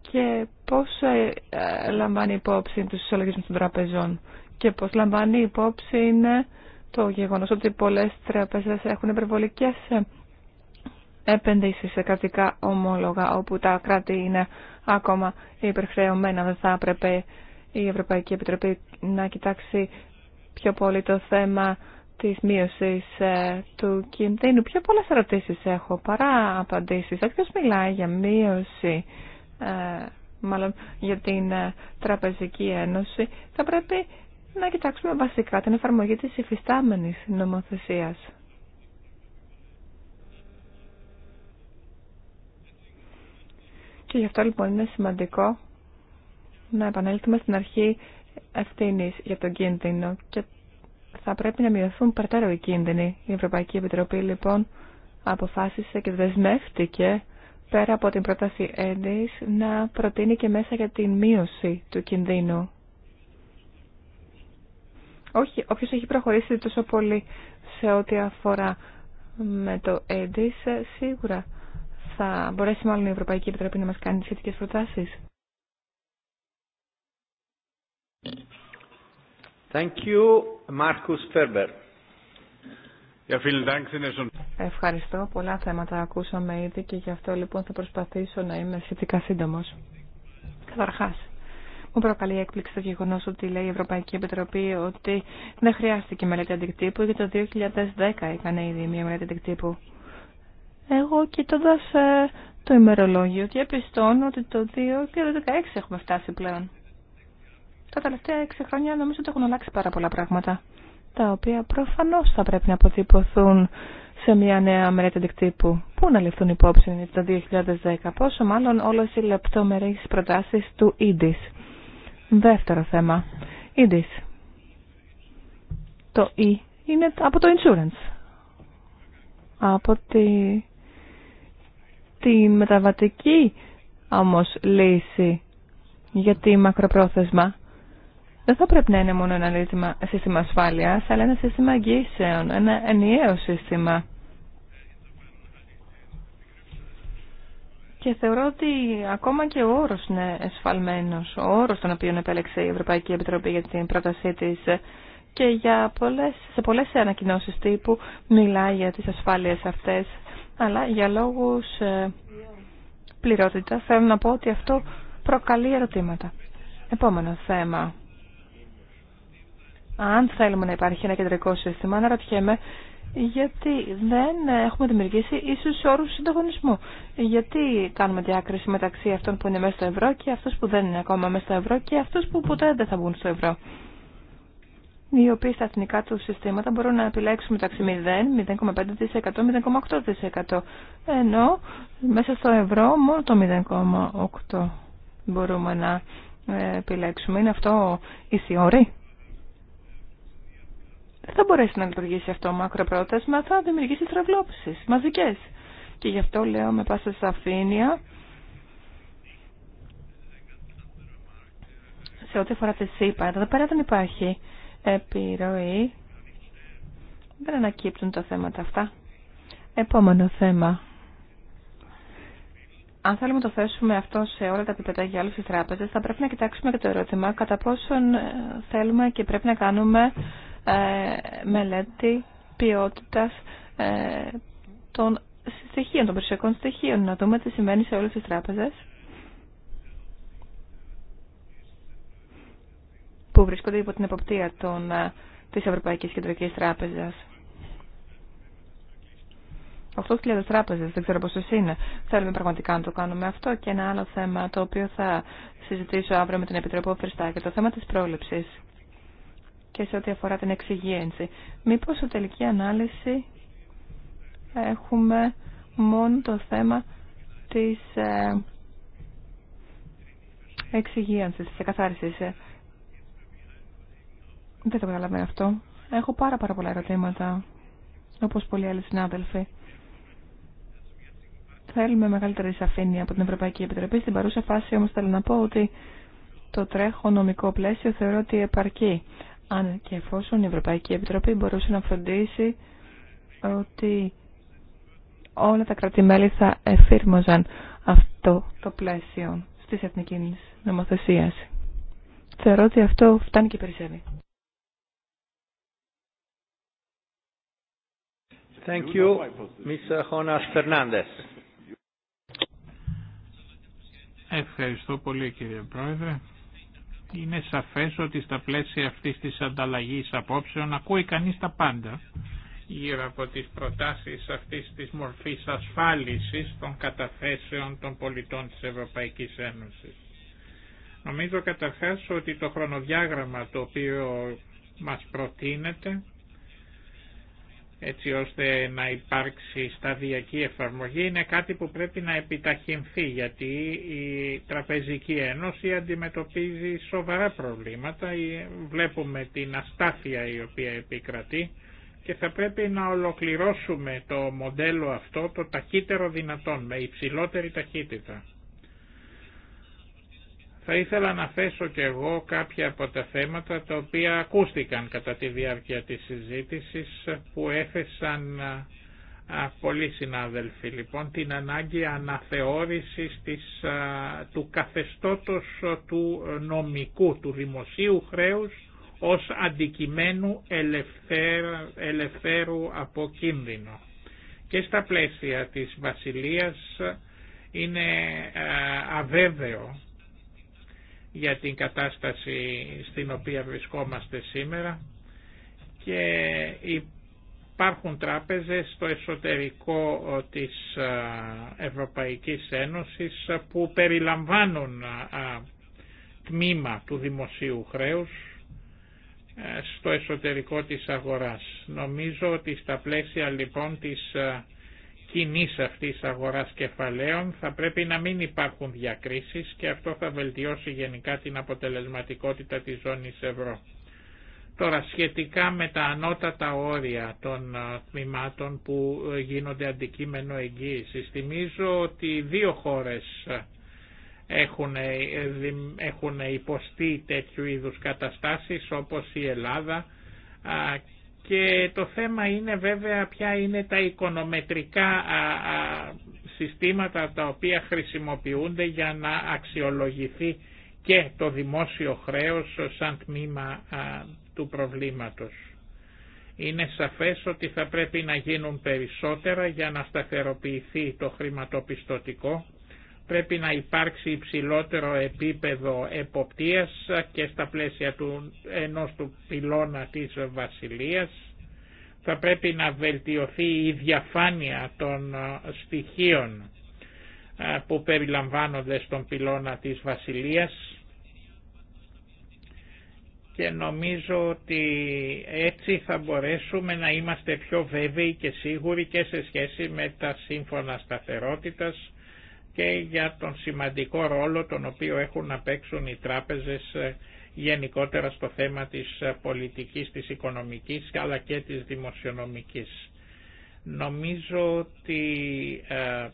[SPEAKER 1] και πώς ε, ε, λαμβάνει υπόψη τους ισολογισμούς των τραπεζών και πως λαμβάνει υπόψη είναι το γεγονός ότι πολλές τραπέζες έχουν υπερβολικές επενδύσεις σε κρατικά ομόλογα όπου τα κράτη είναι ακόμα υπερχρεωμένα. Δεν θα έπρεπε η Ευρωπαϊκή Επιτροπή να κοιτάξει πιο πολύ το θέμα της μείωσης ε, του κινδύνου. Πιο πολλές ερωτήσεις έχω παρά απαντήσεις. Όποιος μιλάει για μείωση, ε, μάλλον για την ε, Τραπεζική Ένωση, θα πρέπει να κοιτάξουμε βασικά την εφαρμογή της υφιστάμενης νομοθεσίας. Και γι' αυτό λοιπόν είναι σημαντικό να επανέλθουμε στην αρχή ευθύνη για τον κίνδυνο και θα πρέπει να μειωθούν περτέρω οι κίνδυνοι. Η Ευρωπαϊκή Επιτροπή λοιπόν αποφάσισε και δεσμεύτηκε πέρα από την πρόταση έντης να προτείνει και μέσα για την μείωση του κινδύνου όχι, όποιος έχει προχωρήσει τόσο πολύ σε ό,τι αφορά με το ΕΔΙΣ, ε, σίγουρα θα μπορέσει μάλλον η Ευρωπαϊκή Επιτροπή να μας κάνει σχετικές προτάσεις. Ευχαριστώ. Πολλά θέματα ακούσαμε ήδη και γι' αυτό λοιπόν θα προσπαθήσω να είμαι σχετικά σύντομος. Καταρχάς, μου προκαλεί έκπληξη το γεγονό ότι λέει η Ευρωπαϊκή Επιτροπή ότι δεν χρειάστηκε μελέτη αντικτύπου γιατί το 2010 έκανε ήδη μια μελέτη αντικτύπου. Εγώ κοιτώντα ε, το ημερολόγιο διαπιστώνω ότι το 2016 έχουμε φτάσει πλέον. Τα τελευταία 6 χρόνια νομίζω ότι έχουν αλλάξει πάρα πολλά πράγματα τα οποία προφανώς θα πρέπει να αποτυπωθούν σε μια νέα μελέτη αντικτύπου. Πού να ληφθούν υπόψη το 2010, πόσο μάλλον όλες οι λεπτομερείς προτάσεις του ΙΔΙΣ. Δεύτερο θέμα. Edis. Το E είναι από το insurance. Από τη, τη μεταβατική όμως λύση για τη μακροπρόθεσμα. Δεν θα πρέπει να είναι μόνο ένα σύστημα ασφάλειας, αλλά ένα σύστημα εγγύσεων, ένα ενιαίο σύστημα Και θεωρώ ότι ακόμα και ο όρος είναι εσφαλμένος, ο όρος τον οποίο επέλεξε η Ευρωπαϊκή Επιτροπή για την πρότασή της και για πολλές, σε πολλές ανακοινώσεις τύπου μιλάει για τις ασφάλειες αυτές, αλλά για λόγους ε, πληρότητα θέλω να πω ότι αυτό προκαλεί ερωτήματα. Επόμενο θέμα. Αν θέλουμε να υπάρχει ένα κεντρικό σύστημα, αναρωτιέμαι γιατί δεν έχουμε δημιουργήσει ίσους όρου συνταγωνισμού. Γιατί κάνουμε διάκριση μεταξύ αυτών που είναι μέσα στο ευρώ και αυτού που δεν είναι ακόμα μέσα στο ευρώ και αυτού που ποτέ δεν θα μπουν στο ευρώ. Οι οποίοι στα εθνικά του συστήματα μπορούν να επιλέξουν μεταξύ 0, 0,5%, 0,8%. Ενώ μέσα στο ευρώ μόνο το 0,8% μπορούμε να ε, επιλέξουμε. Είναι αυτό θεωρή δεν θα μπορέσει να λειτουργήσει αυτό μακροπρόθεσμα, θα δημιουργήσει στραβλόψεις Μαζικέ. Και γι' αυτό λέω με πάσα σαφήνεια σε ό,τι αφορά τη ΣΥΠΑ. Εδώ πέρα δεν υπάρχει επιρροή. Δεν ανακύπτουν τα θέματα αυτά. Επόμενο θέμα. Αν θέλουμε να το θέσουμε αυτό σε όλα τα επίπεδα για όλε τι τράπεζε, θα πρέπει να κοιτάξουμε και το ερώτημα κατά πόσον ε, θέλουμε και πρέπει να κάνουμε ε, μελέτη ποιότητας ε, των στοιχείων, των περισσοκών στοιχείων, να δούμε τι σημαίνει σε όλες τις τράπεζες που βρίσκονται υπό την εποπτεία των, ε, της Ευρωπαϊκής Κεντρικής Τράπεζας. 8.000 τράπεζε, δεν ξέρω πόσε είναι. Θέλουμε πραγματικά να το κάνουμε αυτό. Και ένα άλλο θέμα το οποίο θα συζητήσω αύριο με την Επιτροπή Φριστά και το θέμα τη πρόληψη και σε ό,τι αφορά την εξυγίανση. Μήπως σε τελική ανάλυση έχουμε μόνο το θέμα της ε, εξυγίανσης, της εκαθάρισης. Ε, δεν το καταλαβαίνω αυτό. Έχω πάρα πάρα πολλά ερωτήματα, όπως πολλοί άλλοι συνάδελφοι. Θέλουμε μεγαλύτερη σαφήνεια από την Ευρωπαϊκή Επιτροπή. Στην παρούσα φάση όμως θέλω να πω ότι το τρέχον νομικό πλαίσιο θεωρώ ότι επαρκεί αν και εφόσον η Ευρωπαϊκή Επιτροπή μπορούσε να φροντίσει ότι όλα τα κρατημέλη θα εφήρμοζαν αυτό το πλαίσιο στις εθνική νομοθεσία. Θεωρώ ότι αυτό φτάνει και περισσεύει.
[SPEAKER 5] Thank you,
[SPEAKER 3] Ευχαριστώ πολύ κύριε Πρόεδρε είναι σαφές ότι στα πλαίσια αυτής της ανταλλαγής απόψεων ακούει κανείς τα πάντα γύρω από τις προτάσεις αυτής της μορφής ασφάλισης των καταθέσεων των πολιτών της Ευρωπαϊκής Ένωσης. Νομίζω καταρχάς ότι το χρονοδιάγραμμα το οποίο μας προτείνεται έτσι ώστε να υπάρξει σταδιακή εφαρμογή είναι κάτι που πρέπει να επιταχυνθεί γιατί η Τραπεζική Ένωση αντιμετωπίζει σοβαρά προβλήματα βλέπουμε την αστάθεια η οποία επικρατεί και θα πρέπει να ολοκληρώσουμε το μοντέλο αυτό το ταχύτερο δυνατόν με υψηλότερη ταχύτητα. Θα ήθελα να θέσω και εγώ κάποια από τα θέματα τα οποία ακούστηκαν κατά τη διάρκεια της συζήτησης που έθεσαν πολλοί συνάδελφοι. Λοιπόν, την ανάγκη αναθεώρησης της, του καθεστώτος του νομικού, του δημοσίου χρέους ως αντικειμένου ελευθέρου από κίνδυνο. Και στα πλαίσια της Βασιλείας είναι αβέβαιο για την κατάσταση στην οποία βρισκόμαστε σήμερα και υπάρχουν τράπεζες στο εσωτερικό ε, της ε, Ευρωπαϊκής Ένωσης ε, που περιλαμβάνουν τμήμα του δημοσίου χρέους στο εσωτερικό της αγοράς. Νομίζω ότι στα πλαίσια λοιπόν της κοινή αυτής αγοράς κεφαλαίων θα πρέπει να μην υπάρχουν διακρίσεις και αυτό θα βελτιώσει γενικά την αποτελεσματικότητα της ζώνης ευρώ. Τώρα σχετικά με τα ανώτατα όρια των τμήματων που ε, γίνονται αντικείμενο εγγύησης, θυμίζω ότι δύο χώρες έχουν, ε, έχουν υποστεί τέτοιου είδους καταστάσεις όπως η Ελλάδα και το θέμα είναι βέβαια ποια είναι τα οικονομετρικά συστήματα τα οποία χρησιμοποιούνται για να αξιολογηθεί και το δημόσιο χρέος σαν τμήμα του προβλήματος. Είναι σαφές ότι θα πρέπει να γίνουν περισσότερα για να σταθεροποιηθεί το χρηματοπιστωτικό πρέπει να υπάρξει υψηλότερο επίπεδο εποπτείας και στα πλαίσια του, ενός του πυλώνα της Βασιλείας. Θα πρέπει να βελτιωθεί η διαφάνεια των ε, στοιχείων ε, που περιλαμβάνονται στον πυλώνα της Βασιλείας και νομίζω ότι έτσι θα μπορέσουμε να είμαστε πιο βέβαιοι και σίγουροι και σε σχέση με τα σύμφωνα σταθερότητας και για τον σημαντικό ρόλο τον οποίο έχουν να παίξουν οι τράπεζες ε, γενικότερα στο θέμα της ε, πολιτικής, της οικονομικής αλλά και της δημοσιονομικής. Νομίζω ότι ε,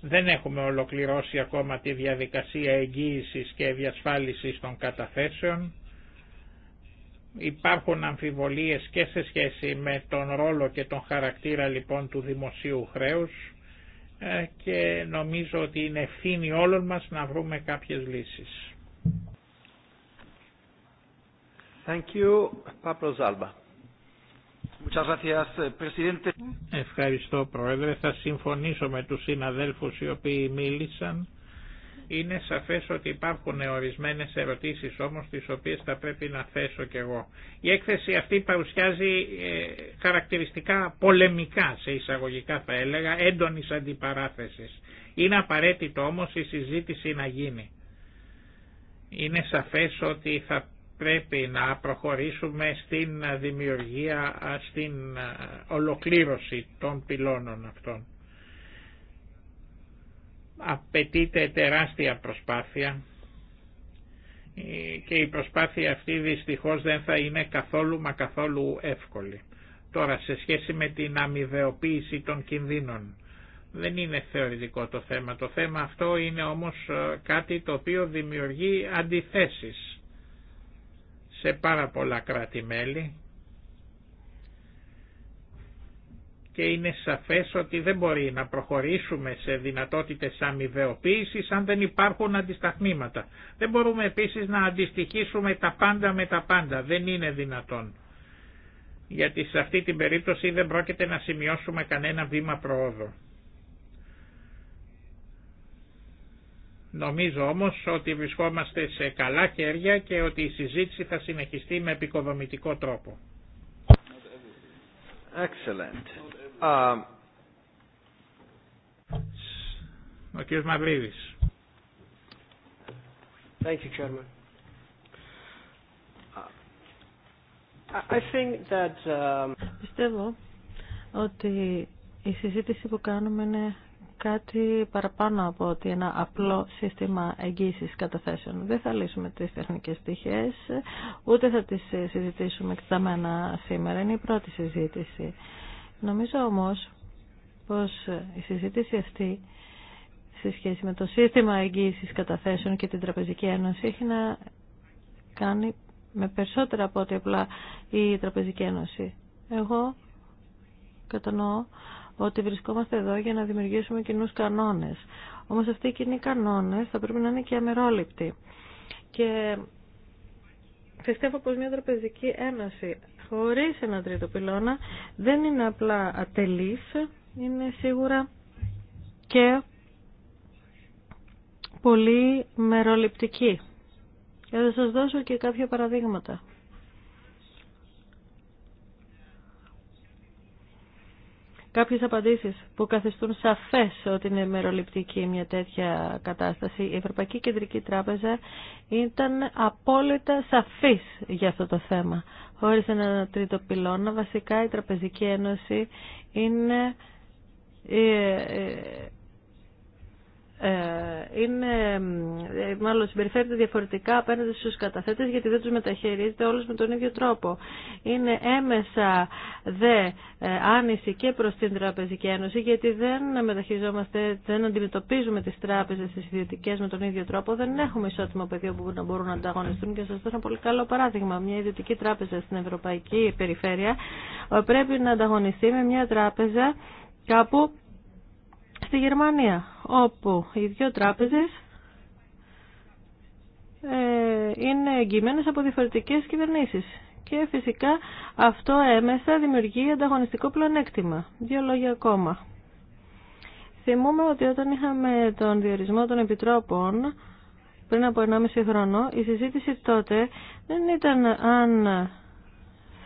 [SPEAKER 3] δεν έχουμε ολοκληρώσει ακόμα τη διαδικασία εγγύησης και διασφάλισης των καταθέσεων. Υπάρχουν αμφιβολίες και σε σχέση με τον ρόλο και τον χαρακτήρα λοιπόν του δημοσίου χρέους ε, και νομίζω ότι είναι ευθύνη όλων μας να βρούμε κάποιες λύσεις. Ευχαριστώ Πρόεδρε. Θα συμφωνήσω με τους συναδέλφους οι οποίοι μίλησαν. Είναι σαφές ότι υπάρχουν ορισμένες ερωτήσεις όμως τις οποίες θα πρέπει να θέσω κι εγώ. Η έκθεση αυτή παρουσιάζει ε, χαρακτηριστικά πολεμικά σε εισαγωγικά θα έλεγα έντονης αντιπαράθεσης. Είναι απαραίτητο όμως η συζήτηση να γίνει. Είναι σαφές ότι θα πρέπει να προχωρήσουμε στην δημιουργία, στην ε, ολοκλήρωση των πυλώνων αυτών απαιτείται τεράστια προσπάθεια και η προσπάθεια αυτή δυστυχώς δεν θα είναι καθόλου μα καθόλου εύκολη. Τώρα σε σχέση με την αμοιβεοποίηση των κινδύνων δεν είναι θεωρητικό το θέμα. Το θέμα αυτό είναι όμως ε, κάτι το οποίο δημιουργεί αντιθέσεις σε πάρα πολλά κράτη-μέλη και είναι σαφές ότι δεν μπορεί να προχωρήσουμε σε δυνατότητες αμοιβεοποίησης αν δεν υπάρχουν αντισταθμήματα. Δεν μπορούμε επίσης να αντιστοιχίσουμε τα πάντα με τα πάντα, δεν είναι δυνατόν. Γιατί σε αυτή την περίπτωση δεν πρόκειται να σημειώσουμε κανένα βήμα προόδου. Νομίζω όμως ότι βρισκόμαστε σε καλά χέρια και ότι η συζήτηση θα συνεχιστεί με επικοδομητικό τρόπο. Excellent. Ο κύριος Μαυρίδης.
[SPEAKER 5] Thank you, Chairman. I think that, um,
[SPEAKER 4] Πιστεύω ότι η συζήτηση που κάνουμε είναι κάτι παραπάνω από ότι ένα απλό σύστημα εγγύησης καταθέσεων. Δεν θα λύσουμε τις τεχνικές στοιχείες, ούτε θα τις συζητήσουμε εκτεταμένα σήμερα. Είναι η πρώτη συζήτηση. Νομίζω όμως πως η συζήτηση αυτή σε σχέση με το σύστημα εγγύησης καταθέσεων και την Τραπεζική Ένωση έχει να κάνει με περισσότερα από ό,τι απλά η Τραπεζική Ένωση. Εγώ κατανοώ ότι βρισκόμαστε εδώ για να δημιουργήσουμε κοινού κανόνες. Όμως αυτοί οι κοινοί κανόνες θα πρέπει να είναι και αμερόληπτοι. Και πιστεύω πως μια τραπεζική ένωση χωρίς ένα τρίτο πυλώνα δεν είναι απλά ατελής, είναι σίγουρα και πολύ μεροληπτική. Και θα σας δώσω και κάποια παραδείγματα. κάποιες απαντήσεις που καθιστούν σαφές ότι είναι μεροληπτική μια τέτοια κατάσταση. Η Ευρωπαϊκή Κεντρική Τράπεζα ήταν απόλυτα σαφής για αυτό το θέμα. Χωρίς ένα τρίτο πυλώνα, βασικά η Τραπεζική Ένωση είναι ε, ε, ε, είναι, ε, μάλλον συμπεριφέρεται διαφορετικά απέναντι στους καταθέτες γιατί δεν τους μεταχειρίζεται όλους με τον ίδιο τρόπο. Είναι έμεσα δε ε, άνηση και προς την Τραπεζική Ένωση γιατί δεν μεταχειριζόμαστε, δεν αντιμετωπίζουμε τις τράπεζες τις ιδιωτικές με τον ίδιο τρόπο, δεν έχουμε ισότιμο πεδίο που να μπορούν να ανταγωνιστούν και σας δώσω ένα πολύ καλό παράδειγμα. Μια ιδιωτική τράπεζα στην Ευρωπαϊκή Περιφέρεια πρέπει να ανταγωνιστεί με μια τράπεζα κάπου στη Γερμανία όπου οι δύο τράπεζες ε, είναι εγγυημένες από διαφορετικές κυβερνήσεις. Και φυσικά αυτό έμεσα δημιουργεί ανταγωνιστικό πλονέκτημα. Δύο λόγια ακόμα. Θυμούμε ότι όταν είχαμε τον διορισμό των επιτρόπων πριν από 1,5 χρόνο, η συζήτηση τότε δεν ήταν αν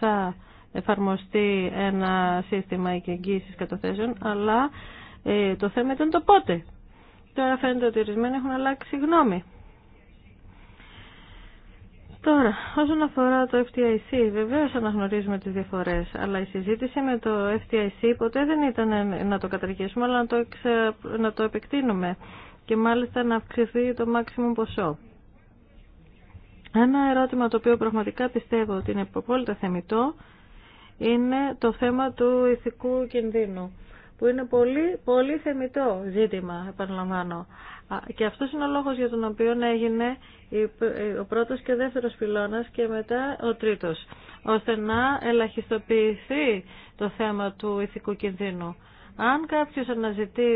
[SPEAKER 4] θα εφαρμοστεί ένα σύστημα εγγύησης καταθέσεων, αλλά ε, το θέμα ήταν το πότε. Τώρα φαίνεται ότι ορισμένοι έχουν αλλάξει γνώμη. Τώρα, όσον αφορά το FTIC, βεβαίως αναγνωρίζουμε τις διαφορές, αλλά η συζήτηση με το FTIC ποτέ δεν ήταν να το καταργήσουμε, αλλά να το, να το επεκτείνουμε και μάλιστα να αυξηθεί το μάξιμο ποσό. Ένα ερώτημα το οποίο πραγματικά πιστεύω ότι είναι απόλυτα θεμητό είναι το θέμα του ηθικού κινδύνου που είναι πολύ, πολύ θεμητό ζήτημα, επαναλαμβάνω. Και αυτός είναι ο λόγος για τον οποίο έγινε ε, ο πρώτος και δεύτερος πυλώνας και μετά ο τρίτος, ώστε να ελαχιστοποιηθεί το θέμα του ηθικού κινδύνου. Αν κάποιο αναζητεί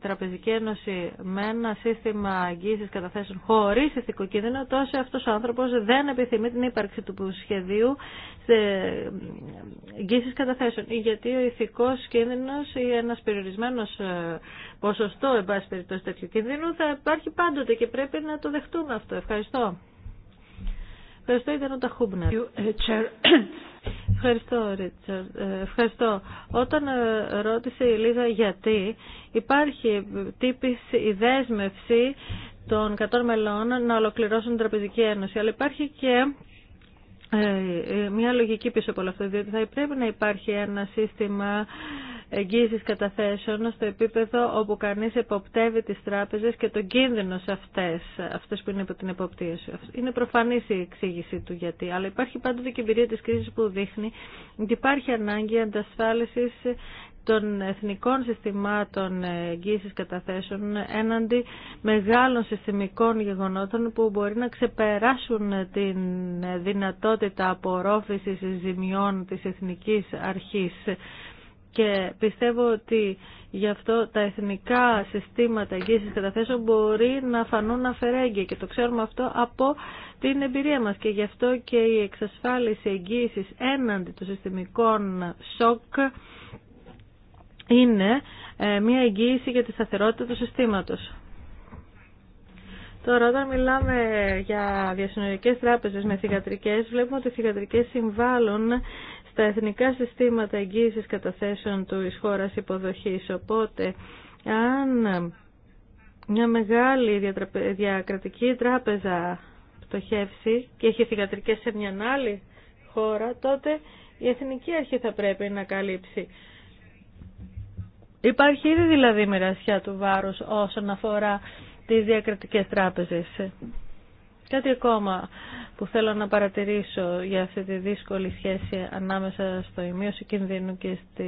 [SPEAKER 4] τραπεζική ένωση με ένα σύστημα αγγίσης καταθέσεων χωρί ηθικό κίνδυνο, τόσο αυτός ο άνθρωπο δεν επιθυμεί την ύπαρξη του σχεδίου εγγύηση καταθέσεων. Γιατί ο ηθικός κίνδυνο ή ένας περιορισμένος ε, ποσοστό, εν πάση περιπτώσει, τέτοιου κίνδυνου θα υπάρχει πάντοτε και πρέπει να το δεχτούμε αυτό. Ευχαριστώ. Ευχαριστώ, ήταν ο Ευχαριστώ, Ρίτσαρντ. Ε, ευχαριστώ. Όταν ε, ρώτησε η λίδα γιατί, υπάρχει τύπης η δέσμευση των 100 μελών να ολοκληρώσουν την Τραπεζική Ένωση, αλλά υπάρχει και ε, μια λογική πίσω από όλο αυτό, διότι θα πρέπει να υπάρχει ένα σύστημα εγγύησης καταθέσεων στο επίπεδο όπου κανείς εποπτεύει τις τράπεζες και τον κίνδυνο σε αυτές, αυτές που είναι υπό την εποπτείωση. Είναι προφανής η εξήγηση του γιατί, αλλά υπάρχει πάντοτε και η εμπειρία της κρίσης που δείχνει ότι υπάρχει ανάγκη αντασφάλισης των εθνικών συστημάτων εγγύησης καταθέσεων έναντι μεγάλων συστημικών γεγονότων που μπορεί να ξεπεράσουν την δυνατότητα απορρόφησης ζημιών της εθνικής αρχής και πιστεύω ότι γι' αυτό τα εθνικά συστήματα εγγύηση καταθέσεων μπορεί να φανούν αφαιρέγγια και το ξέρουμε αυτό από την εμπειρία μας και γι' αυτό και η εξασφάλιση εγγύηση έναντι των συστημικών σοκ είναι ε, μια εγγύηση για τη σταθερότητα του συστήματος. Τώρα, όταν μιλάμε για διασυνοριακές τράπεζες με θηγατρικές, βλέπουμε ότι οι θηγατρικές συμβάλλουν στα εθνικά συστήματα εγγύησης καταθέσεων του εις χώρας υποδοχής. Οπότε, αν μια μεγάλη διακρατική τράπεζα πτωχεύσει και έχει θυγατρικές σε μια άλλη χώρα, τότε η Εθνική Αρχή θα πρέπει να καλύψει. Υπάρχει ήδη δηλαδή μοιρασιά του βάρους όσον αφορά τις διακρατικές τράπεζες. Κάτι ακόμα που θέλω να παρατηρήσω για αυτή τη δύσκολη σχέση ανάμεσα στο ημείωση κινδύνου και στη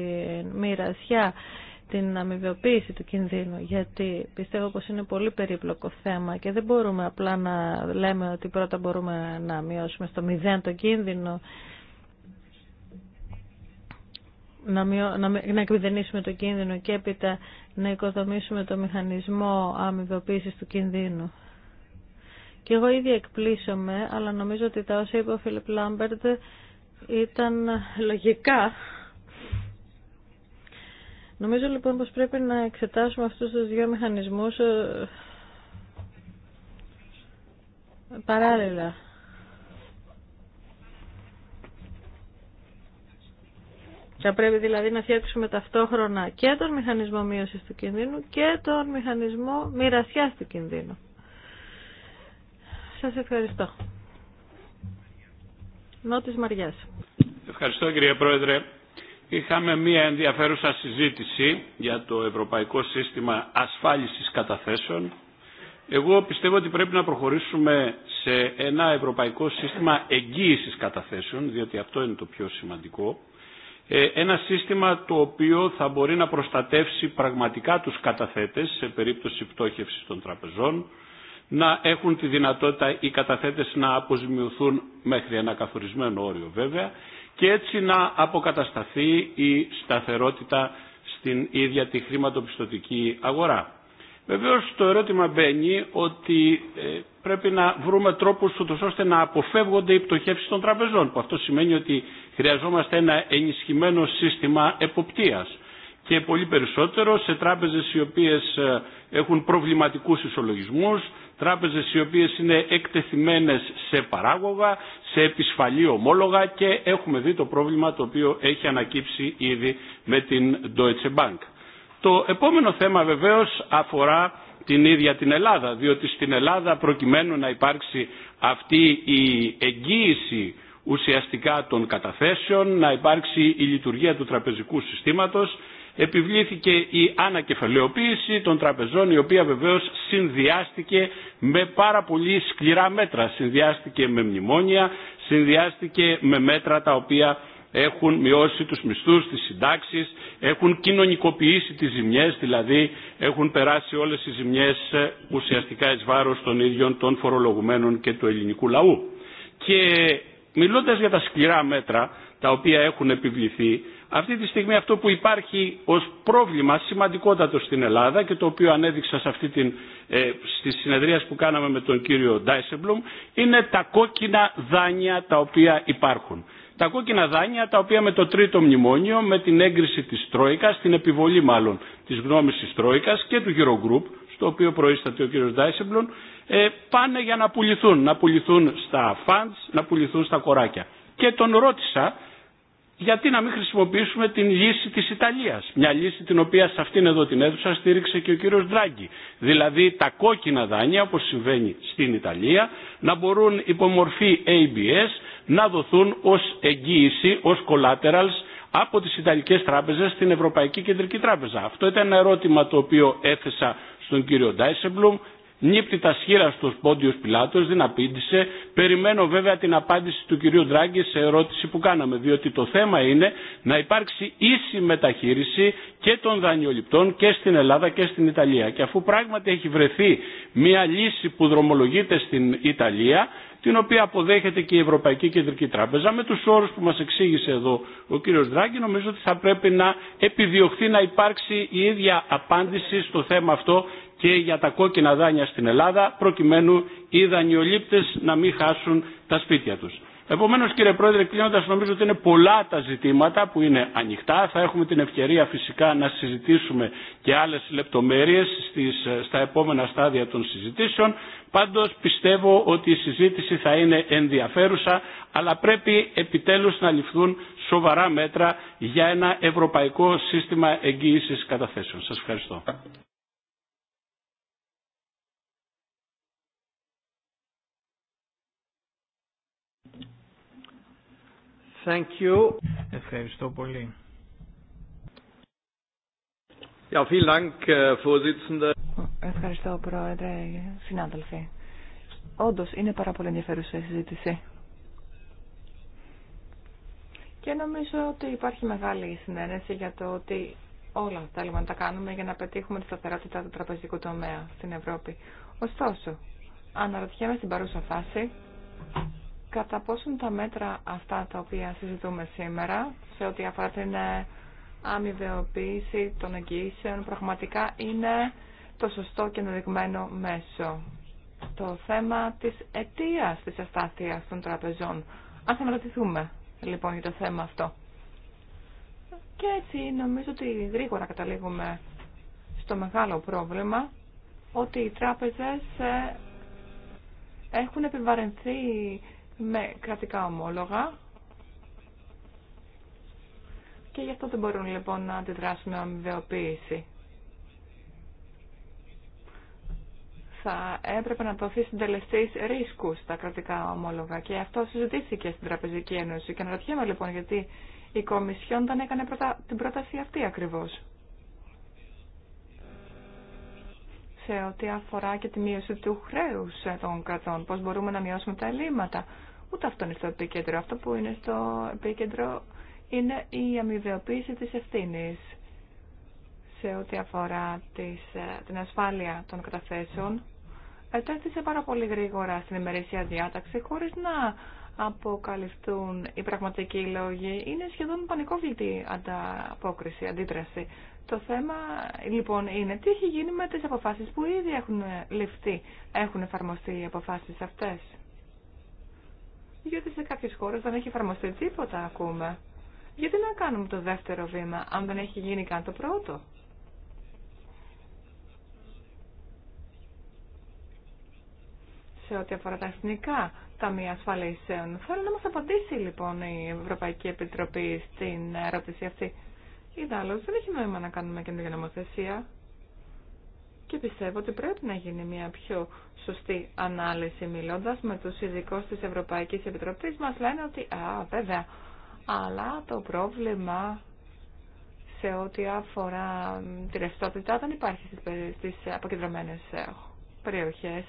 [SPEAKER 4] μοιρασιά την αμοιβιοποίηση του κινδύνου γιατί πιστεύω πως είναι πολύ περίπλοκο θέμα και δεν μπορούμε απλά να λέμε ότι πρώτα μπορούμε να μειώσουμε στο μηδέν το κίνδυνο να, μειώ, να, να το κίνδυνο και έπειτα να οικοδομήσουμε το μηχανισμό αμοιβιοποίησης του κινδύνου. Και εγώ ήδη εκπλήσωμαι, αλλά νομίζω ότι τα όσα είπε ο Φίλιπ Λάμπερτ ήταν λογικά. Νομίζω λοιπόν πως πρέπει να εξετάσουμε αυτούς τους δύο μηχανισμούς ε, παράλληλα. Θα πρέπει δηλαδή να φτιάξουμε ταυτόχρονα και τον μηχανισμό μείωσης του κινδύνου και τον μηχανισμό μοιρασιάς του κινδύνου. Σας ευχαριστώ. Νότης Μαριάς.
[SPEAKER 6] Ευχαριστώ κύριε Πρόεδρε. Είχαμε μία ενδιαφέρουσα συζήτηση για το Ευρωπαϊκό Σύστημα Ασφάλισης Καταθέσεων. Εγώ πιστεύω ότι πρέπει να προχωρήσουμε σε ένα Ευρωπαϊκό Σύστημα Εγγύησης Καταθέσεων, διότι αυτό είναι το πιο σημαντικό. Ε, ένα σύστημα το οποίο θα μπορεί να προστατεύσει πραγματικά τους καταθέτες σε περίπτωση πτώχευσης των τραπεζών, να έχουν τη δυνατότητα οι καταθέτες να αποζημιωθούν μέχρι ένα καθορισμένο όριο βέβαια και έτσι να αποκατασταθεί η σταθερότητα στην ίδια τη χρηματοπιστωτική αγορά. Βεβαίως το ερώτημα μπαίνει ότι ε, πρέπει να βρούμε τρόπους ώστε να αποφεύγονται οι πτωχεύσεις των τραπεζών που αυτό σημαίνει ότι χρειαζόμαστε ένα ενισχυμένο σύστημα εποπτείας και πολύ περισσότερο σε τράπεζες οι οποίες ε, έχουν προβληματικούς ισολογισμούς, τράπεζες οι οποίες είναι εκτεθειμένες σε παράγωγα, σε επισφαλή ομόλογα και έχουμε δει το πρόβλημα το οποίο έχει ανακύψει ήδη με την Deutsche Bank. Το επόμενο θέμα βεβαίως αφορά την ίδια την Ελλάδα, διότι στην Ελλάδα προκειμένου να υπάρξει αυτή η εγγύηση ουσιαστικά των καταθέσεων, να υπάρξει η λειτουργία του τραπεζικού συστήματος, επιβλήθηκε η ανακεφαλαιοποίηση των τραπεζών η οποία βεβαίως συνδυάστηκε με πάρα πολύ σκληρά μέτρα. Συνδυάστηκε με μνημόνια, συνδυάστηκε με μέτρα τα οποία έχουν μειώσει τους μισθούς, τις συντάξεις, έχουν κοινωνικοποιήσει τις ζημιές, δηλαδή έχουν περάσει όλες οι ζημιές ε, ουσιαστικά εις βάρος των ίδιων των φορολογουμένων και του ελληνικού λαού. Και μιλώντας για τα σκληρά μέτρα τα οποία έχουν επιβληθεί, αυτή τη στιγμή αυτό που υπάρχει ως πρόβλημα σημαντικότατο στην Ελλάδα και το οποίο ανέδειξα σε αυτή την, ε, στη συνεδρία που κάναμε με τον κύριο Ντάισεμπλουμ είναι τα κόκκινα δάνεια τα οποία υπάρχουν. Τα κόκκινα δάνεια τα οποία με το τρίτο μνημόνιο, με την έγκριση της Τρόικας, την επιβολή μάλλον της γνώμης της Τρόικας και του Eurogroup, στο οποίο προείσταται ο κύριος Ντάισεμπλουμ, ε, πάνε για να πουληθούν, να πουληθούν στα funds, να πουληθούν στα κοράκια. Και τον ρώτησα γιατί να μην χρησιμοποιήσουμε την λύση της Ιταλίας. Μια λύση την οποία σε αυτήν εδώ την αίθουσα στήριξε και ο κύριος Ντράγκη. Δηλαδή τα κόκκινα δάνεια, όπως συμβαίνει στην Ιταλία, να μπορούν υπό μορφή ABS να δοθούν ως εγγύηση, ως collaterals από τις Ιταλικές τράπεζες στην Ευρωπαϊκή Κεντρική Τράπεζα. Αυτό ήταν ένα ερώτημα το οποίο έθεσα στον κύριο Ντάισεμπλουμ. Νύπτητα σχήρα στους πόντιο Πιλάτο, δεν απήντησε. Περιμένω βέβαια την απάντηση του κυρίου Δράγκη σε ερώτηση που κάναμε. Διότι το θέμα είναι να υπάρξει ίση μεταχείριση και των δανειοληπτών και στην Ελλάδα και στην Ιταλία. Και αφού πράγματι έχει βρεθεί μια λύση που δρομολογείται στην Ιταλία, την οποία αποδέχεται και η Ευρωπαϊκή Κεντρική Τράπεζα με του όρου που μα εξήγησε εδώ ο κύριο Δράγκη νομίζω ότι θα πρέπει να επιδιωχθεί να υπάρξει η ίδια απάντηση στο θέμα αυτό και για τα κόκκινα δάνεια στην Ελλάδα προκειμένου οι δανειολήπτες να μην χάσουν τα σπίτια τους. Επομένως κύριε Πρόεδρε κλείνοντας νομίζω ότι είναι πολλά τα ζητήματα που είναι ανοιχτά. Θα έχουμε την ευκαιρία φυσικά να συζητήσουμε και άλλες λεπτομέρειες στις, στα επόμενα στάδια των συζητήσεων. Πάντως πιστεύω ότι η συζήτηση θα είναι ενδιαφέρουσα αλλά πρέπει επιτέλους να ληφθούν σοβαρά μέτρα για ένα ευρωπαϊκό σύστημα εγγύησης καταθέσεων. Σας ευχαριστώ.
[SPEAKER 2] Thank you. Ευχαριστώ πολύ. Ja, Dank, äh,
[SPEAKER 1] Ευχαριστώ, Πρόεδρε, συνάδελφοι. Όντως, είναι πάρα πολύ ενδιαφέρουσα η συζήτηση. Και νομίζω ότι υπάρχει μεγάλη συνένεση για το ότι όλα θέλουμε να τα κάνουμε για να πετύχουμε τη σταθερότητα του τραπεζικού τομέα στην Ευρώπη. Ωστόσο, αναρωτιέμαι στην παρούσα φάση κατά πόσον τα μέτρα αυτά τα οποία συζητούμε σήμερα σε ό,τι αφορά την ε, αμοιβεοποίηση των εγγύησεων πραγματικά είναι το σωστό και ενδεικμένο μέσο. Το θέμα της αιτίας της αστάθειας των τραπεζών. Ας αναρωτηθούμε λοιπόν για το θέμα αυτό. Και έτσι νομίζω ότι γρήγορα καταλήγουμε στο μεγάλο πρόβλημα ότι οι τράπεζες ε, έχουν επιβαρυνθεί με κρατικά ομόλογα και γι' αυτό δεν μπορούν λοιπόν να αντιδράσουν με αμοιβαιοποίηση. Θα έπρεπε να δοθεί συντελεστή ρίσκου στα κρατικά ομόλογα και αυτό συζητήθηκε στην Τραπεζική Ένωση. Και αναρωτιέμαι λοιπόν γιατί η Κομισιόν δεν έκανε πρωτα... την πρόταση αυτή ακριβώ. Σε ό,τι αφορά και τη μείωση του χρέου των κρατών, πώ μπορούμε να μειώσουμε τα ελλείμματα. Ούτε αυτό είναι στο επίκεντρο. Αυτό που είναι στο επίκεντρο είναι η αμοιβαιοποίηση της ευθύνη σε ό,τι αφορά τις, ε, την ασφάλεια των καταθέσεων. Ετέθησε πάρα πολύ γρήγορα στην ημερήσια διάταξη χωρίς να αποκαλυφθούν οι πραγματικοί λόγοι. Είναι σχεδόν πανικόβλητη ανταπόκριση, αντίδραση. Το θέμα λοιπόν είναι τι έχει γίνει με τις αποφάσεις που ήδη έχουν ληφθεί, έχουν εφαρμοστεί οι αποφάσεις αυτές γιατί σε κάποιε χώρε δεν έχει εφαρμοστεί τίποτα ακούμε. Γιατί να κάνουμε το δεύτερο βήμα, αν δεν έχει γίνει καν το πρώτο. σε ό,τι αφορά τα εθνικά ταμεία ασφαλίσεων. Θέλω να μα απαντήσει λοιπόν η Ευρωπαϊκή Επιτροπή στην ερώτηση αυτή. Ιδάλλως δεν έχει νόημα να κάνουμε καινούργια νομοθεσία και πιστεύω ότι πρέπει να γίνει μια πιο σωστή ανάλυση μιλώντας με τους ειδικού της Ευρωπαϊκής Επιτροπής μας λένε ότι α, βέβαια, αλλά το πρόβλημα σε ό,τι αφορά τη ρευστότητα δεν υπάρχει στις αποκεντρωμένες ε, περιοχές.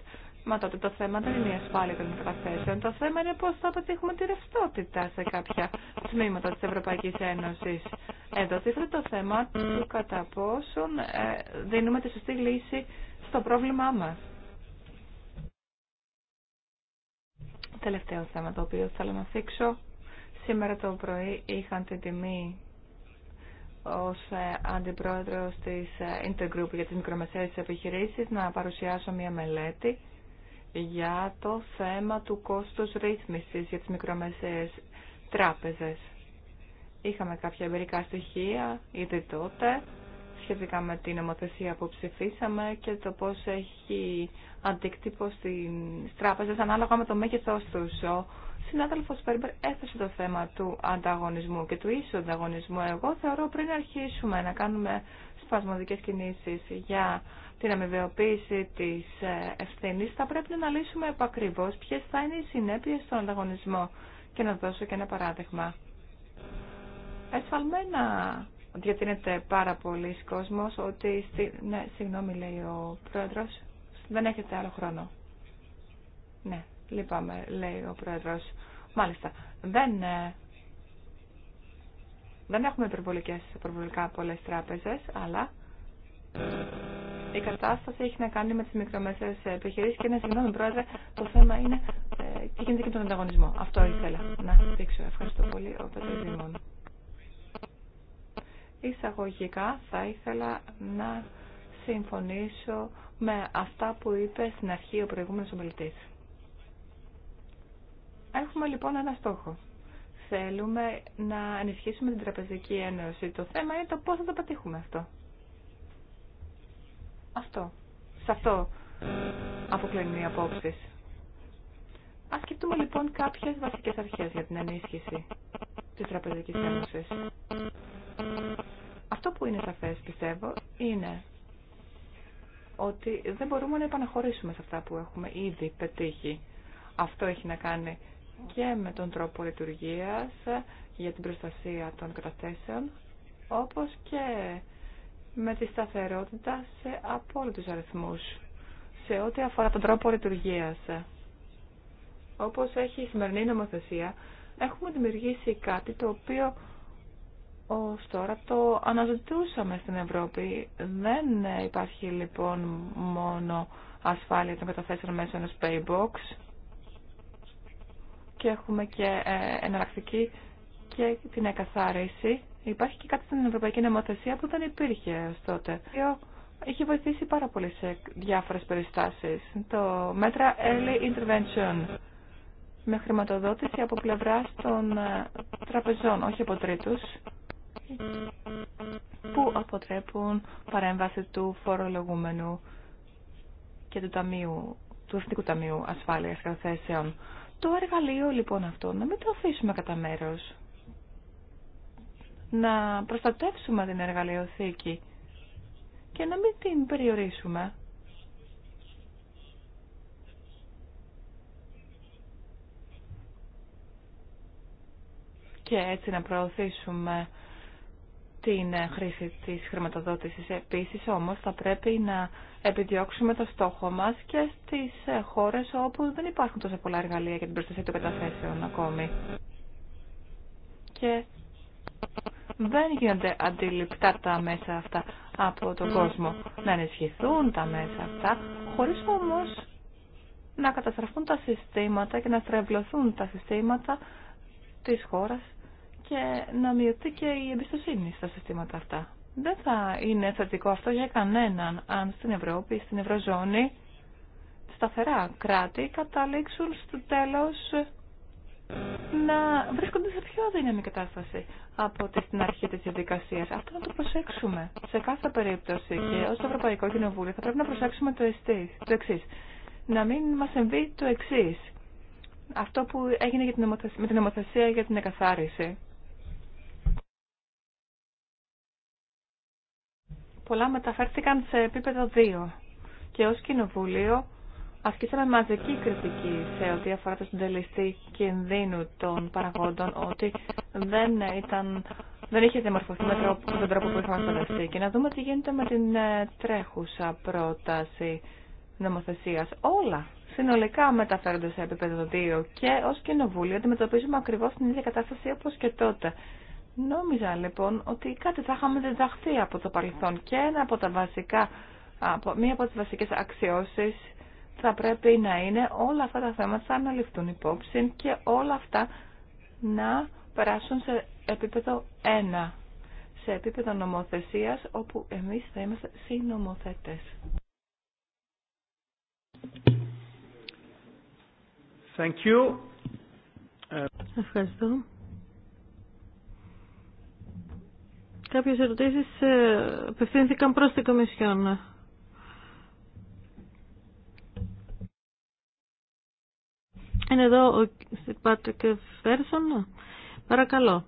[SPEAKER 1] Μα τότε το θέμα δεν είναι η ασφάλεια των καταθέσεων. Το θέμα είναι πώ θα πετύχουμε τη ρευστότητα σε κάποια τμήματα τη Ευρωπαϊκή Ένωση. Εδώ τίθεται το θέμα του κατά πόσον ε, δίνουμε τη σωστή λύση στο πρόβλημά μα. Τελευταίο θέμα το οποίο θέλω να θίξω. Σήμερα το πρωί είχαν την τιμή ως ε, αντιπρόεδρος της ε, Intergroup για τις μικρομεσαίες επιχειρήσεις να παρουσιάσω μια μελέτη για το θέμα του κόστους ρύθμισης για τις μικρομεσαίες τράπεζες. Είχαμε κάποια εμπειρικά στοιχεία ήδη τότε σχετικά με την νομοθεσία που ψηφίσαμε και το πώς έχει αντικτύπωση στις τράπεζα ανάλογα με το μέγεθός του. Ο συνάδελφος Φέρμπερ έθεσε το θέμα του ανταγωνισμού και του ίσου ανταγωνισμού. Εγώ θεωρώ πριν αρχίσουμε να κάνουμε σπασμωδικές κινήσεις για την αμοιβαιοποίηση τη ε, ευθύνη θα πρέπει να λύσουμε επακριβώς ποιε θα είναι οι συνέπειε στον ανταγωνισμό. Και να δώσω και ένα παράδειγμα. Εσφαλμένα διατείνεται πάρα πολλοί κόσμο ότι... Στη... Ναι, συγγνώμη λέει ο πρόεδρο, δεν έχετε άλλο χρόνο. Ναι, λυπάμαι, λέει ο πρόεδρο. Μάλιστα, δεν, ε, δεν έχουμε υπερβολικά πολλές τράπεζες, αλλά η κατάσταση έχει να κάνει με τι μικρομεσαίε επιχειρήσει και είναι συγγνώμη πρόεδρε, το θέμα είναι τι ε, γίνεται και με τον ανταγωνισμό. Αυτό ήθελα να δείξω. Ευχαριστώ πολύ ο Πέτρος Εισαγωγικά θα ήθελα να συμφωνήσω με αυτά που είπε στην αρχή ο προηγούμενος ομιλητής. Έχουμε λοιπόν ένα στόχο. Θέλουμε να ενισχύσουμε την Τραπεζική Ένωση. Το θέμα είναι το πώς θα το πετύχουμε αυτό. Αυτό. Σε αυτό
[SPEAKER 5] αποκλίνουν οι απόψει.
[SPEAKER 1] Α σκεφτούμε λοιπόν κάποιε βασικέ αρχές για την ενίσχυση τη Τραπεζικής Ένωση. Αυτό που είναι σαφέ, πιστεύω είναι ότι δεν μπορούμε να επαναχωρήσουμε σε αυτά που έχουμε ήδη πετύχει. Αυτό έχει να κάνει και με τον τρόπο λειτουργίας για την προστασία των καταθέσεων, όπως και με τη σταθερότητα σε απόλυτους αριθμούς σε ό,τι αφορά τον τρόπο λειτουργία. Όπως έχει η σημερινή νομοθεσία, έχουμε δημιουργήσει κάτι το οποίο ως τώρα το αναζητούσαμε στην Ευρώπη. Δεν υπάρχει λοιπόν μόνο ασφάλεια των καταθέσεων μέσω ενός paybox και έχουμε και ε, εναλλακτική και την εκαθάριση Υπάρχει και κάτι στην Ευρωπαϊκή Νομοθεσία που δεν υπήρχε ω τότε. Είχε βοηθήσει πάρα πολύ σε διάφορες περιστάσεις. Το μέτρα Early Intervention με χρηματοδότηση από πλευρά των ε, τραπεζών, όχι από τρίτους, που αποτρέπουν παρέμβαση του φορολογούμενου και του, ταμείου, του Εθνικού Ταμείου Ασφάλειας Καταθέσεων. Το εργαλείο λοιπόν αυτό να μην το αφήσουμε κατά μέρος να προστατεύσουμε την εργαλειοθήκη και να μην την περιορίσουμε. Και έτσι να προωθήσουμε την χρήση της χρηματοδότησης. Επίσης όμως θα πρέπει να επιδιώξουμε το στόχο μας και στις χώρες όπου δεν υπάρχουν τόσα πολλά εργαλεία για την προστασία των καταθέσεων ακόμη. Και δεν γίνονται αντιληπτά τα μέσα αυτά από τον κόσμο. Να ενισχυθούν τα μέσα αυτά, χωρίς όμως να καταστραφούν τα συστήματα και να στρεβλωθούν τα συστήματα της χώρας και να μειωθεί και η εμπιστοσύνη στα συστήματα αυτά. Δεν θα είναι θετικό αυτό για κανέναν αν στην Ευρώπη, στην Ευρωζώνη, σταθερά κράτη καταλήξουν στο τέλος να βρίσκονται σε πιο δύναμη κατάσταση από ότι στην αρχή της διαδικασία. Αυτό να το προσέξουμε σε κάθε περίπτωση και ως το Ευρωπαϊκό Κοινοβούλιο θα πρέπει να προσέξουμε το, εστί, το εξής. Να μην μας συμβεί το εξής. Αυτό που έγινε για την με την νομοθεσία για την εκαθάριση. Πολλά μεταφέρθηκαν σε επίπεδο 2 και ως Κοινοβούλιο ασκήσαμε μαζική κριτική σε ό,τι αφορά το συντελεστή κινδύνου των παραγόντων ότι δεν, ήταν, δεν είχε διαμορφωθεί με τρόπο, τον τρόπο που είχαμε φανταστεί. Και να δούμε τι γίνεται με την ε, τρέχουσα πρόταση νομοθεσία. Όλα συνολικά μεταφέρονται σε επίπεδο 2 και ω κοινοβούλιο αντιμετωπίζουμε ακριβώ την ίδια κατάσταση όπω και τότε. Νόμιζα λοιπόν ότι κάτι θα είχαμε διδαχθεί από το παρελθόν και ένα από τα βασικά, από, μία από τις βασικές αξιώσεις θα πρέπει να είναι όλα αυτά τα θέματα να ληφθούν υπόψη και όλα αυτά να περάσουν σε επίπεδο 1, σε επίπεδο νομοθεσίας όπου εμείς θα είμαστε συνομοθέτες.
[SPEAKER 5] Thank you. Ευχαριστώ.
[SPEAKER 4] Κάποιες ερωτήσεις ε, απευθύνθηκαν προς την Κομισιόν. Είναι εδώ ο Πάτρικ Φέρσον. Παρακαλώ.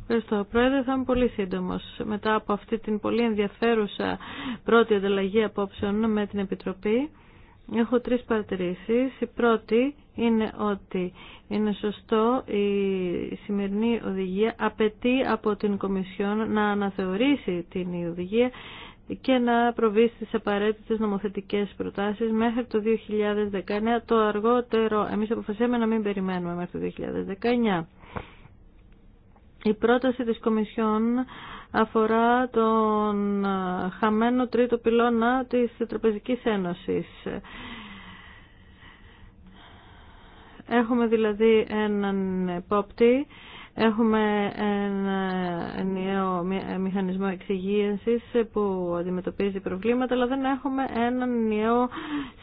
[SPEAKER 4] Ευχαριστώ. Πρόεδρε, θα είμαι πολύ σύντομο. Μετά από αυτή την πολύ ενδιαφέρουσα πρώτη ανταλλαγή απόψεων με την Επιτροπή, έχω τρεις παρατηρήσεις. Η πρώτη είναι ότι είναι σωστό η σημερινή οδηγία απαιτεί από την Κομισιόν να αναθεωρήσει την οδηγία και να προβεί στις απαραίτητες νομοθετικές προτάσεις μέχρι το 2019, το αργότερο, εμείς αποφασίσαμε να μην περιμένουμε μέχρι το 2019. Η πρόταση της Κομισιόν αφορά τον χαμένο τρίτο πυλώνα της Τραπεζικής Ένωσης. Έχουμε δηλαδή έναν επόπτη Έχουμε ένα νέο ε, μηχανισμό εξυγίανσης ε, που αντιμετωπίζει προβλήματα, αλλά δεν έχουμε ένα νέο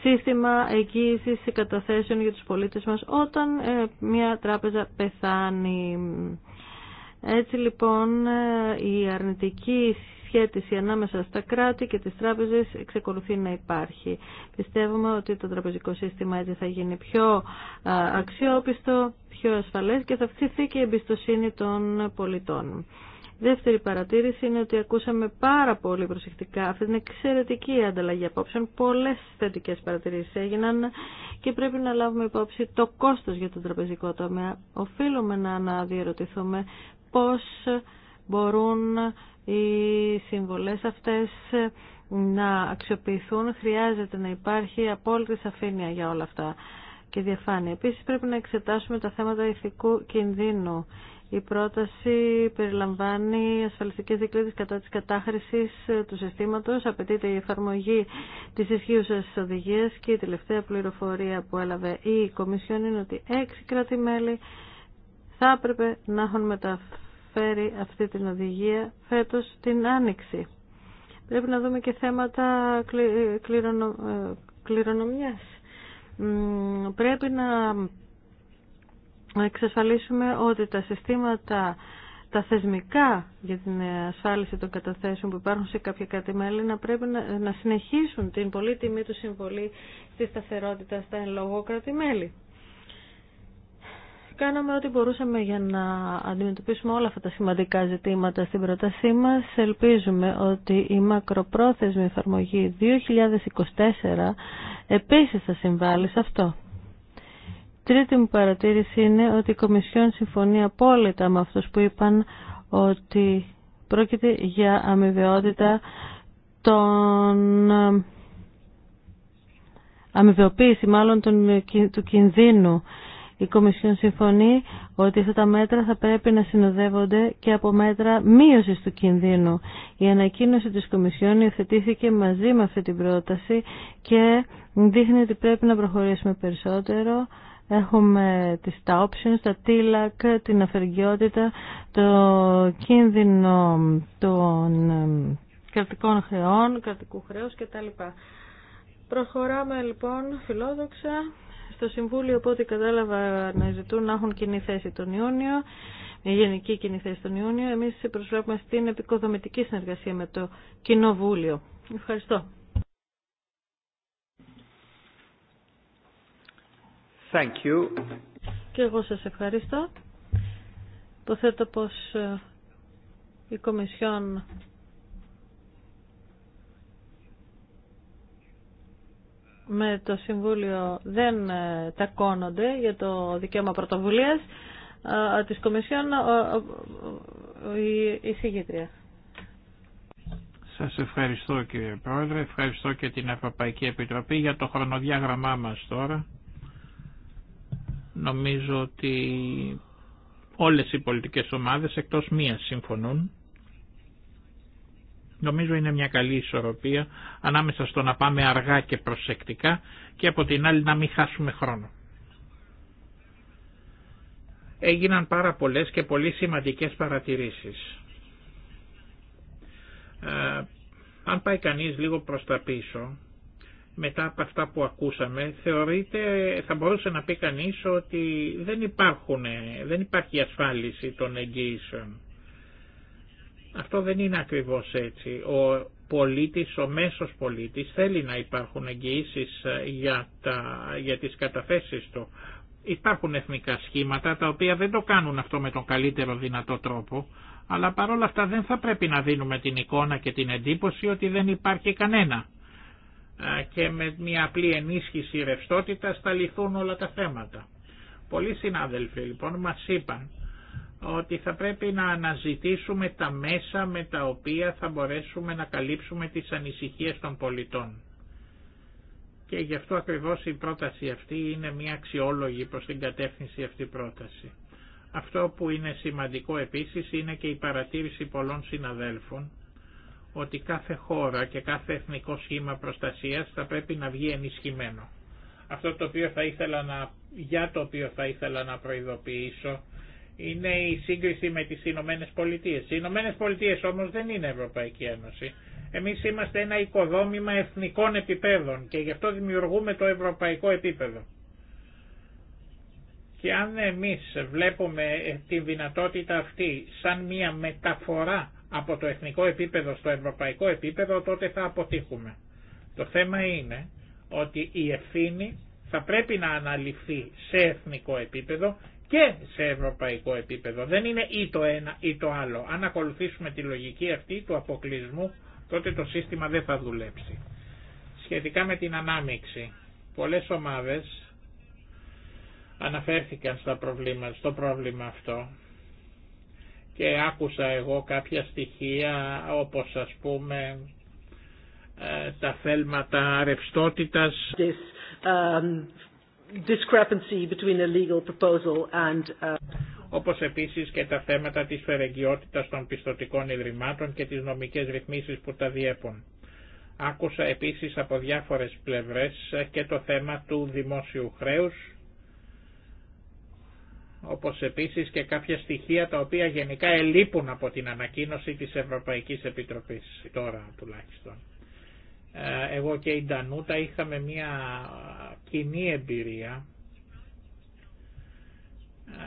[SPEAKER 4] σύστημα εγγύησης καταθέσεων για τους πολίτες μας όταν ε, μια τράπεζα πεθάνει. Έτσι λοιπόν η αρνητική ανάμεσα στα κράτη και τις τράπεζες εξεκολουθεί να υπάρχει. Πιστεύουμε ότι το τραπεζικό σύστημα έτσι θα γίνει πιο αξιόπιστο, πιο ασφαλές και θα αυξηθεί και η εμπιστοσύνη των πολιτών. Δεύτερη παρατήρηση είναι ότι ακούσαμε πάρα πολύ προσεκτικά αυτή την εξαιρετική ανταλλαγή απόψεων. Πολλές θετικές παρατηρήσεις έγιναν και πρέπει να λάβουμε υπόψη το κόστος για το τραπεζικό τομέα. Οφείλουμε να αναδιερωτηθούμε πώς μπορούν οι συμβολές αυτές να αξιοποιηθούν χρειάζεται να υπάρχει απόλυτη σαφήνεια για όλα αυτά και διαφάνεια. Επίσης πρέπει να εξετάσουμε τα θέματα ηθικού κινδύνου. Η πρόταση περιλαμβάνει ασφαλιστικές δικλείδες κατά της κατάχρησης του συστήματος, απαιτείται η εφαρμογή της ισχύουσας οδηγίας και η τελευταία πληροφορία που έλαβε η Κομισιόν είναι ότι έξι κράτη-μέλη θα έπρεπε να έχουν μεταφέρει φέρει αυτή την οδηγία φέτος την Άνοιξη. Πρέπει να δούμε και θέματα κληρονο... Ε, κληρονομιάς. Πρέπει να εξασφαλίσουμε ότι τα συστήματα τα θεσμικά για την ασφάλιση των καταθέσεων που υπάρχουν σε κάποια κατημέλη να πρέπει να, συνεχίσουν την πολύτιμή του συμβολή στη σταθερότητα στα εν λόγω κρατημέλη. Κάναμε ό,τι μπορούσαμε για να αντιμετωπίσουμε όλα αυτά τα σημαντικά ζητήματα στην πρότασή μας. Ελπίζουμε ότι η μακροπρόθεσμη εφαρμογή 2024 επίσης θα συμβάλλει σε αυτό. Τρίτη μου παρατήρηση είναι ότι η Κομισιόν συμφωνεί απόλυτα με αυτού που είπαν ότι πρόκειται για αμοιβαιότητα των αμοιβαιοποίηση μάλλον του κινδύνου η Κομισιόν συμφωνεί ότι αυτά τα μέτρα θα πρέπει να συνοδεύονται και από μέτρα μείωσης του κινδύνου. Η ανακοίνωση της Κομισιόν υιοθετήθηκε μαζί με αυτή την πρόταση και δείχνει ότι πρέπει να προχωρήσουμε περισσότερο. Έχουμε τις τα options, τα TILAC, την αφεργιότητα, το κίνδυνο των κρατικών χρεών, κρατικού χρέους κτλ. Προχωράμε λοιπόν φιλόδοξα το Συμβούλιο, οπότε κατάλαβα να ζητούν να έχουν κοινή θέση τον Ιούνιο, μια γενική κοινή θέση τον Ιούνιο. Εμείς προσβλέπουμε στην επικοδομητική συνεργασία με το Κοινοβούλιο. Ευχαριστώ. Thank you. Και εγώ σας ευχαριστώ. Υποθέτω πως ε, η Κομισιόν με το Συμβούλιο δεν ε, τακώνονται για το δικαίωμα πρωτοβουλίας ε, της Κομισιόν η εισηγήτρια.
[SPEAKER 3] Σας ευχαριστώ κύριε Πρόεδρε, ευχαριστώ και την Ευρωπαϊκή Επιτροπή για το χρονοδιάγραμμά μας τώρα. Νομίζω ότι όλες οι πολιτικές ομάδες εκτός μίας συμφωνούν Νομίζω είναι μια καλή ισορροπία ανάμεσα στο να πάμε αργά και προσεκτικά και από την άλλη να μην χάσουμε χρόνο. Έγιναν πάρα πολλές και πολύ σημαντικές παρατηρήσεις. Ε, αν πάει κανείς λίγο προς τα πίσω, μετά από αυτά που ακούσαμε, θεωρείται, θα μπορούσε να πει κανείς ότι δεν, υπάρχουν, δεν υπάρχει ασφάλιση των εγγύησεων. Αυτό δεν είναι ακριβώς έτσι. Ο πολίτης, ο μέσος πολίτης θέλει να υπάρχουν εγγυήσει ε, για, τα, για τις καταθέσεις του. Υπάρχουν εθνικά σχήματα τα οποία δεν το κάνουν αυτό με τον καλύτερο δυνατό τρόπο, αλλά παρόλα αυτά δεν θα πρέπει να δίνουμε την εικόνα και την εντύπωση ότι δεν υπάρχει κανένα. Ε, και με μια απλή ενίσχυση ρευστότητα θα λυθούν όλα τα θέματα. Πολλοί συνάδελφοι λοιπόν μας είπαν ότι θα πρέπει να αναζητήσουμε τα μέσα με τα οποία θα μπορέσουμε να καλύψουμε τις ανησυχίες των πολιτών. Και γι' αυτό ακριβώς η πρόταση αυτή είναι μια αξιόλογη προς την κατεύθυνση αυτή πρόταση. Αυτό που είναι σημαντικό επίσης είναι και η παρατήρηση πολλών συναδέλφων ότι κάθε χώρα και κάθε εθνικό σχήμα προστασίας θα πρέπει να βγει ενισχυμένο. Αυτό το οποίο θα ήθελα να, για το οποίο θα ήθελα να προειδοποιήσω είναι η σύγκριση με τις Ηνωμένε Πολιτείε. Οι Ηνωμένε Πολιτείε όμως δεν είναι Ευρωπαϊκή Ένωση. Εμείς είμαστε ένα οικοδόμημα εθνικών επιπέδων και γι' αυτό δημιουργούμε το ευρωπαϊκό επίπεδο. Και αν εμείς βλέπουμε ε, τη δυνατότητα αυτή σαν μια μεταφορά από το εθνικό επίπεδο στο ευρωπαϊκό επίπεδο, τότε θα αποτύχουμε. Το θέμα είναι ότι η ευθύνη θα πρέπει να αναλυθεί σε εθνικό επίπεδο και σε ευρωπαϊκό επίπεδο. Δεν είναι ή το ένα ή το άλλο. Αν ακολουθήσουμε τη λογική αυτή του αποκλεισμού, τότε το σύστημα δεν θα δουλέψει. Σχετικά με την ανάμειξη, πολλές ομάδες αναφέρθηκαν στα προβλήμα, στο πρόβλημα αυτό και άκουσα εγώ κάποια στοιχεία όπως ας πούμε ε, τα θέλματα ρευστότητας. Um, discrepancy between uh, όπως επίσης και τα θέματα της φερεγγιότητας των πιστοτικών ιδρυμάτων και τις νομικές ρυθμίσεις που τα διέπουν. Άκουσα επίσης από διάφορες πλευρές και το θέμα του δημόσιου χρέους, όπως επίσης και κάποια στοιχεία τα οποία γενικά ελείπουν από την ανακοίνωση της Ευρωπαϊκής Επιτροπής, τώρα τουλάχιστον. Ε, εγώ και η Ντανούτα είχαμε μια κοινή εμπειρία.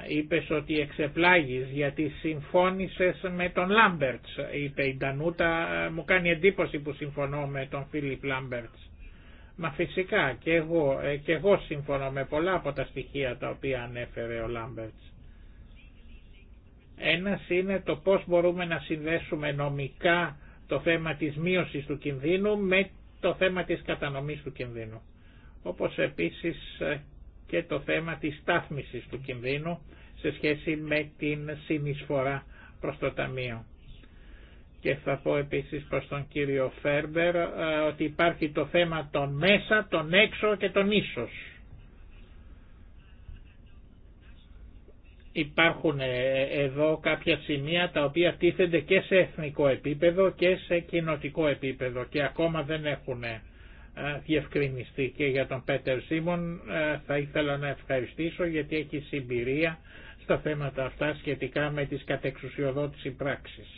[SPEAKER 3] Ε, είπες ότι εξεπλάγεις γιατί συμφώνησες με τον Λάμπερτς, είπε η Ντανούτα. Ε, μου κάνει εντύπωση που συμφωνώ με τον Φίλιπ Λάμπερτς. Μα φυσικά και εγώ, και εγώ συμφωνώ με πολλά από τα στοιχεία τα οποία ανέφερε ο Λάμπερτς. Ένα είναι το πώς μπορούμε να συνδέσουμε νομικά το θέμα της μείωσης του κινδύνου με το θέμα της κατανομής του κινδύνου. Όπως επίσης ε, και το θέμα της στάθμισης του κινδύνου σε σχέση με την συνεισφορά προς το Ταμείο. Και θα πω επίσης προς τον κύριο Φέρμπερ ε, ότι υπάρχει το θέμα των μέσα, των έξω και των ίσως. Υπάρχουν ε, ε, εδώ κάποια σημεία τα οποία τίθενται και σε εθνικό επίπεδο και σε κοινοτικό επίπεδο και ακόμα δεν έχουν ε, διευκρινιστεί και για τον Πέτερ Σίμων θα ήθελα να ευχαριστήσω γιατί έχει συμπειρία στα θέματα αυτά σχετικά με τις κατεξουσιοδότηση πράξεις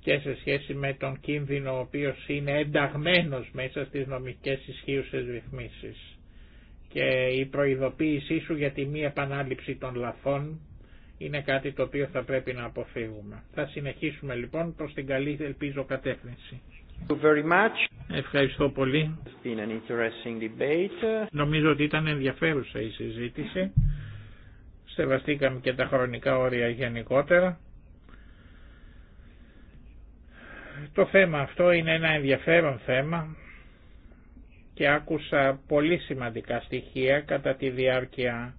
[SPEAKER 3] και σε σχέση με τον κίνδυνο ο οποίος είναι ενταγμένος μέσα στις νομικές ισχύουσες ρυθμίσεις και η προειδοποίησή σου για τη μη επανάληψη των λαθών είναι κάτι το οποίο θα πρέπει να αποφύγουμε. Θα συνεχίσουμε λοιπόν προς την καλή ελπίζω κατεύθυνση. Ευχαριστώ πολύ. Νομίζω ότι ήταν ενδιαφέρουσα η συζήτηση. Σεβαστήκαμε και τα χρονικά όρια γενικότερα. Το θέμα αυτό είναι ένα ενδιαφέρον θέμα και άκουσα πολύ σημαντικά στοιχεία κατά τη διάρκεια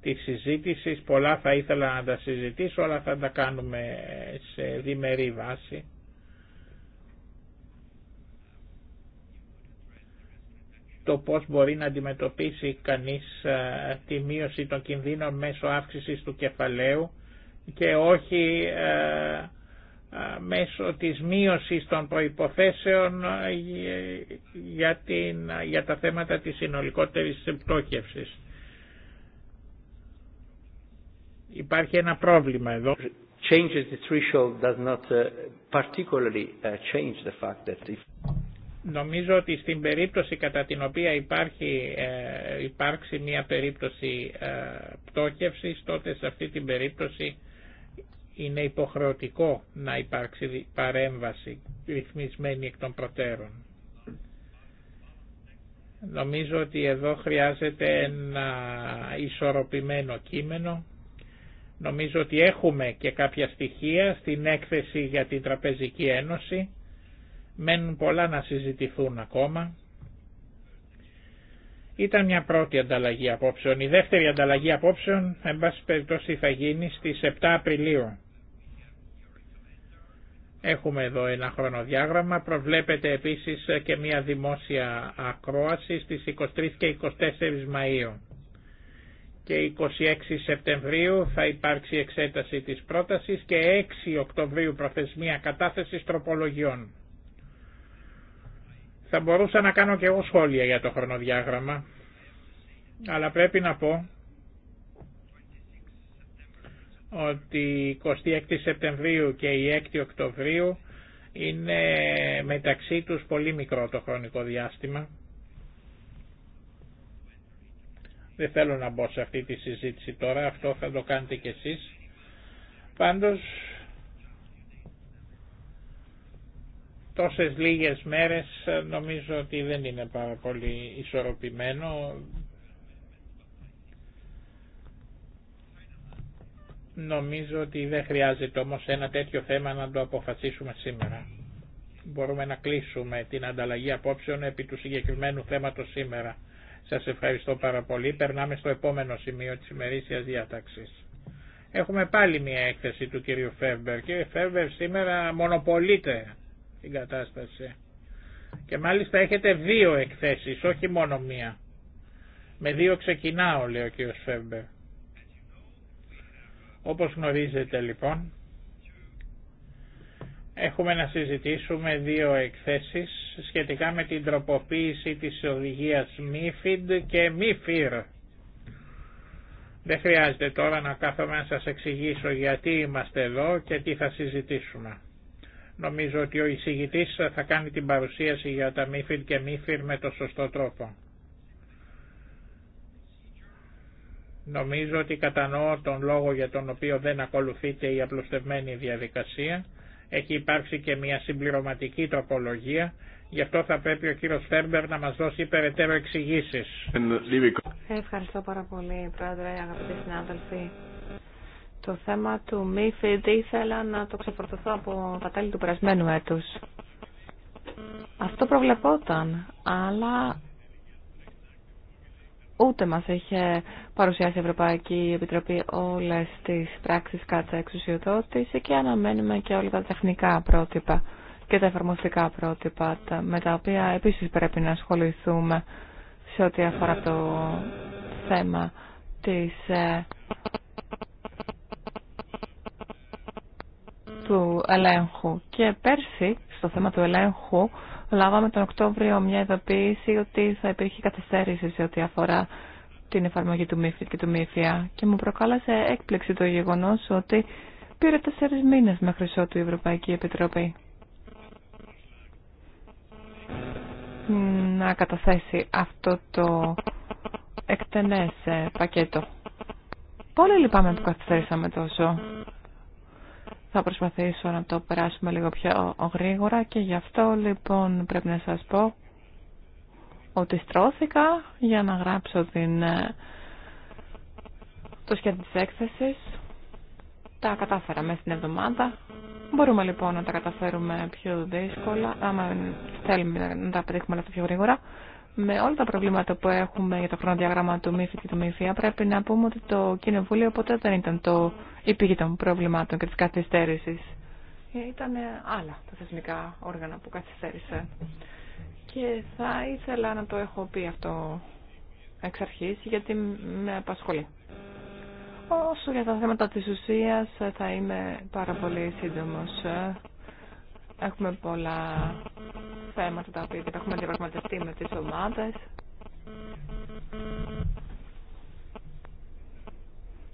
[SPEAKER 3] της συζήτησης. Πολλά θα ήθελα να τα συζητήσω, αλλά θα τα κάνουμε σε διμερή βάση. το πώς μπορεί να αντιμετωπίσει κανείς ε, τη μείωση των κινδύνων μέσω αύξησης του κεφαλαίου και όχι ε, μέσω της μείωσης των προϋποθέσεων ε, για, την, για τα θέματα της συνολικότερης πτώχευσης. Υπάρχει ένα πρόβλημα εδώ. Νομίζω ότι στην περίπτωση κατά την οποία υπάρχει, ε, υπάρξει μια περίπτωση ε, πτώχευσης, τότε σε αυτή την περίπτωση είναι υποχρεωτικό να υπάρξει παρέμβαση ρυθμισμένη εκ των προτέρων. Νομίζω ότι εδώ χρειάζεται ένα ισορροπημένο κείμενο. Νομίζω ότι έχουμε και κάποια στοιχεία στην έκθεση για την Τραπεζική Ένωση. Μένουν πολλά να συζητηθούν ακόμα. Ήταν μια πρώτη ανταλλαγή απόψεων. Η δεύτερη ανταλλαγή απόψεων, εν πάση περιπτώσει, θα γίνει στις 7 Απριλίου. Έχουμε εδώ ένα χρονοδιάγραμμα. Προβλέπεται επίσης και μια δημόσια ακρόαση στις 23 και 24 Μαΐου. Και 26 Σεπτεμβρίου θα υπάρξει εξέταση της πρότασης και 6 Οκτωβρίου προθεσμία κατάθεσης τροπολογιών. Θα μπορούσα να κάνω και εγώ σχόλια για το χρονοδιάγραμμα, αλλά πρέπει να πω ότι η 26 Σεπτεμβρίου και η 6 Οκτωβρίου είναι μεταξύ τους πολύ μικρό το χρονικό διάστημα. Δεν θέλω να μπω σε αυτή τη συζήτηση τώρα, αυτό θα το κάνετε κι εσείς. Πάντως τόσες λίγες μέρες ε, νομίζω ότι δεν είναι πάρα πολύ ισορροπημένο. Νομίζω ότι δεν χρειάζεται όμως ένα τέτοιο θέμα να το αποφασίσουμε σήμερα. Μπορούμε να κλείσουμε την ανταλλαγή απόψεων επί του συγκεκριμένου θέματος σήμερα. Σας ευχαριστώ πάρα πολύ. Περνάμε στο επόμενο σημείο της ημερήσιας διάταξης. Έχουμε πάλι μια έκθεση του κυρίου Φέρμπερ. Κύριε Φέρμπερ σήμερα μονοπολείται την κατάσταση. Και μάλιστα έχετε δύο εκθέσεις, όχι μόνο μία. Με δύο ξεκινάω, λέει ο κ. Φέμπερ. Όπως γνωρίζετε λοιπόν, έχουμε να συζητήσουμε δύο εκθέσεις σχετικά με την τροποποίηση της οδηγίας MIFID και MIFIR. Δεν χρειάζεται τώρα να κάθομαι να σας εξηγήσω γιατί είμαστε εδώ και τι θα συζητήσουμε. Νομίζω ότι ο εισηγητής θα κάνει την παρουσίαση για τα μύφιλ και μύφιλ με το σωστό τρόπο. Νομίζω ότι κατανοώ τον λόγο για τον οποίο δεν ακολουθείται η απλουστευμένη διαδικασία. Έχει υπάρξει και μια συμπληρωματική τροπολογία. Γι' αυτό θα πρέπει ο κύριος Φέρμπερ να μας δώσει περαιτέρω εξηγήσει.
[SPEAKER 1] Ευχαριστώ πάρα πολύ, Πρόεδρε, αγαπητοί συνάδελφοι. Το θέμα του ΜΥΦΙΔ ήθελα να το ξεφορτωθώ από τα τέλη του περασμένου έτους. Αυτό προβλεπόταν, αλλά ούτε μας είχε παρουσιάσει η Ευρωπαϊκή Επιτροπή όλες τις πράξεις κατά εξουσιοδότηση και αναμένουμε και όλα τα τεχνικά πρότυπα και τα εφαρμοστικά πρότυπα με τα οποία επίσης πρέπει να ασχοληθούμε σε ό,τι αφορά το θέμα της ε, του ελέγχου. Και πέρσι, στο θέμα του ελέγχου, λάβαμε τον Οκτώβριο μια ειδοποίηση ότι θα υπήρχε καθυστέρηση σε ό,τι αφορά την εφαρμογή του ΜΥΦΙΤ και του ΜΥΦΙΑ. Και μου προκάλεσε έκπληξη το γεγονό ότι πήρε τέσσερι μήνε μέχρι ότου η Ευρωπαϊκή Επιτροπή να καταθέσει αυτό το εκτενές ε, πακέτο. Πολύ λυπάμαι που καθυστέρησαμε τόσο. Θα προσπαθήσω να το περάσουμε λίγο πιο γρήγορα και γι' αυτό λοιπόν πρέπει να σας πω ότι στρώθηκα για να γράψω την, ε, το σχέδιο της έκθεσης. Τα κατάφερα μέσα στην εβδομάδα. Μπορούμε λοιπόν να τα καταφέρουμε πιο δύσκολα, άμα θέλουμε να τα πετύχουμε όλα πιο γρήγορα με όλα τα προβλήματα που έχουμε για το χρονοδιαγράμμα του ΜΥΦΙ και του ΜΥΦΙΑ, πρέπει να πούμε ότι το Κοινοβούλιο ποτέ δεν ήταν το υπήγη των προβλημάτων και τη καθυστέρηση. Ε, ήταν άλλα τα θεσμικά όργανα που καθυστέρησαν. Και θα ήθελα να το έχω πει αυτό εξ αρχής, γιατί με απασχολεί. Όσο για τα θέματα της ουσίας θα είμαι πάρα πολύ σύντομος. Έχουμε πολλά θέματα τα οποία έχουμε διαπραγματευτεί με τις ομάδες.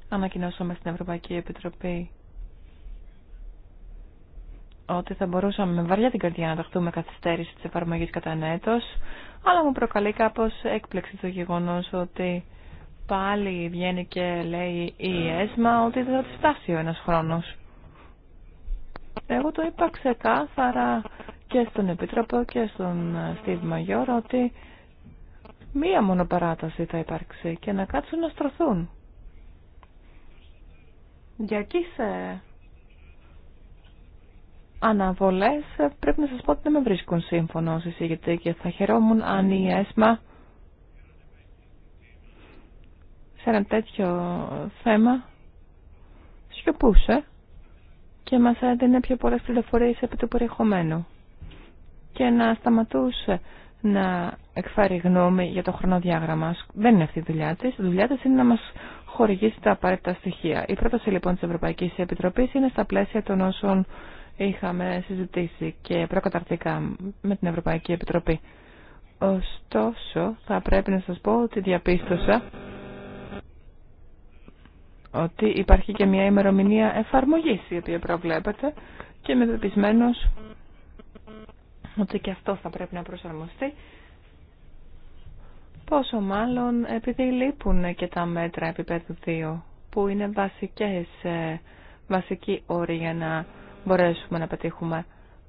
[SPEAKER 1] Ανακοινώσαμε στην Ευρωπαϊκή Επιτροπή ότι θα μπορούσαμε με βαριά την καρδιά να δεχτούμε καθυστέρηση της εφαρμογής κατά νέτος, αλλά μου προκαλεί κάπως έκπλεξη το γεγονός ότι πάλι βγαίνει και λέει η ΕΣΜΑ ότι δεν θα της φτάσει ο ένας χρόνος. Εγώ το είπα ξεκάθαρα και στον Επίτροπο και στον Στίβ ε, Μαγιόρ ότι μία μόνο παράταση θα υπάρξει και να κάτσουν να στρωθούν. Για σε αναβολές ε, πρέπει να σας πω ότι δεν με βρίσκουν σύμφωνο γιατί και θα χαιρόμουν αν η ΕΣΜΑ σε ένα τέτοιο θέμα σιωπούσε και μας έδινε πιο πολλές πληροφορίες επί του περιεχομένου και να σταματούσε να εκφάρει γνώμη για το χρονοδιάγραμμα. Δεν είναι αυτή η δουλειά τη. Η δουλειά τη είναι να μα χορηγήσει τα απαραίτητα στοιχεία. Η πρόταση λοιπόν τη Ευρωπαϊκή Επιτροπή είναι στα πλαίσια των όσων είχαμε συζητήσει και προκαταρτικά με την Ευρωπαϊκή Επιτροπή. Ωστόσο, θα πρέπει να σας πω ότι διαπίστωσα ότι υπάρχει και μια ημερομηνία εφαρμογής η οποία προβλέπεται και είμαι πεπισμένος ότι και αυτό θα πρέπει να προσαρμοστεί. Πόσο μάλλον επειδή λείπουν και τα μέτρα επίπεδου 2 που είναι βασικές, ε, βασικοί όροι για να μπορέσουμε να πετύχουμε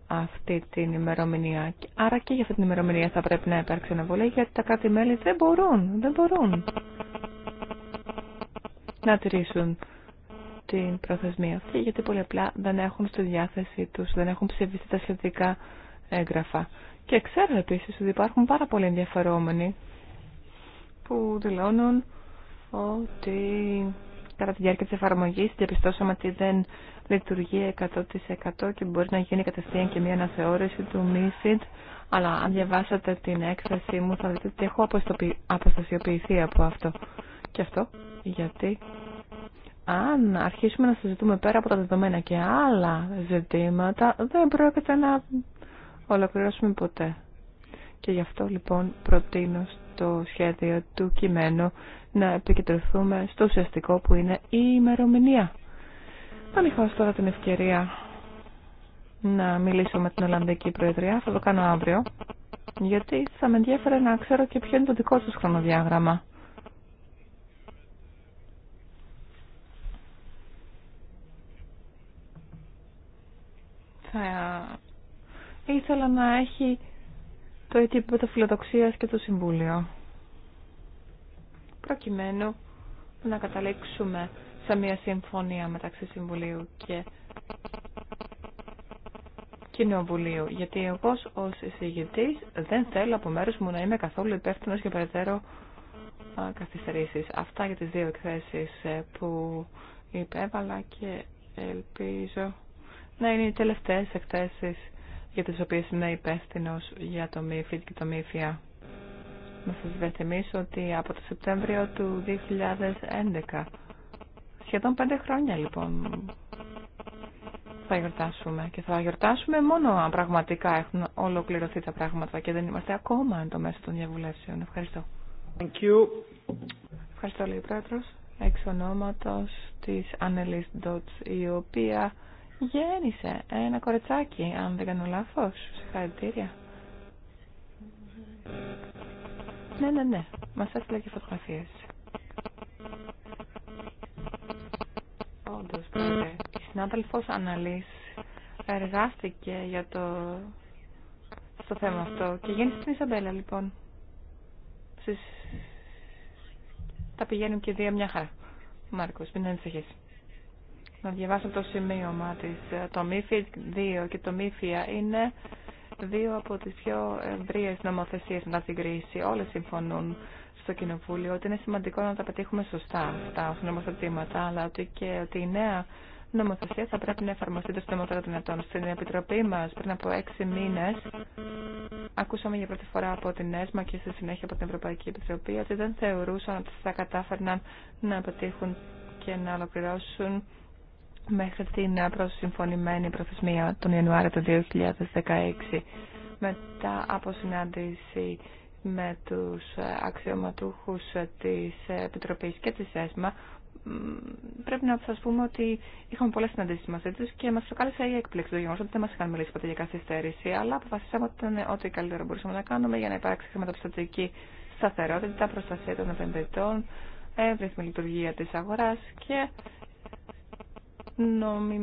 [SPEAKER 1] αυτή την ημερομηνία. Άρα και για αυτή την ημερομηνία θα πρέπει να υπάρξει αναβολή γιατί τα κάτι μέλη δεν μπορούν, δεν μπορούν να τηρήσουν την προθεσμία αυτή, γιατί πολύ απλά δεν έχουν στη διάθεσή τους, δεν έχουν ψηφιστεί τα σχετικά έγγραφα. Και ξέρω επίση ότι υπάρχουν πάρα πολλοί ενδιαφερόμενοι που δηλώνουν ότι κατά τη διάρκεια της εφαρμογής διαπιστώσαμε ότι δεν λειτουργεί 100% και μπορεί να γίνει κατευθείαν και μια αναθεώρηση του MIFID αλλά αν διαβάσατε την έκθεσή μου θα δείτε ότι έχω αποστασιοποιηθεί από αυτό. Και αυτό γιατί αν αρχίσουμε να συζητούμε πέρα από τα δεδομένα και άλλα ζητήματα, δεν πρόκειται να ολοκληρώσουμε ποτέ. Και γι' αυτό λοιπόν προτείνω στο σχέδιο του κειμένου να επικεντρωθούμε στο ουσιαστικό που είναι η ημερομηνία. Αν τώρα την ευκαιρία να μιλήσω με την Ολλανδική Προεδρία, θα το κάνω αύριο, γιατί θα με ενδιαφέρε να ξέρω και ποιο είναι το δικό σας χρονοδιάγραμμα. θα ε, ήθελα να έχει το επίπεδο φιλοδοξίας και το Συμβούλιο. Προκειμένου να καταλήξουμε σε μια συμφωνία μεταξύ Συμβουλίου και Κοινοβουλίου. Γιατί εγώ ω εισηγητή δεν θέλω από μέρου μου να είμαι καθόλου υπεύθυνο και περαιτέρω καθυστερήσει. Αυτά για τι δύο εκθέσει ε, που υπέβαλα και ελπίζω να είναι οι τελευταίες εκτέσεις για τις οποίες είναι υπεύθυνο για το ΜΥΦΙΤ και το ΜΥΦΙΑ. Να σας υπενθυμίσω ότι από το Σεπτέμβριο του 2011, σχεδόν πέντε χρόνια λοιπόν, θα γιορτάσουμε. Και θα γιορτάσουμε μόνο αν πραγματικά έχουν ολοκληρωθεί τα πράγματα και δεν είμαστε ακόμα εν το μέσο των διαβουλεύσεων. Ευχαριστώ. Thank you. Ευχαριστώ, λέει ο Πρόεδρος, εξ ονόματος της Annelies η οποία γέννησε ένα κορετσάκι, αν δεν κάνω σε Συγχαρητήρια. Ναι, ναι, ναι. Μας έστειλε και φωτογραφίε. Όντω, πήρε. Ναι. Η συνάδελφο Αναλή εργάστηκε για το... στο θέμα αυτό και γέννησε την Ισαμπέλα, λοιπόν. Τα πηγαίνουν και δύο μια χαρά. Μάρκο μην ανησυχεί να διαβάσω το σημείωμα της. Το Μύφι 2 και το ΜΥΦΙΑ είναι δύο από τις πιο ευρύες νομοθεσίες μετά την κρίση. Όλες συμφωνούν στο Κοινοβούλιο ότι είναι σημαντικό να τα πετύχουμε σωστά αυτά νομοθετήματα, αλλά ότι και ότι η νέα νομοθεσία θα πρέπει να εφαρμοστεί το συντομότερο δυνατόν. Στην Επιτροπή μα πριν από έξι μήνε, ακούσαμε για πρώτη φορά από την ΕΣΜΑ και στη συνέχεια από την Ευρωπαϊκή Επιτροπή ότι δεν θεωρούσαν ότι θα κατάφερναν να πετύχουν και να ολοκληρώσουν μέχρι την προσυμφωνημένη προθεσμία τον Ιανουάριο του 2016 μετά από συνάντηση με τους αξιωματούχους της Επιτροπής και της ΕΣΜΑ πρέπει να σας πούμε ότι είχαμε πολλές συναντήσεις μαζί τους και μας προκάλεσε η έκπληξη του γεγονός ότι δεν μας είχαν μιλήσει ποτέ για καθυστέρηση αλλά αποφασίσαμε ότι ήταν ό,τι καλύτερο μπορούσαμε να κάνουμε για να υπάρξει χρηματοπιστωτική σταθερότητα, προστασία των επενδυτών, εύρυθμη λειτουργία της αγοράς και νομι...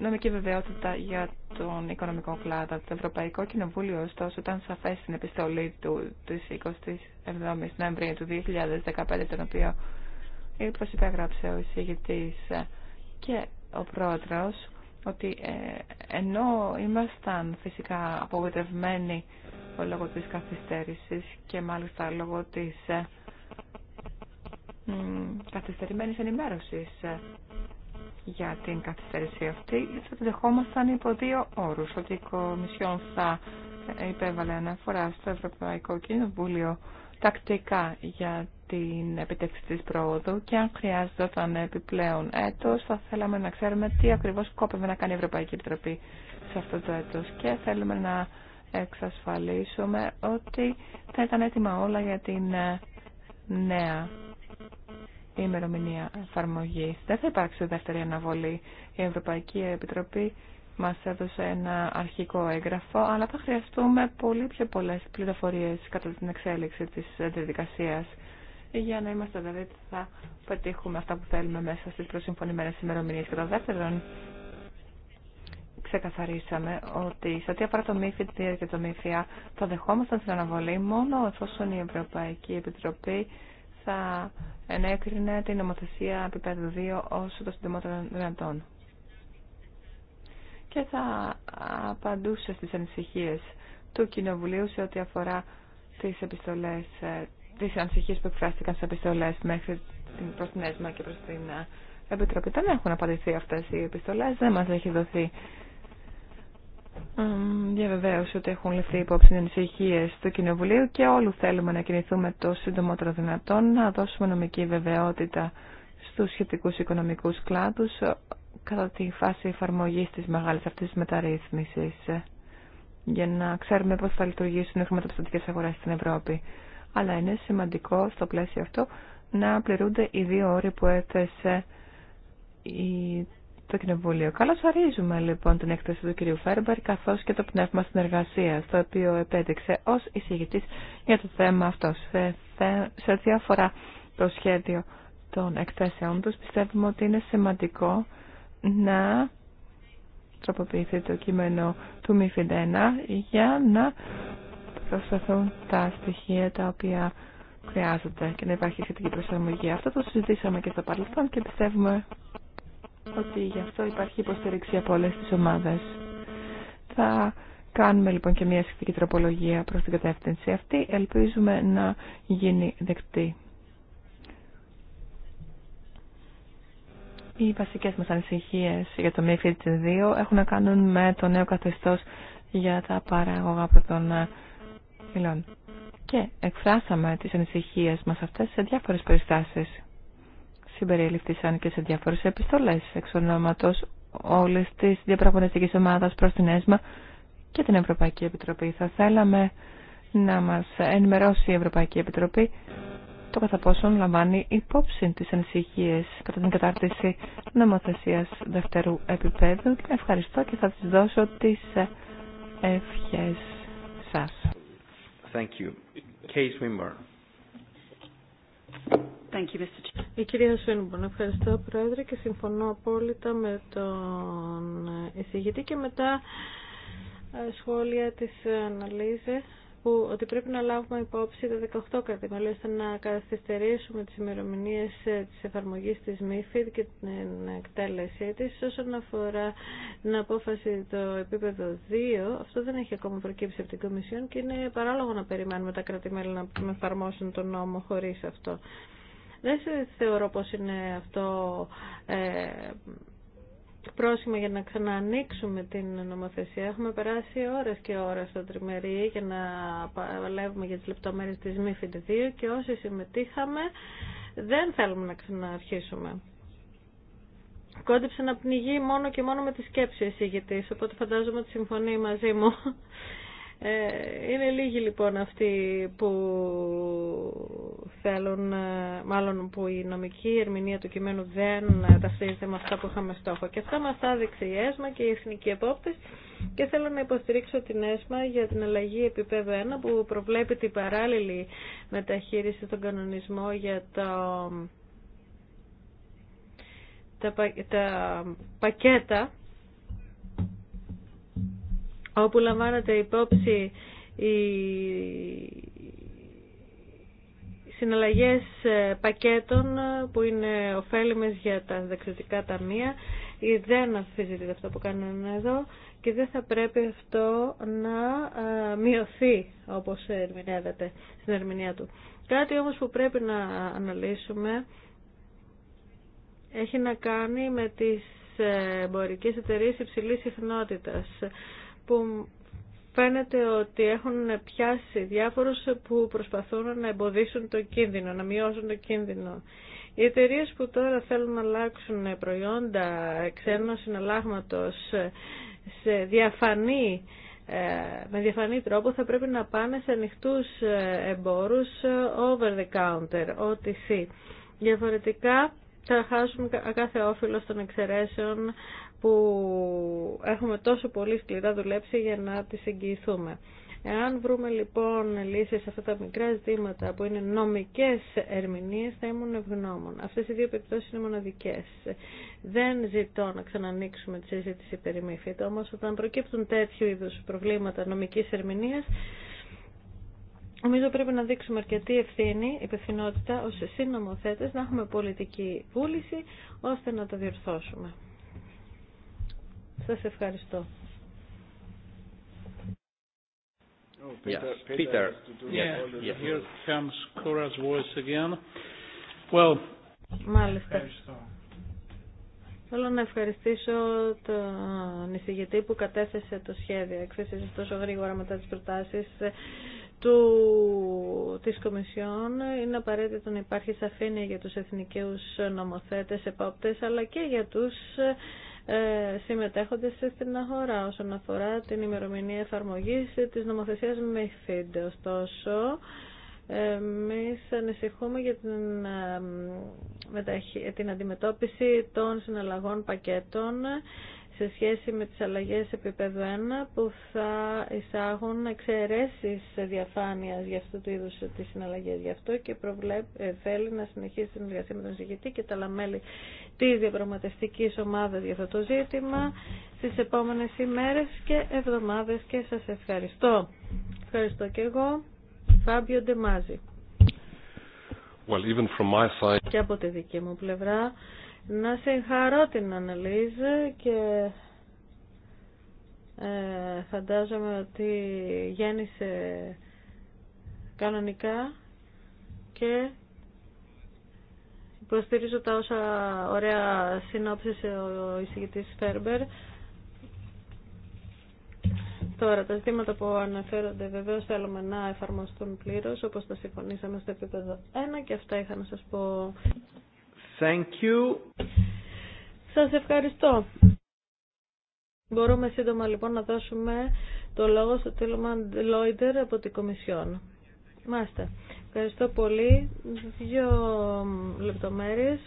[SPEAKER 1] νομική βεβαιότητα για τον οικονομικό κλάδο. Το Ευρωπαϊκό Κοινοβούλιο, ωστόσο, ήταν σαφέ στην επιστολή του τη 27η Νοεμβρίου του 2015, τον οποίο υποσυπέγραψε ο εισηγητή ε, και ο πρόεδρο, ότι ε, ενώ ήμασταν φυσικά απογοητευμένοι λόγω της καθυστέρησης και μάλιστα λόγω της ε, καθυστερημένης ενημέρωσης για την καθυστέρηση αυτή, γιατί θα δεχόμασταν υπό δύο όρους, ότι η Κομισιόν θα υπέβαλε αναφορά στο Ευρωπαϊκό Κοινοβούλιο τακτικά για την επιτεύξη της πρόοδου και αν χρειάζονταν επιπλέον έτος θα θέλαμε να ξέρουμε τι ακριβώς κόπευε να κάνει η Ευρωπαϊκή Επιτροπή σε αυτό το έτος και θέλουμε να εξασφαλίσουμε ότι θα ήταν έτοιμα όλα για την ε, νέα η ημερομηνία εφαρμογή. Δεν θα υπάρξει δεύτερη αναβολή. Η Ευρωπαϊκή Επιτροπή μα έδωσε ένα αρχικό έγγραφο, αλλά θα χρειαστούμε πολύ πιο πολλέ πληροφορίε κατά την εξέλιξη τη διαδικασία για να είμαστε βέβαιοι ότι θα πετύχουμε αυτά που θέλουμε μέσα στι προσυμφωνημένε ημερομηνίε. Κατά δεύτερον, ξεκαθαρίσαμε ότι σε ό,τι αφορά το ΜΥΦΙΤ και το μυθία θα δεχόμασταν την αναβολή μόνο εφόσον η Ευρωπαϊκή Επιτροπή θα ενέκρινε την νομοθεσία επίπεδου 2 όσο το συντομότερο δυνατόν. Και θα απαντούσε στις ανησυχίες του Κοινοβουλίου σε ό,τι αφορά τις επιστολές, ε, τις ανησυχίες που εκφράστηκαν στις επιστολές μέχρι την, προς την και προς την ε, Επιτροπή. Δεν έχουν απαντηθεί αυτές οι επιστολές, δεν μας έχει δοθεί διαβεβαίωση ότι έχουν ληφθεί υπόψη οι ανησυχίε του Κοινοβουλίου και όλου θέλουμε να κινηθούμε το σύντομότερο δυνατόν να δώσουμε νομική βεβαιότητα στους σχετικούς οικονομικούς κλάδους ε, κατά τη φάση εφαρμογής της μεγάλης αυτής της μεταρρύθμισης ε, για να ξέρουμε πώς θα λειτουργήσουν οι χρηματοπιστωτικές αγορές στην Ευρώπη. Αλλά είναι σημαντικό στο πλαίσιο αυτό να πληρούνται οι δύο όροι που έθεσε η το Κοινοβούλιο. Καλώ ορίζουμε λοιπόν την έκθεση του κυρίου Φέρμπερ καθώ και το πνεύμα συνεργασία, το οποίο επέδειξε ω εισηγητή για το θέμα αυτό. Σε, σε ό,τι αφορά το σχέδιο των εκθέσεων του, πιστεύουμε ότι είναι σημαντικό να τροποποιηθεί το κείμενο του ΜΥΦΙΔ 1 για να προσταθούν τα στοιχεία τα οποία χρειάζονται και να υπάρχει σχετική προσαρμογή. Αυτό το συζητήσαμε και στο παρελθόν και πιστεύουμε ότι γι' αυτό υπάρχει υποστήριξη από όλες τις ομάδες. Θα κάνουμε λοιπόν και μια σχετική τροπολογία προς την κατεύθυνση αυτή. Ελπίζουμε να γίνει δεκτή. Οι βασικές μας ανησυχίες για το MIFID 2 έχουν να κάνουν με το νέο καθεστώς για τα παραγωγά από τον Φιλόν. Ε, και εκφράσαμε τις ανησυχίες μας αυτές σε διάφορες περιστάσεις συμπεριελήφθησαν και σε διάφορες επιστολές εξ ονόματος όλης της διαπραγματευτικής ομάδας προς την ΕΣΜΑ και την Ευρωπαϊκή Επιτροπή. Θα θέλαμε να μας ενημερώσει η Ευρωπαϊκή Επιτροπή το κατά πόσον λαμβάνει υπόψη τις ανησυχίες κατά την κατάρτιση νομοθεσίας δευτερού επίπεδου. Ευχαριστώ και θα τις δώσω τις ευχές σας. Thank you. Thank you,
[SPEAKER 4] Mr. Η κυρία Σουίνμπον, ευχαριστώ Πρόεδρε και συμφωνώ απόλυτα με τον εισηγητή και με τα ε, σχόλια της Αναλύζε που, ότι πρέπει να λάβουμε υπόψη τα 18 κράτη-μέλη ώστε να καθυστερήσουμε τις ημερομηνίε ε, της εφαρμογής της ΜΥΦΙΔ και την εκτέλεσή της. Όσον αφορά την απόφαση το επίπεδο 2, αυτό δεν έχει ακόμα προκύψει από την Κομισιόν και είναι παράλογο να περιμένουμε τα κρατημέλη να εφαρμόσουν τον νόμο χωρίς αυτό. Δεν θεωρώ πως είναι αυτό ε, για να ξαναανοίξουμε την νομοθεσία. Έχουμε περάσει ώρες και ώρες στο τριμερί για να παλεύουμε για τις λεπτομέρειες της μή και όσοι συμμετείχαμε δεν θέλουμε να ξαναρχίσουμε. Κόντεψε να πνιγεί μόνο και μόνο με τις σκέψεις γιατί, οπότε φαντάζομαι ότι συμφωνεί μαζί μου. Ε, είναι λίγοι λοιπόν αυτοί που θέλουν, ε, μάλλον που η νομική ερμηνεία του κειμένου δεν ταυτίζεται με αυτά που είχαμε στόχο. Και αυτά μας άδειξε η ΕΣΜΑ και οι εθνικοί επόπτες και θέλω να υποστηρίξω την ΕΣΜΑ για την αλλαγή επίπεδο 1 που προβλέπει την παράλληλη μεταχείριση των κανονισμό για το... τα, τα πακέτα όπου λαμβάνεται υπόψη οι συναλλαγές ε, πακέτων ε, που είναι ωφέλιμες για τα δεξιωτικά ταμεία ε, δεν αφήσεται αυτό που κάνουν εδώ και δεν θα πρέπει αυτό να μειωθεί όπως ερμηνεύεται στην ερμηνεία του. Κάτι όμως που πρέπει να αναλύσουμε έχει να κάνει με τις εμπορικές εταιρείες υψηλής συχνότητας που φαίνεται ότι έχουν πιάσει διάφορους που προσπαθούν να εμποδίσουν το κίνδυνο, να μειώσουν το κίνδυνο. Οι εταιρείε που τώρα θέλουν να αλλάξουν προϊόντα ξένου συναλλάγματος σε διαφανή ε, με διαφανή τρόπο θα πρέπει να πάνε σε ανοιχτούς ε, εμπόρους ε, over the counter, OTC. Διαφορετικά θα χάσουμε κάθε όφελο των εξαιρέσεων που έχουμε τόσο πολύ σκληρά δουλέψει για να τις εγγυηθούμε. Εάν βρούμε λοιπόν λύσεις σε αυτά τα μικρά ζητήματα που είναι νομικές ερμηνείες θα ήμουν ευγνώμων. Αυτές οι δύο περιπτώσεις είναι μοναδικές. Δεν ζητώ να ξανανοίξουμε τη συζήτηση περί μύφητα, όμως όταν προκύπτουν τέτοιου είδους προβλήματα νομικής ερμηνείας Νομίζω πρέπει να δείξουμε αρκετή ευθύνη, υπευθυνότητα, ως συνομοθέτες, να έχουμε πολιτική βούληση, ώστε να τα διορθώσουμε. Σας ευχαριστώ.
[SPEAKER 3] voice again. Well,
[SPEAKER 5] Μάλιστα.
[SPEAKER 4] Θέλω να ευχαριστήσω τον εισηγητή που κατέθεσε το σχέδιο έκθεσης τόσο γρήγορα μετά τις προτάσεις ε, του, της Κομισιόν. Είναι απαραίτητο να υπάρχει σαφήνεια για τους εθνικούς νομοθέτες, επόπτες, αλλά και για τους ε, ε, συμμετέχοντες στην αγορά όσον αφορά την ημερομηνία εφαρμογής της νομοθεσίας MIFID. Ωστόσο, Εμεί ανησυχούμε για την, ε, την αντιμετώπιση των συναλλαγών πακέτων σε σχέση με τις αλλαγές επίπεδο 1 που θα εισάγουν εξαιρέσεις διαφάνειας για αυτού του είδους τις συναλλαγές. Γι' αυτό και προβλέπ, ε, θέλει να συνεχίσει την συνεργασία με τον συγκεκριτή και τα λαμέλη της διαπραγματευτικής ομάδας για αυτό το ζήτημα στις επόμενες ημέρες και εβδομάδες και σας ευχαριστώ. Ευχαριστώ και εγώ. Φάμπιο Ντεμάζη.
[SPEAKER 6] Well, even from my side...
[SPEAKER 4] Και από τη δική μου πλευρά να συγχαρώ την αναλύση και ε, φαντάζομαι ότι γέννησε κανονικά και υποστηρίζω τα όσα ωραία συνόψισε ο εισηγητής Φέρμπερ. Τώρα, τα ζητήματα που αναφέρονται βεβαίως θέλουμε να εφαρμοστούν πλήρως, όπως τα συμφωνήσαμε στο επίπεδο 1 και αυτά είχα να σας πω. Thank you. Σας ευχαριστώ. Μπορούμε σύντομα λοιπόν να δώσουμε το λόγο στο Τίλμαν Λόιντερ από την Κομισιόν. Μάστε. Ευχαριστώ πολύ. Δύο λεπτομέρειες.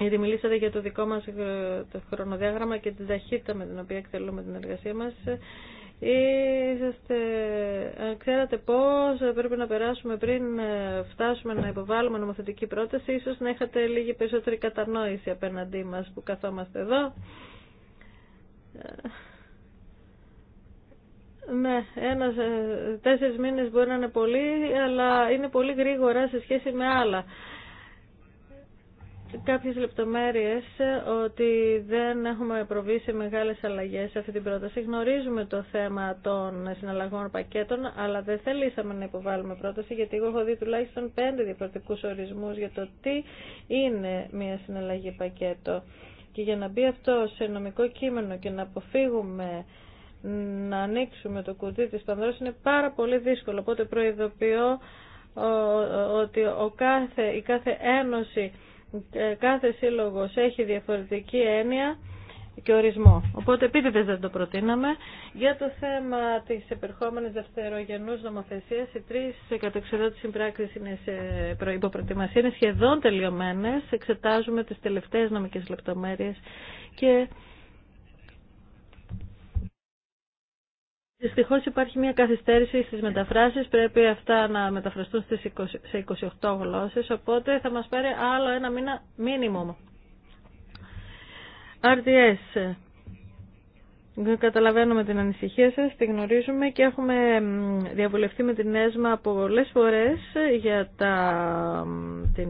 [SPEAKER 4] Γιατί μιλήσατε για το δικό μας ε, το χρονοδιάγραμμα και την ταχύτητα με την οποία εκτελούμε την εργασία μας είσαστε, ξέρατε πώς πρέπει να περάσουμε πριν ε, φτάσουμε να υποβάλουμε νομοθετική πρόταση, ίσως να είχατε λίγη περισσότερη κατανόηση απέναντί μας που καθόμαστε εδώ. Ναι, ένας, ε, τέσσερις μήνες μπορεί να είναι πολύ, αλλά είναι πολύ γρήγορα σε σχέση με άλλα κάποιες λεπτομέρειες ότι δεν έχουμε προβεί σε μεγάλες αλλαγές σε αυτή την πρόταση. Γνωρίζουμε το θέμα των συναλλαγών πακέτων, αλλά δεν θελήσαμε να υποβάλουμε πρόταση, γιατί εγώ έχω δει τουλάχιστον πέντε διαφορετικούς ορισμούς για το τι είναι μια συναλλαγή πακέτο. Και για να μπει αυτό σε νομικό κείμενο και να αποφύγουμε να ανοίξουμε το κουτί της Πανδρός είναι πάρα πολύ δύσκολο. Οπότε προειδοποιώ ότι ο κάθε, η κάθε ένωση ε, κάθε σύλλογος έχει διαφορετική έννοια και ορισμό. Οπότε επίτηδες δεν το προτείναμε. Για το θέμα της επερχόμενης δευτερογενούς νομοθεσίας, οι τρεις κατεξοδότης συμπράξεις είναι σε υποπροετοιμασία, είναι σχεδόν τελειωμένες. Εξετάζουμε τις τελευταίες νομικές λεπτομέρειες και Δυστυχώ υπάρχει μια καθυστέρηση στι μεταφράσει. Πρέπει αυτά να μεταφραστούν στις σε 28 γλώσσε. Οπότε θα μα πάρει άλλο ένα μήνα μήνυμο. RDS. Καταλαβαίνουμε την ανησυχία σας, τη γνωρίζουμε και έχουμε διαβουλευτεί με την ΕΣΜΑ πολλές φορές για τα, την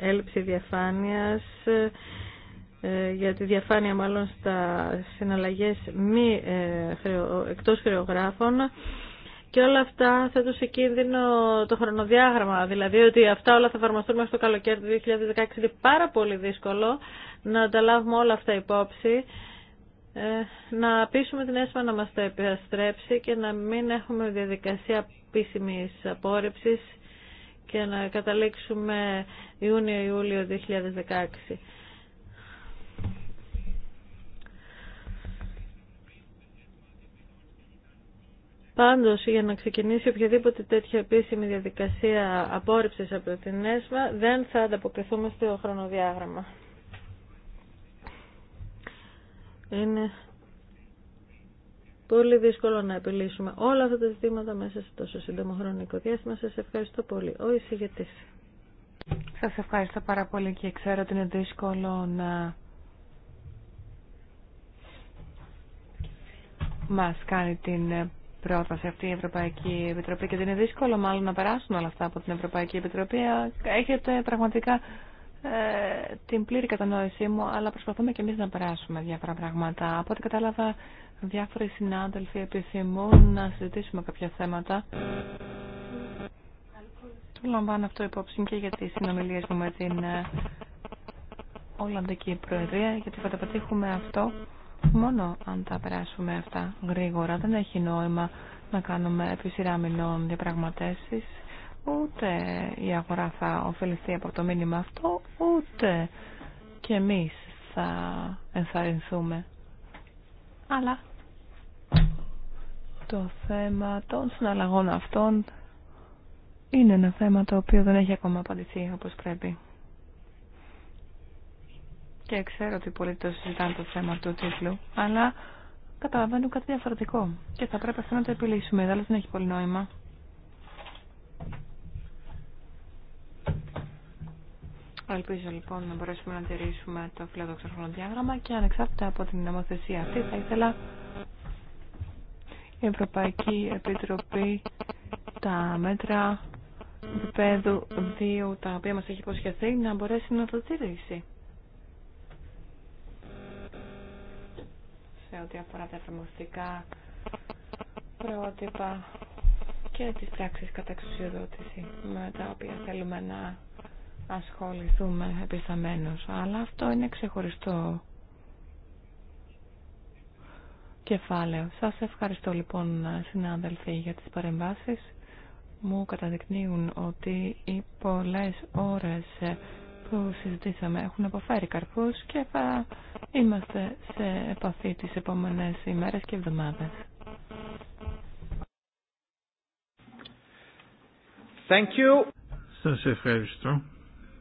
[SPEAKER 4] έλλειψη διαφάνειας, ε, για τη διαφάνεια μάλλον στα συναλλαγές μη ε, εκτός χρεογράφων και όλα αυτά θέτουν σε κίνδυνο το χρονοδιάγραμμα. Δηλαδή ότι αυτά όλα θα εφαρμοστούν μέχρι το καλοκαίρι του 2016. Είναι πάρα πολύ δύσκολο να τα λάβουμε όλα αυτά υπόψη. Ε, να πείσουμε την ΕΣΜΑ να μας τα επιστρέψει και να μην έχουμε διαδικασία επίσημης απόρριψης και να καταλήξουμε Ιούνιο-Ιούλιο 2016. Πάντως, για να ξεκινήσει οποιαδήποτε τέτοια επίσημη διαδικασία απόρριψης από την ΕΣΜΑ, δεν θα ανταποκριθούμε στο χρονοδιάγραμμα. Είναι πολύ δύσκολο να επιλύσουμε όλα αυτά τα ζητήματα μέσα σε τόσο σύντομο χρονικό διάστημα. Σας ευχαριστώ πολύ. Ο εισηγητής.
[SPEAKER 1] Σας ευχαριστώ πάρα πολύ και ξέρω ότι είναι δύσκολο να μας κάνει την πρόταση αυτή η Ευρωπαϊκή Επιτροπή και δεν είναι δύσκολο μάλλον να περάσουν όλα αυτά από την Ευρωπαϊκή Επιτροπή. Έχετε πραγματικά ε, την πλήρη κατανόησή μου, αλλά προσπαθούμε και εμείς να περάσουμε διάφορα πράγματα. Από ό,τι κατάλαβα, διάφοροι συνάδελφοι επιθυμούν να συζητήσουμε κάποια θέματα. Το λαμβάνω αυτό υπόψη και για τις συνομιλίες μου με την ε, Ολλανδική Προεδρία, γιατί θα τα πετύχουμε αυτό μόνο αν τα περάσουμε αυτά γρήγορα. Δεν έχει νόημα να κάνουμε επί σειρά μηνών διαπραγματεύσεις. Ούτε η αγορά θα ωφεληθεί από το μήνυμα αυτό, ούτε και εμείς θα ενθαρρυνθούμε. Αλλά το θέμα των συναλλαγών αυτών είναι ένα θέμα το οποίο δεν έχει ακόμα απαντηθεί όπως πρέπει και ξέρω ότι πολλοί το συζητάνε το θέμα του τίτλου, αλλά καταλαβαίνουν κάτι διαφορετικό και θα πρέπει αυτό να το επιλύσουμε, αλλά δεν έχει πολύ νόημα. Ελπίζω λοιπόν να μπορέσουμε να τηρήσουμε το φιλοδοξοφόνο διάγραμμα και ανεξάρτητα από την νομοθεσία αυτή θα ήθελα η Ευρωπαϊκή Επιτροπή τα μέτρα επίπεδου 2 τα οποία μας έχει υποσχεθεί να μπορέσει να το τηρήσει. σε ό,τι αφορά τα εφαρμοστικά πρότυπα και τις πράξεις κατά εξουσιοδότηση με τα οποία θέλουμε να ασχοληθούμε επισταμένως. Αλλά αυτό είναι ξεχωριστό κεφάλαιο. Σας ευχαριστώ λοιπόν συνάδελφοι για τις παρεμβάσεις. Μου καταδεικνύουν ότι οι πολλές ώρες που συζητήσαμε έχουν αποφέρει καρπούς και θα είμαστε σε επαφή τις επόμενες ημέρες και εβδομάδες.
[SPEAKER 3] Thank you. Σας ευχαριστώ.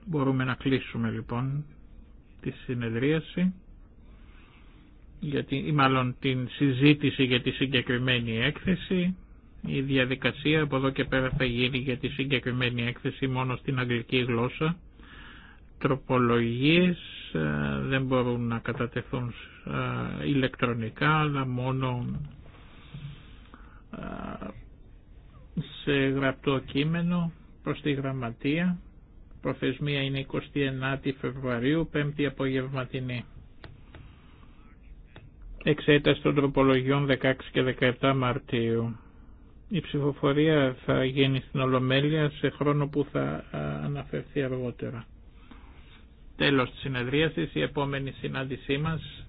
[SPEAKER 3] Μπορούμε να κλείσουμε λοιπόν τη συνεδρίαση γιατί, ή μάλλον την συζήτηση για τη συγκεκριμένη έκθεση. Η διαδικασία από εδώ και πέρα θα γίνει για τη συγκεκριμένη έκθεση μόνο στην αγγλική γλώσσα τροπολογίες ε, δεν μπορούν να κατατεθούν ε, ηλεκτρονικά αλλά μόνο ε, σε γραπτό κείμενο προς τη γραμματεία. Προθεσμία είναι 29 Φεβρουαρίου, 5η απογευματινή. Εξέταση των τροπολογιών 16 και 17 Μαρτίου. Η ψηφοφορία θα γίνει στην Ολομέλεια σε χρόνο που θα αναφερθεί αργότερα τέλος της συνεδρίασης, η επόμενη συνάντησή μας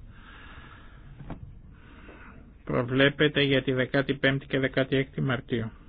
[SPEAKER 3] προβλέπεται για τη 15η και 16η Μαρτίου.